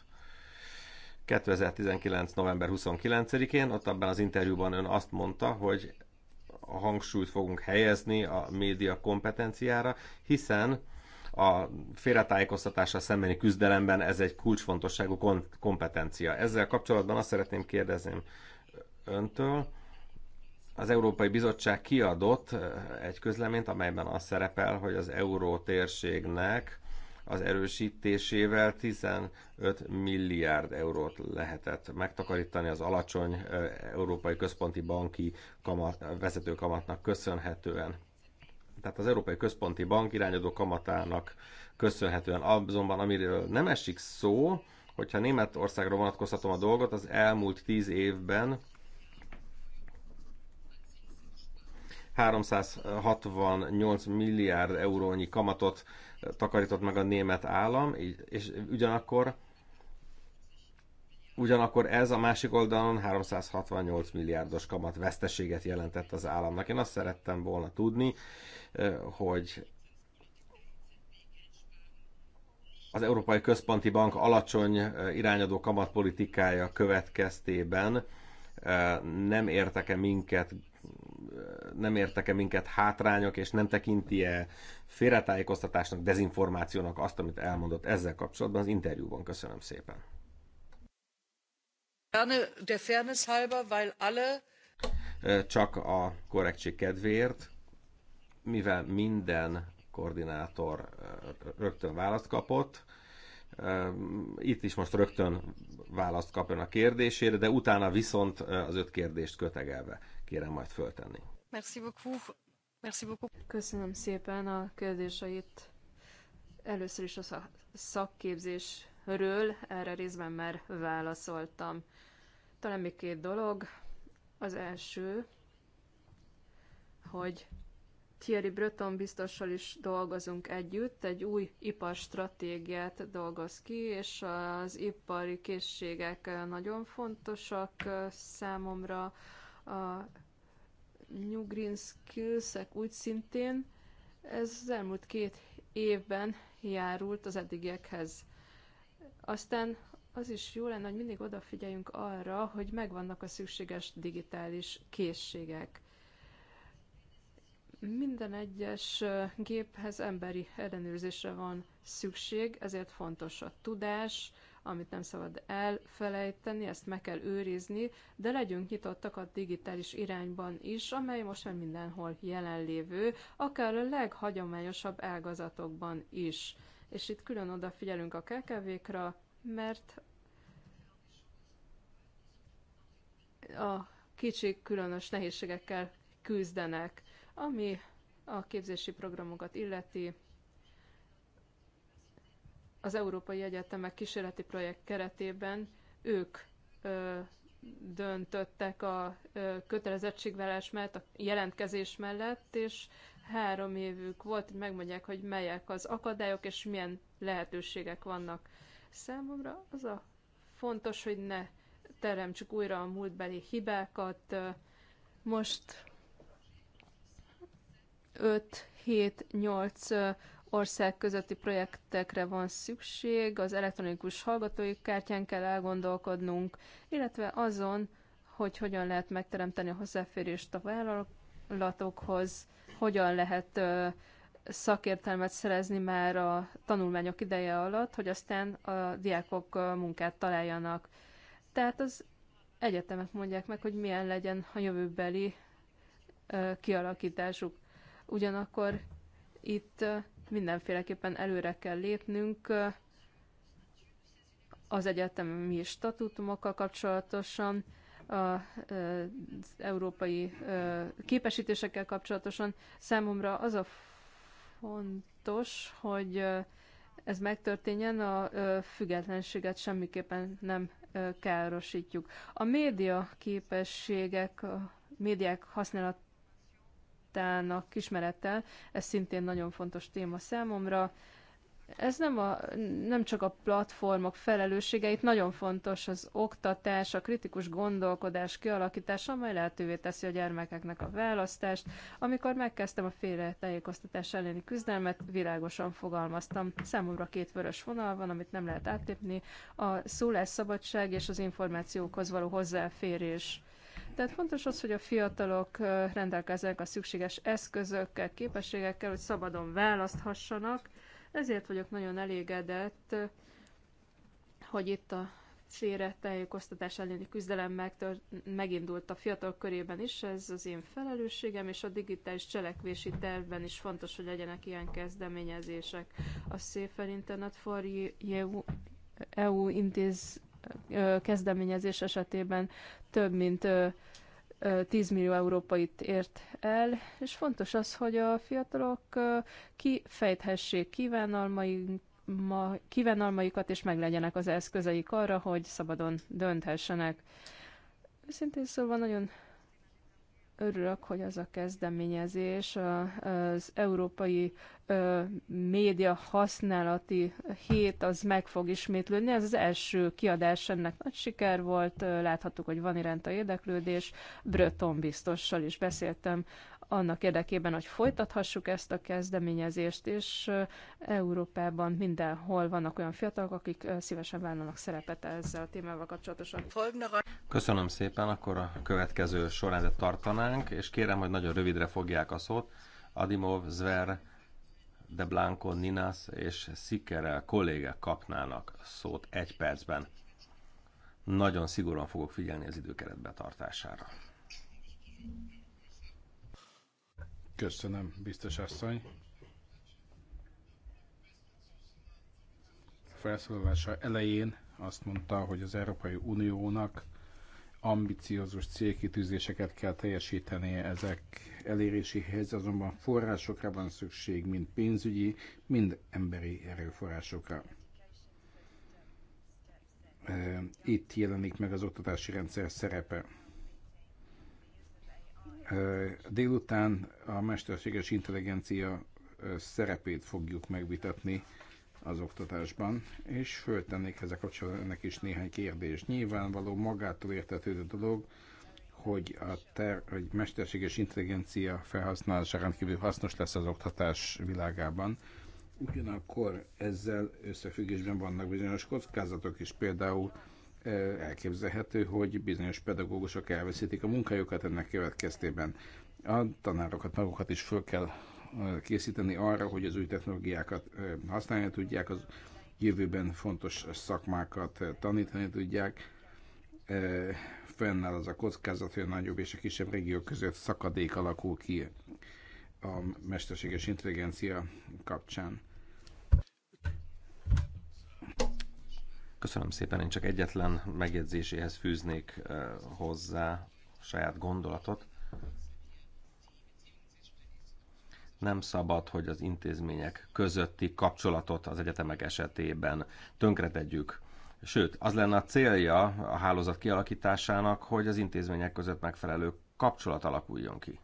2019. november 29-én, ott abban az interjúban ön azt mondta, hogy a hangsúlyt fogunk helyezni a média kompetenciára, hiszen a félretájékoztatással szembeni küzdelemben ez egy kulcsfontosságú kompetencia. Ezzel kapcsolatban azt szeretném kérdezni, öntől. Az Európai Bizottság kiadott eh, egy közleményt, amelyben az szerepel, hogy az euró térségnek az erősítésével 15 milliárd eurót lehetett megtakarítani az alacsony eh, Európai Központi Banki kamat, vezető kamatnak köszönhetően. Tehát az Európai Központi Bank irányadó kamatának köszönhetően. Azonban amiről nem esik szó, hogyha Németországra vonatkoztatom a dolgot, az elmúlt tíz évben 368 milliárd eurónyi kamatot takarított meg a német állam, és ugyanakkor Ugyanakkor ez a másik oldalon 368 milliárdos kamat veszteséget jelentett az államnak. Én azt szerettem volna tudni, hogy az Európai Központi Bank alacsony irányadó kamatpolitikája következtében nem értek-e minket nem értek-e minket hátrányok, és nem tekinti-e félretájékoztatásnak, dezinformációnak azt, amit elmondott ezzel kapcsolatban az interjúban. Köszönöm szépen. Csak a korrektség kedvéért, mivel minden koordinátor rögtön választ kapott, itt is most rögtön választ kapjon a kérdésére, de utána viszont az öt kérdést kötegelve
kérem majd föltenni. Merci beaucoup. Merci beaucoup. Köszönöm szépen a kérdéseit. Először is a szakképzésről, erre részben már válaszoltam. Talán még két dolog. Az első, hogy Thierry Breton biztossal is dolgozunk együtt, egy új iparstratégiát dolgoz ki, és az ipari készségek nagyon fontosak számomra a New Green skills úgy szintén, ez az elmúlt két évben járult az eddigiekhez. Aztán az is jó lenne, hogy mindig odafigyeljünk arra, hogy megvannak a szükséges digitális készségek. Minden egyes géphez emberi ellenőrzésre van szükség, ezért fontos a tudás, amit nem szabad elfelejteni, ezt meg kell őrizni, de legyünk nyitottak a digitális irányban is, amely most már mindenhol jelenlévő, akár a leghagyományosabb ágazatokban is. És itt külön odafigyelünk a KKV-kra, mert a kicsik különös nehézségekkel küzdenek, ami a képzési programokat illeti, az Európai Egyetemek kísérleti projekt keretében ők ö, döntöttek a ö, kötelezettségvállás mellett, a jelentkezés mellett, és három évük volt, hogy megmondják, hogy melyek az akadályok, és milyen lehetőségek vannak. Számomra az a fontos, hogy ne teremtsük újra a múltbeli hibákat. Most 5-7-8 ország közötti projektekre van szükség, az elektronikus hallgatói kártyán kell elgondolkodnunk, illetve azon, hogy hogyan lehet megteremteni a hozzáférést a vállalatokhoz, hogyan lehet szakértelmet szerezni már a tanulmányok ideje alatt, hogy aztán a diákok munkát találjanak. Tehát az egyetemek mondják meg, hogy milyen legyen a jövőbeli kialakításuk. Ugyanakkor itt mindenféleképpen előre kell lépnünk az egyetemi statutumokkal kapcsolatosan, az európai képesítésekkel kapcsolatosan. Számomra az a fontos, hogy ez megtörténjen, a függetlenséget semmiképpen nem károsítjuk. A média képességek, a médiák használat mintának ismerete, ez szintén nagyon fontos téma számomra. Ez nem, a, nem csak a platformok felelőssége, itt nagyon fontos az oktatás, a kritikus gondolkodás kialakítása, amely lehetővé teszi a gyermekeknek a választást. Amikor megkezdtem a tájékoztatás elleni küzdelmet, világosan fogalmaztam. Számomra két vörös vonal van, amit nem lehet átlépni, a szólásszabadság és az információkhoz való hozzáférés. Tehát fontos az, hogy a fiatalok rendelkezzenek a szükséges eszközökkel, képességekkel, hogy szabadon választhassanak. Ezért vagyok nagyon elégedett, hogy itt a félretájékoztatás elleni küzdelem megtör- megindult a fiatal körében is, ez az én felelősségem, és a digitális cselekvési tervben is fontos, hogy legyenek ilyen kezdeményezések. A Safer Internet for EU e intéz kezdeményezés esetében több mint 10 millió európait ért el, és fontos az, hogy a fiatalok kifejthessék kívánalmaikat, és meglegyenek az eszközeik arra, hogy szabadon dönthessenek. Szintén szóval nagyon örülök, hogy az a kezdeményezés az európai ö, média használati hét az meg fog ismétlődni. Ez az első kiadás, ennek nagy siker volt, láthattuk, hogy van iránta érdeklődés. Bröton biztossal is beszéltem annak érdekében, hogy folytathassuk ezt a kezdeményezést, és Európában mindenhol vannak olyan fiatalok, akik szívesen vállalnak szerepet ezzel a témával kapcsolatosan.
Köszönöm szépen, akkor a következő sorrendet tartanánk, és kérem, hogy nagyon rövidre fogják a szót. Adimov, Zver, de Blanco, Ninas és Szikerel kollégák kapnának szót egy percben. Nagyon szigorúan fogok figyelni az időkeret betartására.
Köszönöm, biztos asszony. Felszólalása elején azt mondta, hogy az Európai Uniónak ambiciózus célkitűzéseket kell teljesíteni ezek eléréséhez, azonban forrásokra van szükség, mind pénzügyi, mind emberi erőforrásokra. Itt jelenik meg az oktatási rendszer szerepe. Délután a mesterséges intelligencia szerepét fogjuk megvitatni az oktatásban, és föltennék ezek kapcsolatban ennek is néhány kérdést. Nyilvánvaló magától értetődő dolog, hogy a ter, hogy mesterséges intelligencia felhasználása rendkívül hasznos lesz az oktatás világában. Ugyanakkor ezzel összefüggésben vannak bizonyos kockázatok is, például elképzelhető, hogy bizonyos pedagógusok elveszítik a munkájukat ennek következtében. A tanárokat magukat is föl kell készíteni arra, hogy az új technológiákat használni tudják, az jövőben fontos szakmákat tanítani tudják. Fennáll az a kockázat, hogy a nagyobb és a kisebb régiók között szakadék alakul ki a mesterséges intelligencia kapcsán.
Köszönöm szépen, én csak egyetlen megjegyzéséhez fűznék hozzá saját gondolatot nem szabad, hogy az intézmények közötti kapcsolatot az egyetemek esetében tönkretegyük. Sőt, az lenne a célja a hálózat kialakításának, hogy az intézmények között megfelelő kapcsolat alakuljon ki.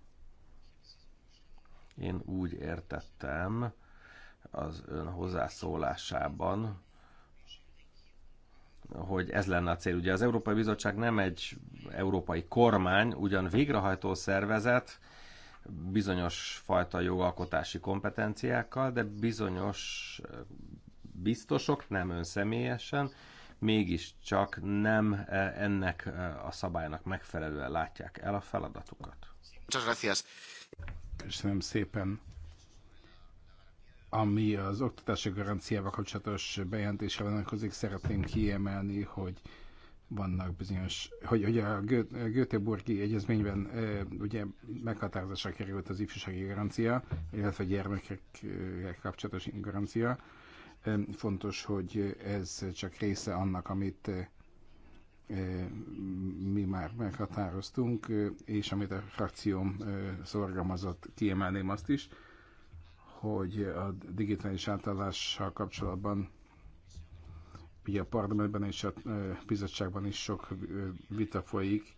Én úgy értettem az ön hozzászólásában, hogy ez lenne a cél. Ugye az Európai Bizottság nem egy európai kormány, ugyan végrehajtó szervezet, bizonyos fajta jogalkotási kompetenciákkal, de bizonyos eh, biztosok, nem önszemélyesen, mégiscsak nem eh, ennek eh, a szabálynak megfelelően látják el a feladatukat.
Köszönöm szépen. Ami az oktatási garanciával kapcsolatos bejelentésre vonatkozik, szeretném kiemelni, hogy vannak bizonyos, hogy, hogy a Göteborgi Egyezményben ugye meghatározásra került az ifjúsági garancia, illetve a gyermekekkel kapcsolatos garancia. Fontos, hogy ez csak része annak, amit mi már meghatároztunk, és amit a frakcióm szorgalmazott, kiemelném azt is, hogy a digitális átállással kapcsolatban Ugye a parlamentben és a bizottságban is sok vita folyik.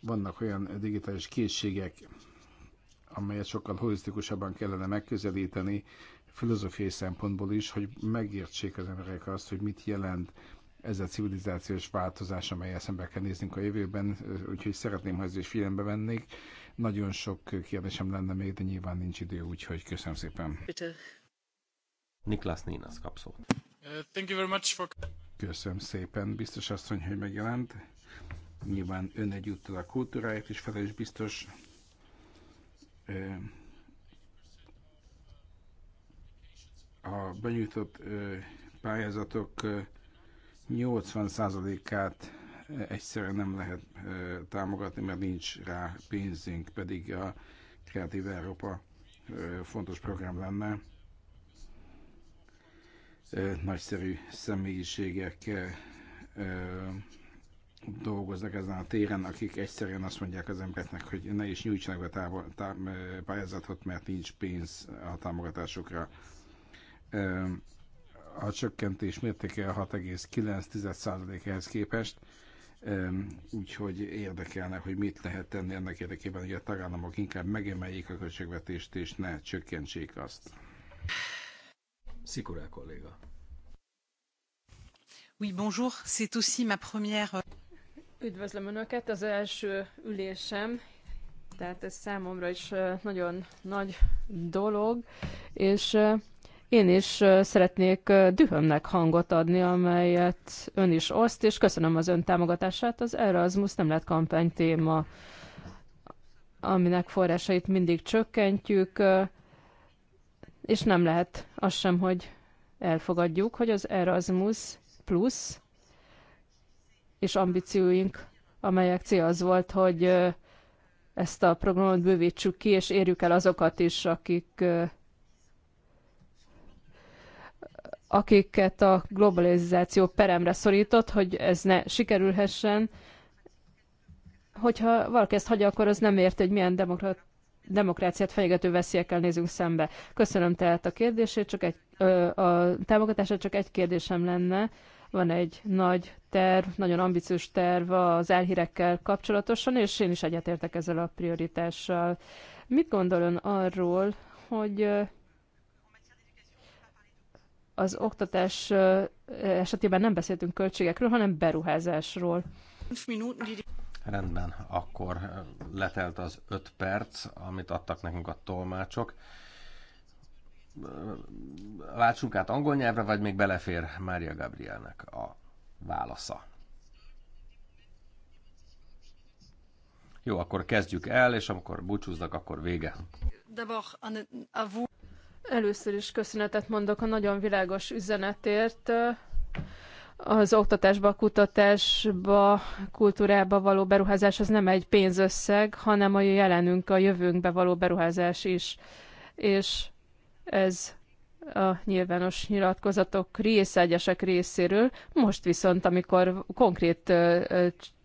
Vannak olyan digitális készségek, amelyet sokkal holisztikusabban kellene megközelíteni, filozófiai szempontból is, hogy megértsék az emberek azt, hogy mit jelent ez a civilizációs változás, amelyel szembe kell néznünk a jövőben, úgyhogy szeretném, ha ez is figyelembe vennék. Nagyon sok kérdésem lenne még, de nyilván nincs idő, úgyhogy köszönöm szépen. Niklas Nénasz kap
Thank you very much for...
Köszönöm szépen, biztos asszony, hogy megjelent. Nyilván ön egyúttal a kultúráját is felelős biztos. A benyújtott pályázatok 80%-át egyszerűen nem lehet támogatni, mert nincs rá pénzünk, pedig a Kreatív Európa fontos program lenne nagyszerű személyiségek dolgoznak ezen a téren, akik egyszerűen azt mondják az embereknek, hogy ne is nyújtsanak be távol, tá, pályázatot, mert nincs pénz a támogatásokra. A csökkentés mértéke 6,9% ehhez képest, úgyhogy érdekelne, hogy mit lehet tenni ennek érdekében, hogy a tagállamok inkább megemeljék a költségvetést, és ne csökkentsék azt. Szikorá kolléga.
Oui, bonjour, c'est
aussi ma première... Euh, Üdvözlöm Önöket, az első ülésem, tehát ez számomra is nagyon nagy dolog, és én is szeretnék dühömnek hangot adni, amelyet ön is oszt, és köszönöm az ön támogatását. Az Erasmus nem lett kampány téma, aminek forrásait mindig csökkentjük és nem lehet az sem, hogy elfogadjuk, hogy az Erasmus plusz és ambícióink, amelyek cél az volt, hogy ezt a programot bővítsük ki, és érjük el azokat is, akik akiket a globalizáció peremre szorított, hogy ez ne sikerülhessen. Hogyha valaki ezt hagyja, akkor az nem ért, hogy milyen demokrat demokráciát fenyegető veszélyekkel nézünk szembe. Köszönöm tehát a kérdését, csak egy, ö, a támogatását csak egy kérdésem lenne. Van egy nagy terv, nagyon ambiciós terv az elhírekkel kapcsolatosan, és én is egyetértek ezzel a prioritással. Mit gondol ön arról, hogy az oktatás esetében nem beszéltünk költségekről, hanem beruházásról.
Rendben, akkor letelt az öt perc, amit adtak nekünk a tolmácsok. Váltsunk át angol nyelvre, vagy még belefér Mária Gabrielnek a válasza? Jó, akkor kezdjük el, és amikor búcsúznak, akkor vége.
Először is köszönetet mondok a nagyon világos üzenetért az oktatásba, kutatásba, kultúrába való beruházás az nem egy pénzösszeg, hanem a jelenünk, a jövőnkbe való beruházás is. És ez a nyilvános nyilatkozatok része, egyesek részéről. Most viszont, amikor konkrét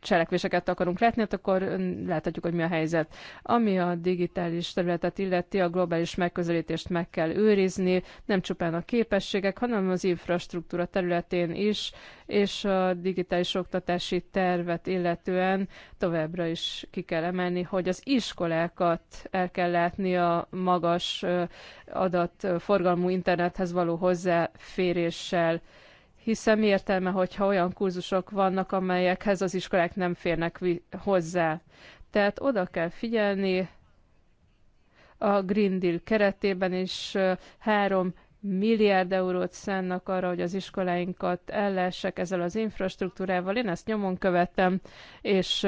cselekvéseket akarunk látni, hát akkor láthatjuk, hogy mi a helyzet. Ami a digitális területet illeti, a globális megközelítést meg kell őrizni, nem csupán a képességek, hanem az infrastruktúra területén is, és a digitális oktatási tervet illetően továbbra is ki kell emelni, hogy az iskolákat el kell látni a magas adatforgalmú internethez való hozzáféréssel, hiszen mi értelme, hogyha olyan kurzusok vannak, amelyekhez az iskolák nem férnek hozzá. Tehát oda kell figyelni a Green Deal keretében is három milliárd eurót szánnak arra, hogy az iskoláinkat ellessek ezzel az infrastruktúrával. Én ezt nyomon követem, és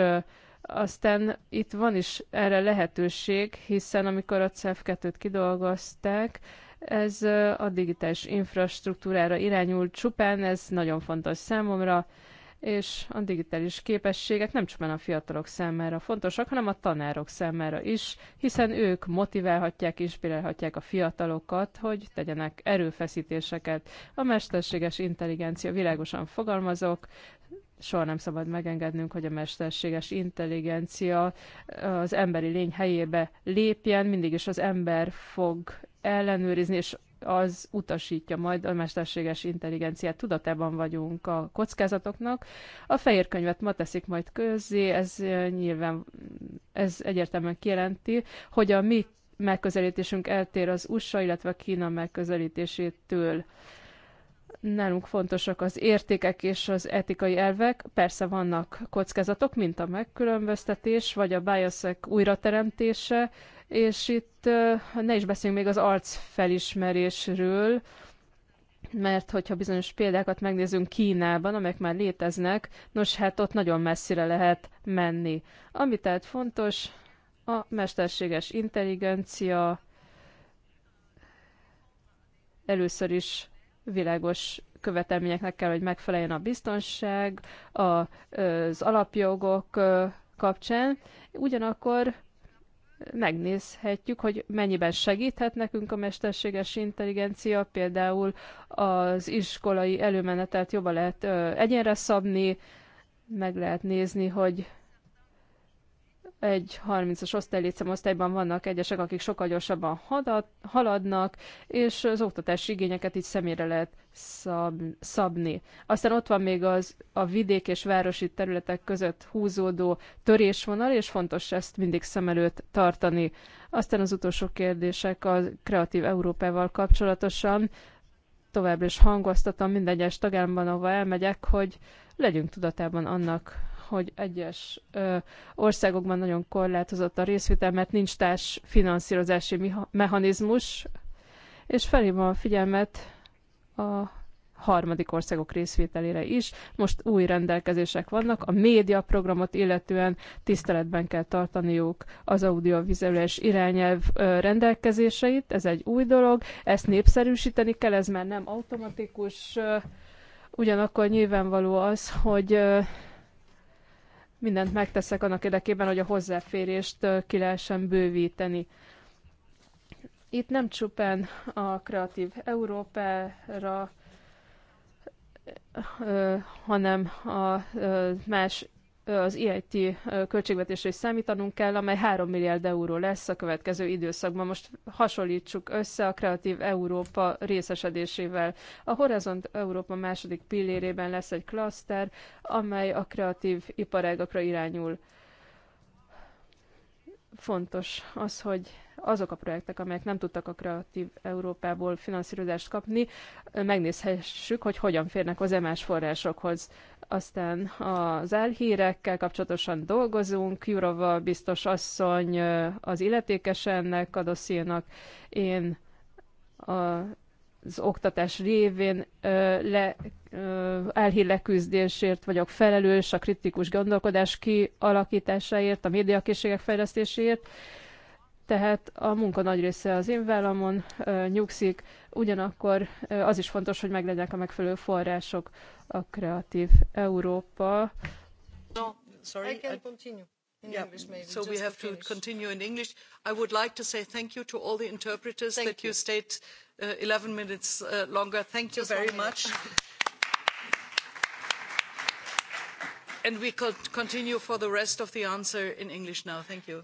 aztán itt van is erre lehetőség, hiszen amikor a CEF2-t kidolgozták, ez a digitális infrastruktúrára irányul csupán, ez nagyon fontos számomra, és a digitális képességek nem csupán a fiatalok számára fontosak, hanem a tanárok számára is, hiszen ők motiválhatják, inspirálhatják a fiatalokat, hogy tegyenek erőfeszítéseket. A mesterséges intelligencia, világosan fogalmazok, soha nem szabad megengednünk, hogy a mesterséges intelligencia az emberi lény helyébe lépjen, mindig is az ember fog ellenőrizni, és az utasítja majd a mesterséges intelligenciát. Tudatában vagyunk a kockázatoknak. A fehér könyvet ma teszik majd közzé, ez nyilván, ez egyértelműen kijelenti, hogy a mi megközelítésünk eltér az USA, illetve Kína megközelítésétől. Nálunk fontosak az értékek és az etikai elvek. Persze vannak kockázatok, mint a megkülönböztetés, vagy a biaszek újrateremtése, és itt ne is beszéljünk még az arcfelismerésről, felismerésről, mert hogyha bizonyos példákat megnézünk Kínában, amelyek már léteznek, nos hát ott nagyon messzire lehet menni. Ami tehát fontos, a mesterséges intelligencia először is világos követelményeknek kell, hogy megfeleljen a biztonság, az alapjogok kapcsán. Ugyanakkor megnézhetjük, hogy mennyiben segíthet nekünk a mesterséges intelligencia, például az iskolai előmenetelt jobban lehet egyenre egyénre szabni, meg lehet nézni, hogy egy 30-as osztályban vannak egyesek, akik sokkal gyorsabban hadat, haladnak, és az oktatási igényeket így személyre lehet szab, szabni. Aztán ott van még az a vidék és városi területek között húzódó törésvonal, és fontos ezt mindig szem előtt tartani. Aztán az utolsó kérdések a Kreatív Európával kapcsolatosan. Továbbra is hangoztatom minden egyes tagállamban, ahova elmegyek, hogy legyünk tudatában annak, hogy egyes ö, országokban nagyon korlátozott a részvétel, mert nincs társ finanszírozási mechanizmus, és felhívom a figyelmet a harmadik országok részvételére is. Most új rendelkezések vannak, a médiaprogramot illetően tiszteletben kell tartaniuk az audiovizuális irányelv rendelkezéseit, ez egy új dolog, ezt népszerűsíteni kell, ez már nem automatikus, ugyanakkor nyilvánvaló az, hogy mindent megteszek annak érdekében, hogy a hozzáférést ki lehessen bővíteni. Itt nem csupán a kreatív Európára hanem a más az EIT költségvetésre is számítanunk kell, amely 3 milliárd euró lesz a következő időszakban. Most hasonlítsuk össze a Kreatív Európa részesedésével. A Horizont Európa második pillérében lesz egy klaszter, amely a kreatív iparágakra irányul. Fontos az, hogy azok a projektek, amelyek nem tudtak a Kreatív Európából finanszírozást kapni, megnézhessük, hogy hogyan férnek az emás forrásokhoz. Aztán az álhírekkel kapcsolatosan dolgozunk, Jurova biztos asszony az illetékes ennek a dossziénak. Én a az oktatás révén ö, le, ö, elhír leküzdésért vagyok felelős, a kritikus gondolkodás kialakításáért, a médiakészségek fejlesztéséért, tehát a munka nagy része az én vállamon nyugszik, ugyanakkor az is fontos, hogy meglegyenek a megfelelő források a Kreatív Európa.
No, sorry, I can continue.
In yeah. English, maybe, so we have
to, to continue in English. I would like to say thank you to all the interpreters thank that you, you stayed uh, 11 minutes uh, longer. Thank you Just very much. and we could continue for the rest of the answer in English now. Thank you.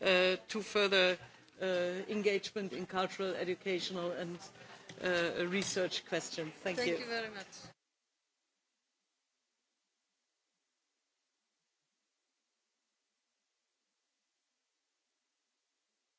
Uh, to further uh, engagement in cultural, educational and uh, research questions. Thank, you.